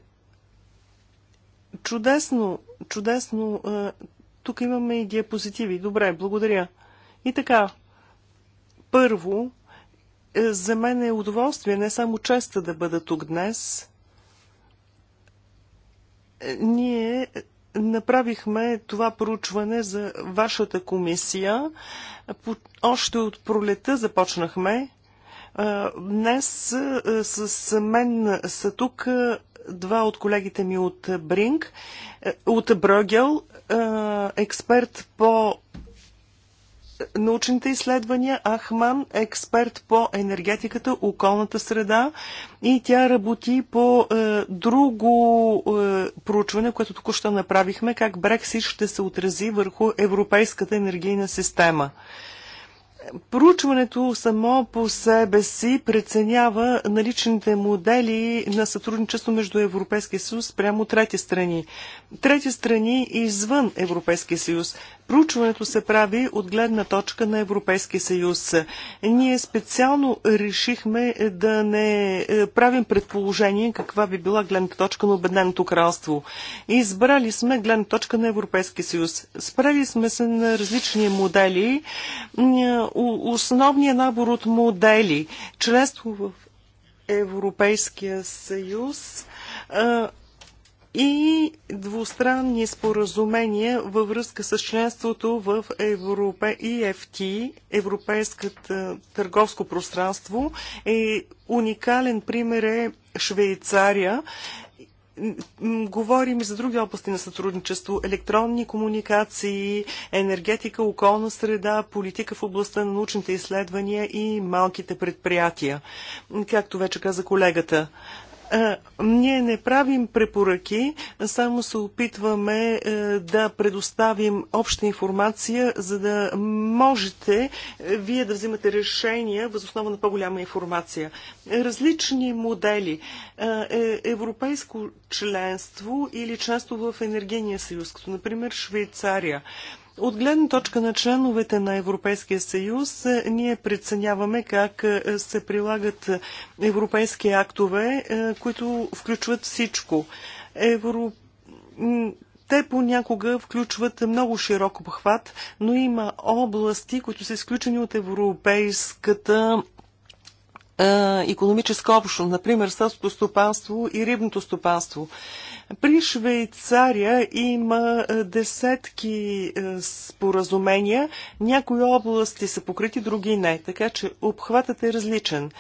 Чудесно, чудесно. Е, тук имаме и диапозитиви. Добре, благодаря. И така, първо, е, за мен е удоволствие, не само честа да бъда тук днес. Е, ние направихме това проучване за вашата комисия. Още от пролета започнахме. Е, днес с мен са тук два от колегите ми от Бринг, от Брогел, експерт по научните изследвания, Ахман, експерт по енергетиката, околната среда и тя работи по е, друго е, проучване, което току-що направихме, как Брексит ще се отрази върху европейската енергийна система. Проучването само по себе си преценява наличните модели на сътрудничество между Европейския съюз прямо трети страни. Трети страни извън Европейския съюз. Проучването се прави от гледна точка на Европейския съюз. Ние специално решихме да не е, правим предположение каква би била гледната точка на Обединеното кралство. Избрали сме гледна точка на Европейския съюз. Справили сме се на различни модели основния набор от модели. Членство в Европейския съюз и двустранни споразумения във връзка с членството в Европе, ЕФТ, Европейската търговско пространство. Е уникален пример е Швейцария говорим и за други области на сътрудничество. Електронни комуникации, енергетика, околна среда, политика в областта на научните изследвания и малките предприятия. Както вече каза колегата, е, ние не правим препоръки, само се опитваме е, да предоставим обща информация, за да можете е, вие да взимате решения възоснова на по-голяма информация. Различни модели. Европейско членство или членство в Енергийния съюз, като например Швейцария. От гледна точка на членовете на Европейския съюз, е, ние преценяваме как е, се прилагат европейски актове, е, които включват всичко. Евро... Те понякога включват много широк обхват, но има области, които са изключени от европейската економическа общност, например сърското стопанство и рибното стопанство. При Швейцария има е, десетки е, споразумения. Някои области са покрити, други не. Така че обхватът е различен.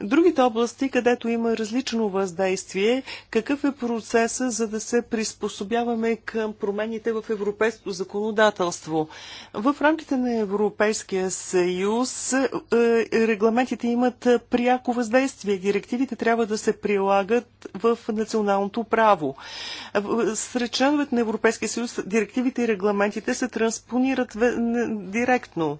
Другите области, където има различно въздействие, какъв е процеса за да се приспособяваме към промените в европейското законодателство? В рамките на Европейския съюз е, регламентите имат пряко въздействие. Директивите трябва да се прилагат в националното право. Сред членовете на Европейския съюз директивите и регламентите се транспонират директно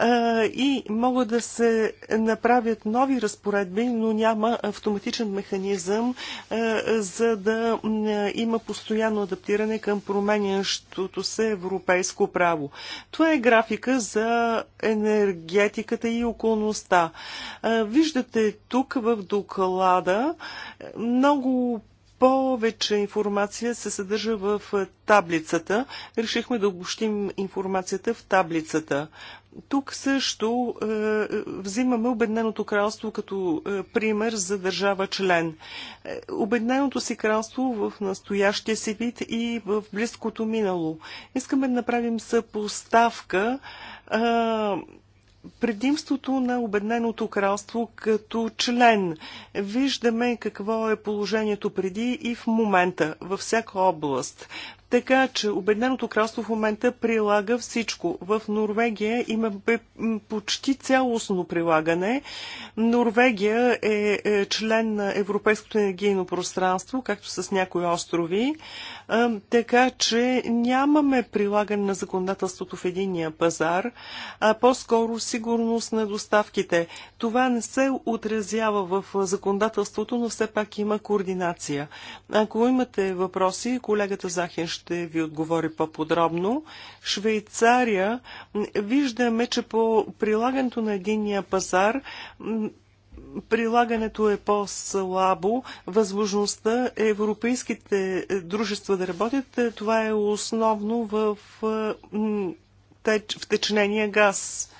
е, и могат да се направят нови разпоредби разпоредби, но няма автоматичен механизъм, е, за да е, има постоянно адаптиране към променящото се европейско право. Това е графика за енергетиката и околността. Е, виждате тук в доклада много повече информация се съдържа в таблицата. Решихме да обобщим информацията в таблицата. Тук също е, взимаме Обедненото кралство като е, пример за държава член. Е, Обедненото си кралство в настоящия си вид и в близкото минало. Искаме да направим съпоставка. Е, предимството на обедненото кралство като член. Виждаме какво е положението преди и в момента, във всяка област. Така че Обедненото кралство в момента прилага всичко. В Норвегия има почти цялостно прилагане. Норвегия е, е член на Европейското енергийно пространство, както с някои острови така че нямаме прилагане на законодателството в единия пазар, а по-скоро сигурност на доставките. Това не се отразява в законодателството, но все пак има координация. Ако имате въпроси, колегата Захин ще ви отговори по-подробно. Швейцария виждаме, че по прилагането на единия пазар прилагането е по-слабо, възможността европейските е, дружества да работят, е, това е основно в, е, теч, в течнения газ.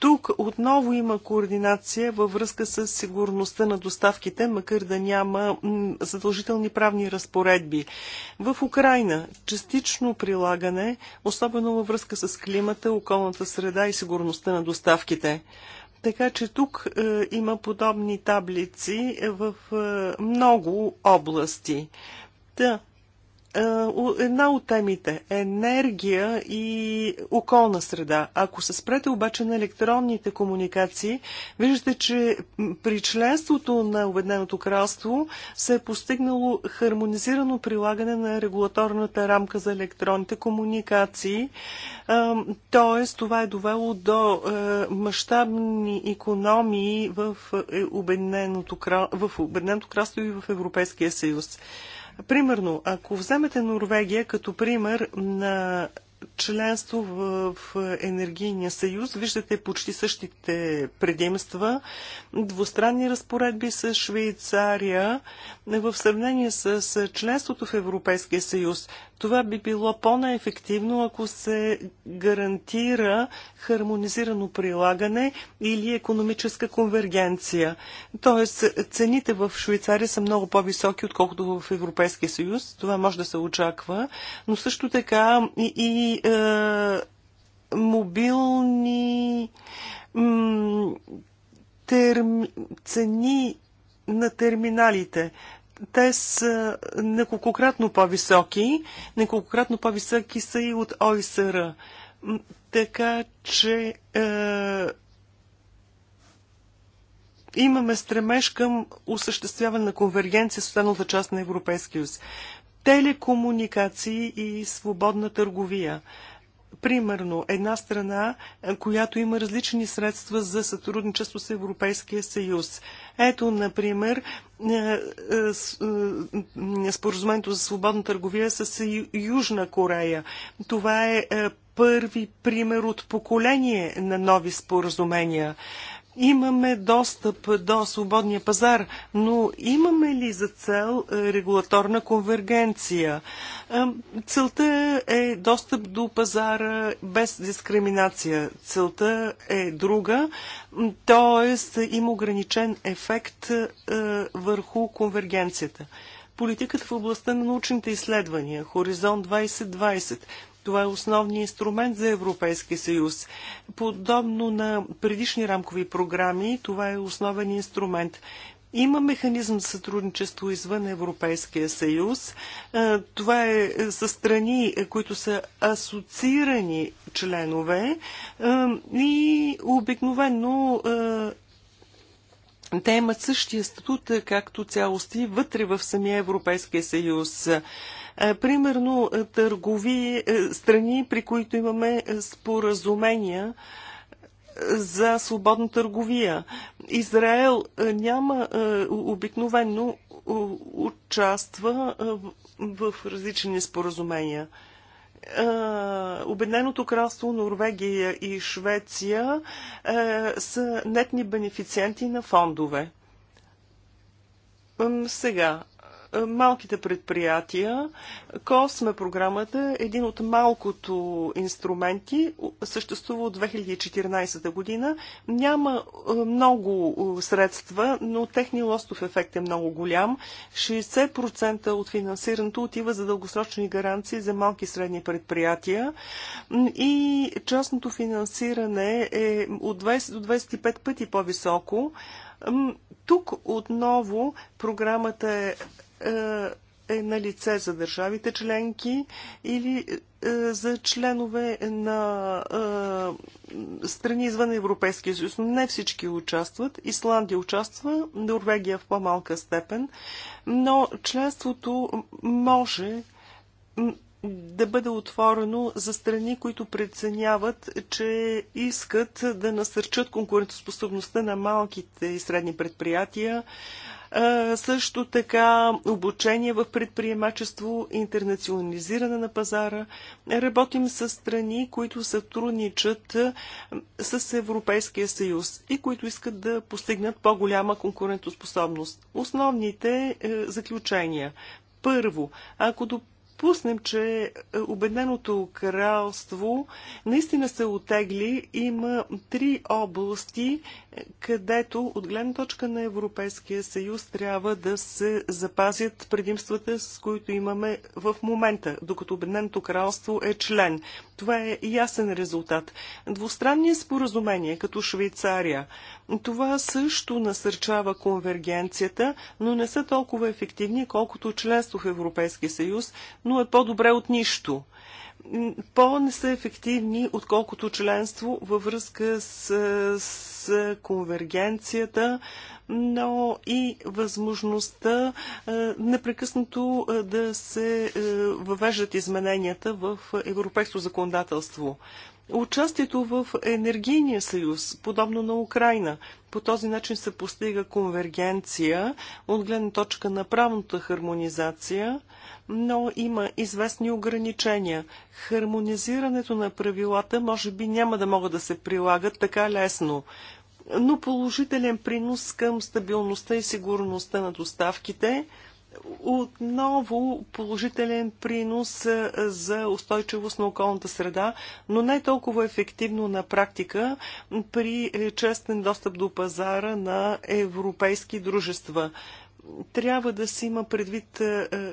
Тук отново има координация във връзка с сигурността на доставките, макар да няма задължителни правни разпоредби. В Украина частично прилагане, особено във връзка с климата, околната среда и сигурността на доставките. Така че тук е, има подобни таблици в е, много области. Та. Е, една от темите – енергия и околна среда. Ако се спрете обаче на електронните комуникации, виждате, че при членството на Обедненото кралство се е постигнало хармонизирано прилагане на регулаторната рамка за електронните комуникации. Е, тоест, това е довело до е, мащабни економии в Обедненото кралство и в Европейския съюз. Примерно, ако вземете Норвегия като пример на членство в Енергийния съюз, виждате почти същите предимства. Двустранни разпоредби с Швейцария в сравнение с членството в Европейския съюз. Това би било по-наефективно, ако се гарантира хармонизирано прилагане или економическа конвергенция. Тоест, цените в Швейцария са много по-високи, отколкото в Европейския съюз. Това може да се очаква. Но също така и, и е, мобилни терм, цени на терминалите. Те са неколкократно по-високи. Неколкократно по-високи са и от ОСР. Така че е, имаме стремеж към осъществяване на конвергенция с останалата част на Европейския съюз. Телекомуникации и свободна търговия. Е, примерно една страна, е, която има различни средства за сътрудничество с Европейския съюз. Ето, например, е, е, споразумението за свободна търговия с Южна Корея. Това е първи пример от поколение на нови споразумения имаме достъп до свободния пазар, но имаме ли за цел е, регулаторна конвергенция? Е, целта е достъп до пазара без дискриминация. Целта е друга, т.е. има ограничен ефект е, върху конвергенцията. Политиката в областта на научните изследвания, Хоризонт 2020, това е основният инструмент за Европейски съюз. Подобно на предишни рамкови програми, това е основен инструмент. Има механизъм за сътрудничество извън Европейския съюз. Е, това е, е със страни, е, които са асоциирани членове и обикновено те имат същия статут, е, както цялости вътре в самия Европейския съюз. Е, примерно е, търгови страни, при които имаме споразумения за свободна търговия. Израел няма обикновенно участва в различни споразумения. Е, Обединеното кралство, Норвегия и Швеция е, са нетни бенефициенти на фондове. Сега, е, малките предприятия. Косме програмата, е един от малкото инструменти, съществува от 2014 година. Няма е, много средства, но техния лостов ефект е много голям. 60% от финансирането отива за дългосрочни гаранции за малки и средни предприятия и частното финансиране е от 20 до 25 пъти по-високо. Тук отново програмата е, е, е на лице за държавите членки или е, за членове на е, страни извън Европейския съюз. Но не всички участват. Исландия участва, Норвегия в по-малка степен, но членството може да бъде отворено за страни, които преценяват, че искат да насърчат конкурентоспособността на малките и средни предприятия, също така обучение в предприемачество, интернационализиране на пазара. Работим с страни, които сътрудничат с Европейския съюз и които искат да постигнат по-голяма конкурентоспособност. Основните е, заключения. Първо, ако до допуснем, че е, Обединеното кралство наистина се отегли, има три области, където от гледна точка на Европейския съюз трябва да се запазят предимствата, с които имаме в момента, докато Обединеното кралство е член. Това е ясен резултат. Двустранни споразумения, като Швейцария, това също насърчава конвергенцията, но не са толкова ефективни, колкото членство в Европейския съюз, но е по-добре от нищо по-не са ефективни, отколкото членство във връзка с, с конвергенцията, но и възможността е, непрекъснато е, да се е, въвеждат измененията в европейско законодателство участието в енергийния съюз, подобно на Украина. По този начин се постига конвергенция от гледна точка на правната хармонизация, но има известни ограничения. Хармонизирането на правилата може би няма да могат да се прилагат така лесно но положителен принос към стабилността и сигурността на доставките – отново положителен принос за устойчивост на околната среда, но не толкова ефективно на практика при е, честен достъп до пазара на европейски дружества. Трябва да се има предвид е, е,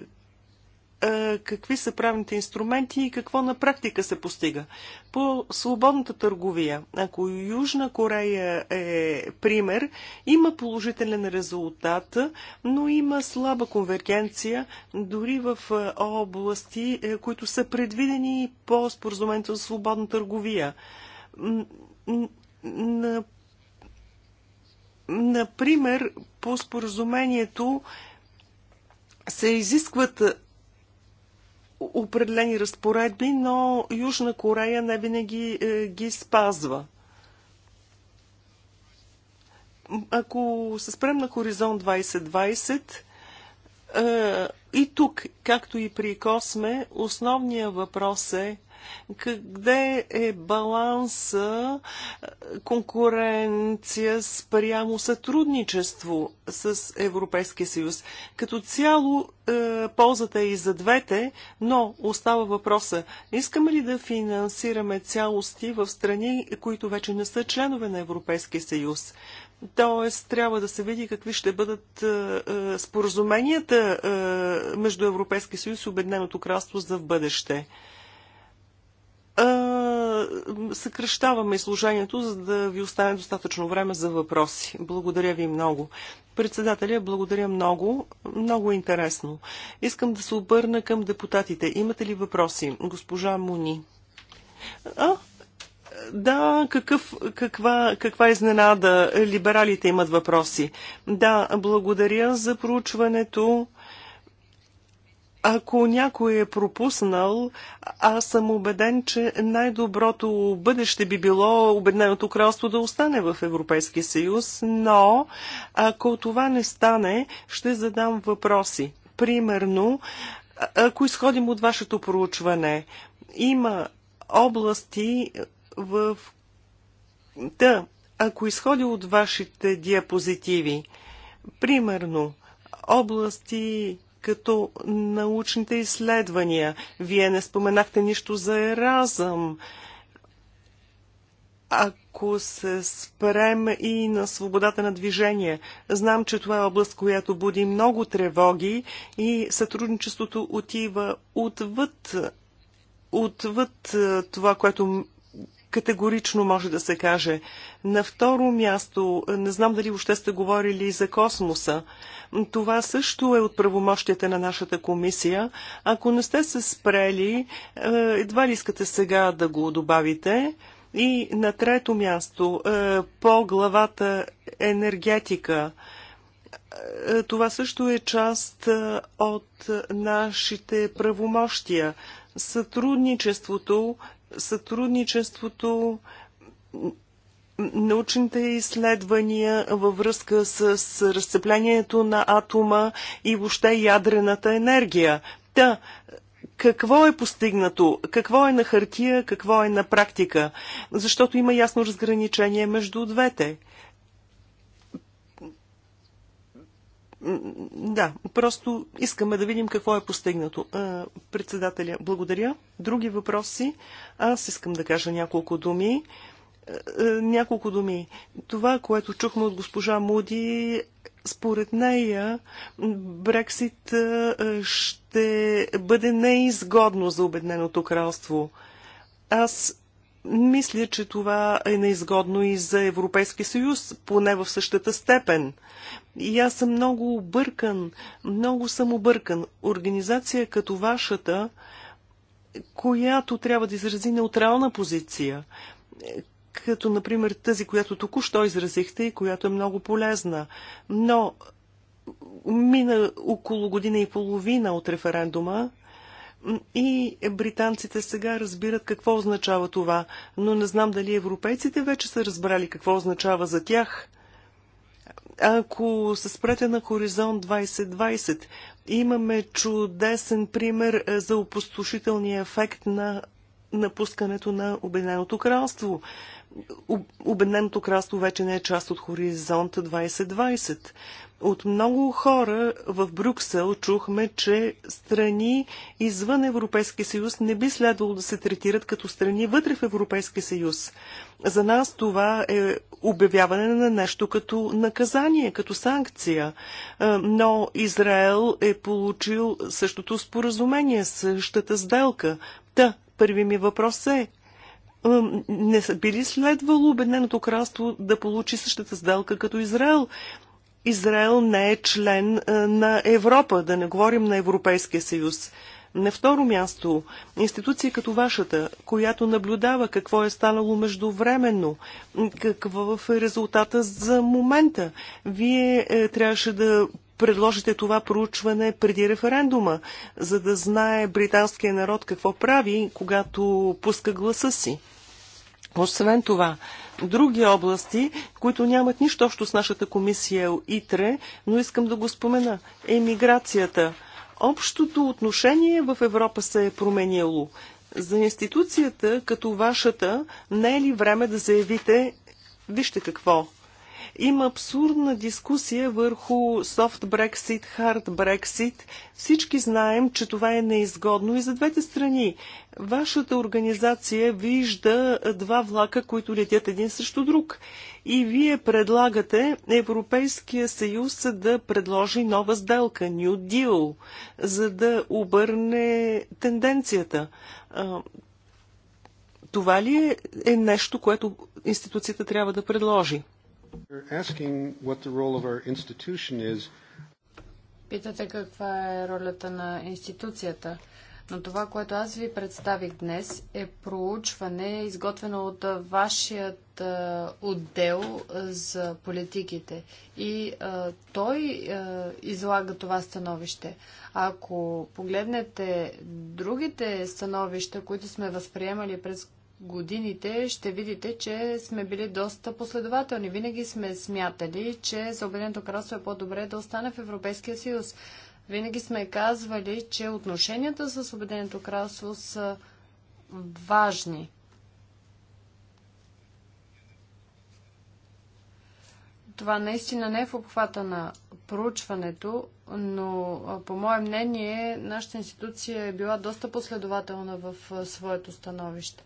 е, какви са правните инструменти и какво на практика се постига. По свободната търговия, ако Южна Корея е пример, има положителен резултат, но има слаба конвергенция дори в е, области, е, които са предвидени по споразумението за свободна търговия. Например, по споразумението се изискват определени разпоредби, но Южна Корея не винаги е, ги спазва. Ако се спрем на хоризонт 2020, е, и тук, както и при Косме, основният въпрос е къде е баланса е, конкуренция спрямо сътрудничество с Европейския съюз? Като цяло е, ползата е и за двете, но остава въпроса. Искаме ли да финансираме цялости в страни, които вече не са членове на Европейския съюз? Тоест, трябва да се види какви ще бъдат е, е споразуменията е, между Европейския съюз и Обединеното кралство за в бъдеще съкръщаваме изложението, за да ви остане достатъчно време за въпроси. Благодаря ви много. Председателя, благодаря много. Много интересно. Искам да се обърна към депутатите. Имате ли въпроси? Госпожа Муни. А, да, какъв, каква, каква изненада. Либералите имат въпроси. Да, благодаря за проучването. Ако някой е пропуснал, аз съм убеден, че най-доброто бъдеще би било Обединеното кралство да остане в Европейския съюз, но ако това не стане, ще задам въпроси. Примерно, ако изходим от вашето проучване, има области в... Да, ако изходи от вашите диапозитиви, примерно, области като научните изследвания. Вие не споменахте нищо за еразъм. Ако се спрем и на свободата на движение, знам, че това е област, която буди много тревоги и сътрудничеството отива отвъд отвъд е, това, което категорично може да се каже. На второ място, не знам дали още сте говорили за космоса. Това също е от правомощията на нашата комисия. Ако не сте се спрели, е, едва ли искате сега да го добавите. И на трето място, е, по главата енергетика. Е, това също е част от нашите правомощия сътрудничеството сътрудничеството, научните изследвания във връзка с, разцеплението на атома и въобще ядрената енергия. Та, какво е постигнато, какво е на хартия, какво е на практика, защото има ясно разграничение между двете. Да, просто искаме да видим какво е постигнато. Председателя, благодаря. Други въпроси? Аз искам да кажа няколко думи. Няколко думи. Това, което чухме от госпожа Муди, според нея Брексит ще бъде неизгодно за обедненото кралство. Аз мисля, че това е неизгодно и за Европейския съюз, поне в същата степен. И аз съм много объркан, много съм объркан. Организация като вашата, която трябва да изрази неутрална позиция, като, например, тази, която току-що изразихте и която е много полезна. Но мина около година и половина от референдума, и британците сега разбират какво означава това, но не знам дали европейците вече са разбрали какво означава за тях. Ако се спрете на Хоризонт 2020, имаме чудесен пример е, за опустошителния ефект на напускането на Обединеното кралство. Обединеното кралство вече не е част от Хоризонт 2020. От много хора в Брюксел чухме, че страни извън Европейския съюз не би следвало да се третират като страни вътре в Европейския съюз. За нас това е обявяване на нещо като наказание, като санкция. Е, но Израел е получил същото споразумение, същата сделка. Та, първи ми въпрос е, е не би ли следвало Обединеното кралство да получи същата сделка като Израел? Израел не е член е, на Европа, да не говорим на Европейския съюз. На второ място, институция като вашата, която наблюдава какво е станало междувременно, какво е резултата за момента. Вие е, трябваше да предложите това проучване преди референдума, за да знае британския народ какво прави, когато пуска гласа си. Освен това, други области, които нямат нищо общо с нашата комисия ИТРЕ, но искам да го спомена. Емиграцията. Общото отношение в Европа се е променило. За институцията като вашата не е ли време да заявите, вижте какво, има абсурдна дискусия върху soft Brexit, hard Brexit? Всички знаем, че това е неизгодно и за двете страни. Вашата организация вижда два влака, които летят един срещу друг. И вие предлагате Европейския съюз да предложи нова сделка, New Deal, за да обърне тенденцията. Това ли е, е нещо, което институцията трябва да предложи? Питате каква е ролята на институцията. Но това, което аз ви представих днес, е проучване, изготвено от вашият отдел за политиките. И а, той а, излага това становище. Ако погледнете другите становища, които сме възприемали през годините ще видите, че сме били доста последователни. Винаги сме смятали, че за Обединеното кралство е по-добре да остане в Европейския съюз. Винаги сме казвали, че отношенията с Обединеното кралство са важни. Това наистина не е в обхвата на проучването, но по мое мнение нашата институция е била доста последователна в своето становище.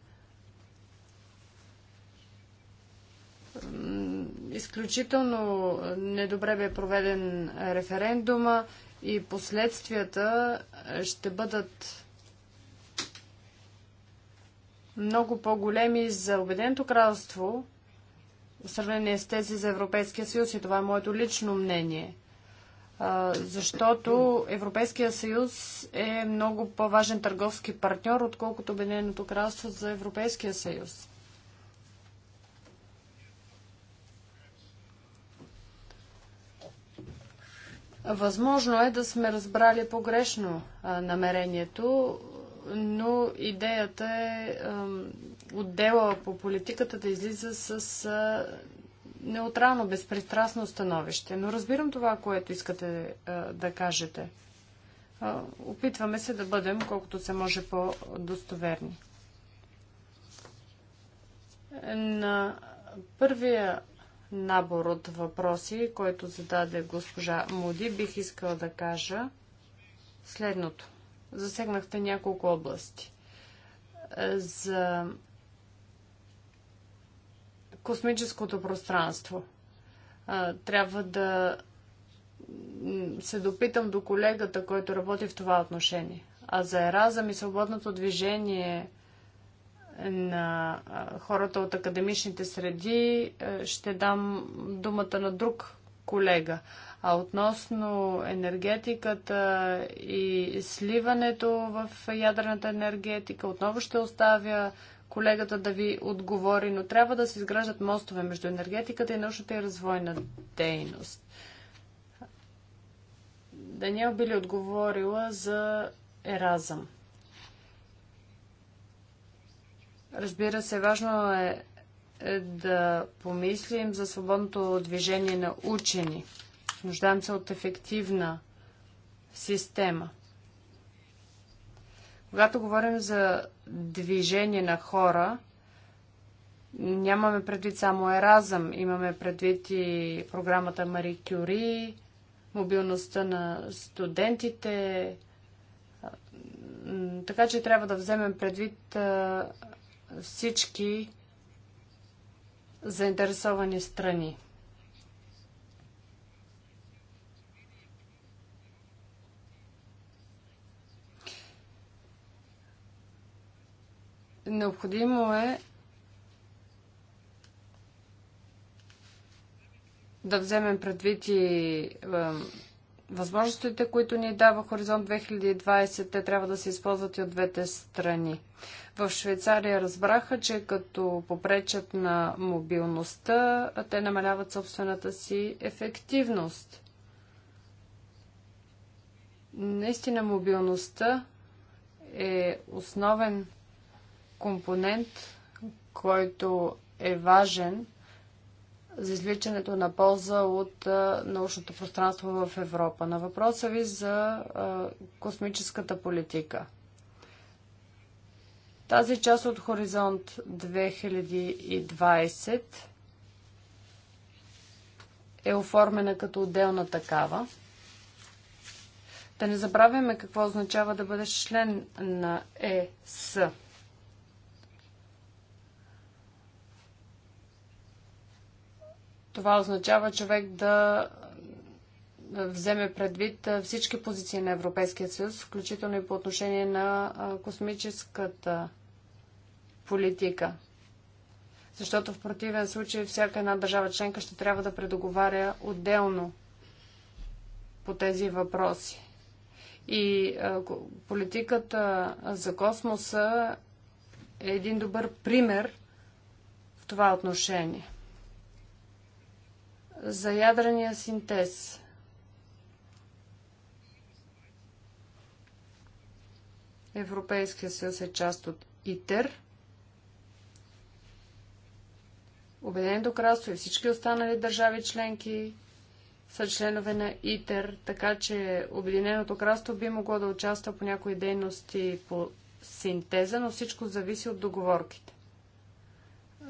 Изключително недобре бе проведен референдума и последствията ще бъдат много по-големи за Обеденото кралство в сравнение с тези за Европейския съюз и това е моето лично мнение. Защото Европейския съюз е много по-важен търговски партньор, отколкото Обединеното кралство за Европейския съюз. Възможно е да сме разбрали погрешно а, намерението, но идеята е а, отдела по политиката да излиза с а, неутрално, безпристрастно становище. Но разбирам това, което искате да кажете. Опитваме се да бъдем колкото се може по-достоверни. На първия набор от въпроси, който зададе госпожа Муди, бих искала да кажа следното. Засегнахте няколко области. За космическото пространство. Трябва да се допитам до колегата, който работи в това отношение. А за Еразъм и свободното движение – на хората от академичните среди, ще дам думата на друг колега. А относно енергетиката и сливането в ядрената енергетика, отново ще оставя колегата да ви отговори, но трябва да се изграждат мостове между енергетиката и научната и развойна дейност. Даниел би ли отговорила за еразъм? Разбира се, важно е, е, да помислим за свободното движение на учени. Нуждаем се от ефективна система. Когато говорим за движение на хора, нямаме предвид само Еразъм, имаме предвид и програмата Мари Кюри, мобилността на студентите. Така че трябва да вземем предвид е, всички заинтересовани страни. Необходимо е да вземем предвид и възможностите, които ни дава Хоризонт 2020, те трябва да се използват и от двете страни. В Швейцария разбраха, че като попречат на мобилността, те намаляват собствената си ефективност. Наистина мобилността е основен компонент, който е важен за извличането на полза от научното пространство в Европа. На въпроса ви за космическата политика. Тази част от Хоризонт 2020 е оформена като отделна такава. Да не забравяме какво означава да бъдеш член на ЕС. Това означава човек да вземе предвид всички позиции на Европейския съюз, включително и по отношение на космическата политика. Защото в противен случай всяка една държава членка ще трябва да предоговаря отделно по тези въпроси. И политиката за космоса е един добър пример в това отношение за ядрения синтез. Европейския съюз е част от ИТЕР. Обединеното кралство и всички останали държави членки са членове на ИТЕР, така че Обединеното кралство би могло да участва по някои дейности по синтеза, но всичко зависи от договорките.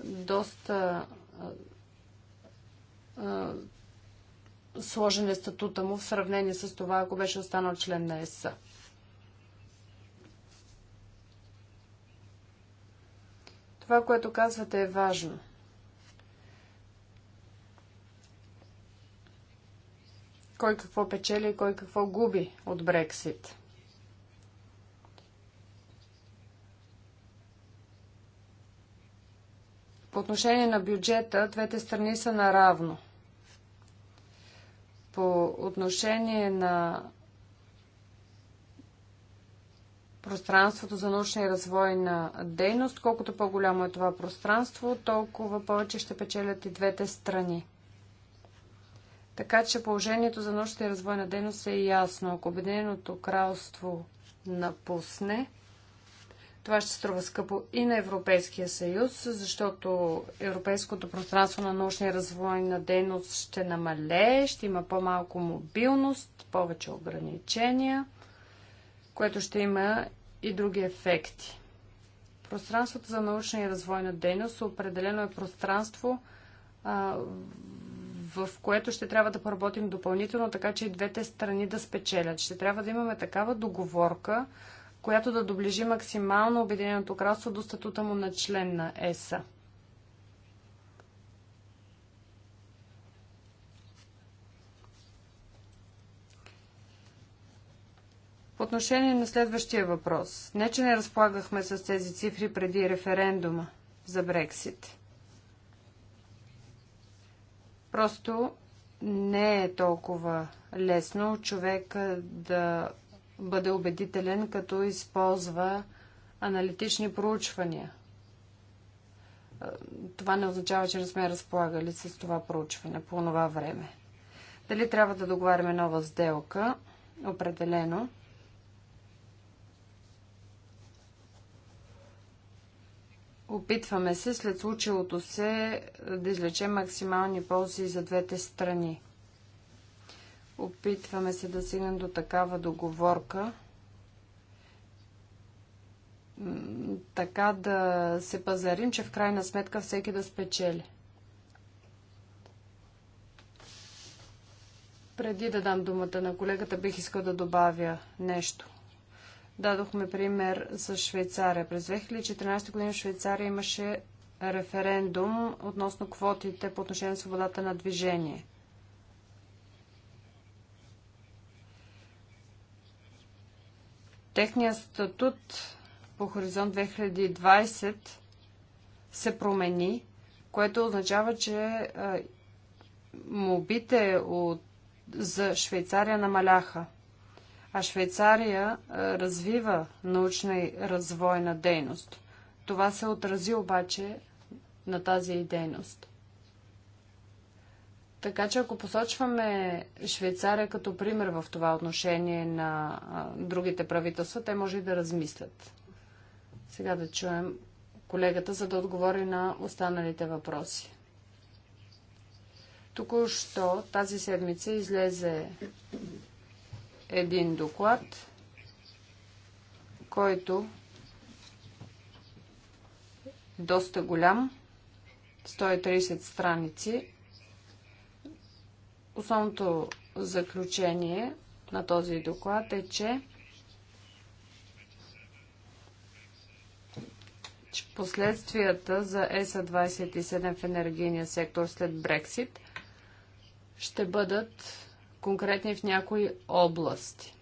Доста сложен е статута му в сравнение с това, ако беше останал член на ЕС. Това, което казвате, е важно. Кой какво печели и кой какво губи от Брексит. По отношение на бюджета, двете страни са наравно. По отношение на пространството за научна и развойна дейност, колкото по-голямо е това пространство, толкова повече ще печелят и двете страни. Така че положението за научна и развойна дейност е ясно. Ако Обединеното кралство напусне, това ще струва скъпо и на Европейския съюз, защото европейското пространство на научния развой на дейност ще намалее, ще има по-малко мобилност, повече ограничения, което ще има и други ефекти. Пространството за научна и развойна дейност определено е пространство, в което ще трябва да поработим допълнително, така че и двете страни да спечелят. Ще трябва да имаме такава договорка, която да доближи максимално Обединеното кралство до статута му на член на ЕСА. По отношение на следващия въпрос. Не, че не разполагахме с тези цифри преди референдума за Брексит. Просто не е толкова лесно човек да бъде убедителен, като използва аналитични проучвания. Това не означава, че не сме разполагали с това проучване по това време. Дали трябва да договаряме нова сделка? Определено. Опитваме се след случилото се да излечем максимални ползи за двете страни. Опитваме се да стигнем до такава договорка, така да се пазарим, че в крайна сметка всеки да спечели. Преди да дам думата на колегата, бих искал да добавя нещо. Дадохме пример с Швейцария. През 2014 година в Швейцария имаше референдум относно квотите по отношение на свободата на движение. Техният статут по Хоризонт 2020 се промени, което означава, че мобите от, за Швейцария намаляха, а Швейцария развива научна и развойна дейност. Това се отрази обаче на тази дейност. Така че ако посочваме Швейцария като пример в това отношение на а, другите правителства, те може и да размислят. Сега да чуем колегата, за да отговори на останалите въпроси. Току-що тази седмица излезе един доклад, който доста голям, 130 страници, Основното заключение на този доклад е, че последствията за ЕСА 27 в енергийния сектор след Брексит ще бъдат конкретни в някои области.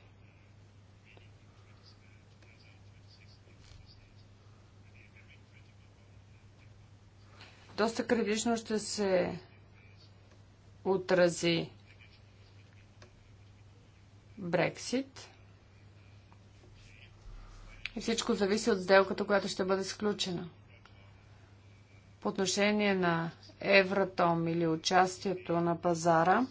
Доста критично ще се отрази Брексит. И всичко зависи от сделката, която ще бъде сключена. По отношение на Евротом или участието на пазара,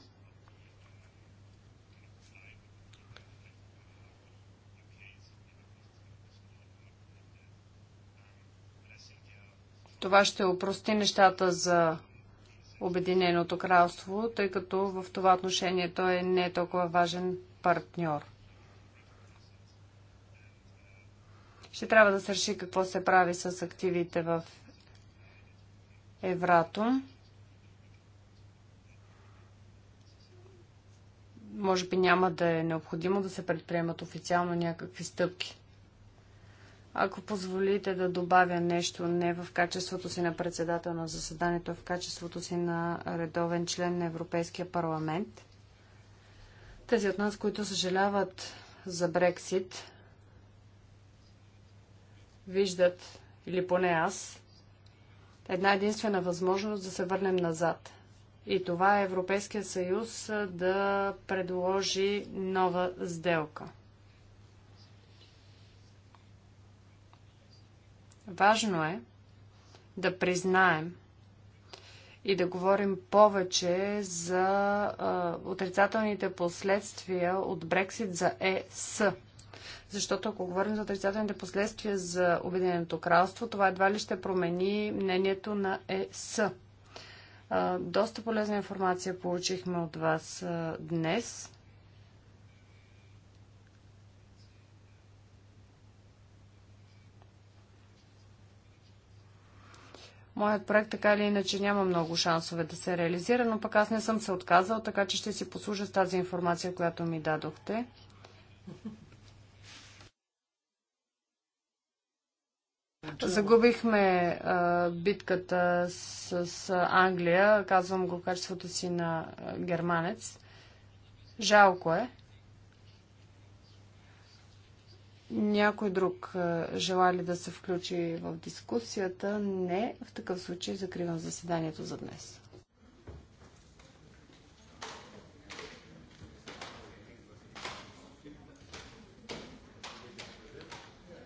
това ще упрости нещата за Обединеното кралство, тъй като в това отношение той е не толкова важен партньор. Ще трябва да се реши какво се прави с активите в Евратом. Може би няма да е необходимо да се предприемат официално някакви стъпки. Ако позволите да добавя нещо не в качеството си на председател на заседанието, а в качеството си на редовен член на Европейския парламент, тези от нас, които съжаляват за Брексит, виждат, или поне аз, една единствена възможност да се върнем назад. И това е Европейския съюз да предложи нова сделка – Важно е да признаем и да говорим повече за а, отрицателните последствия от Брексит за ЕС. Защото ако говорим за отрицателните последствия за Обединеното кралство, това едва ли ще промени мнението на ЕС. А, доста полезна информация получихме от вас а, днес. Моят проект така или иначе няма много шансове да се реализира, но пък аз не съм се отказал, така че ще си послужа с тази информация, която ми дадохте. Загубихме а, битката с, с Англия, казвам го качеството си на германец. Жалко е. Някой друг желая ли да се включи в дискусията? Не. В такъв случай закривам заседанието за днес.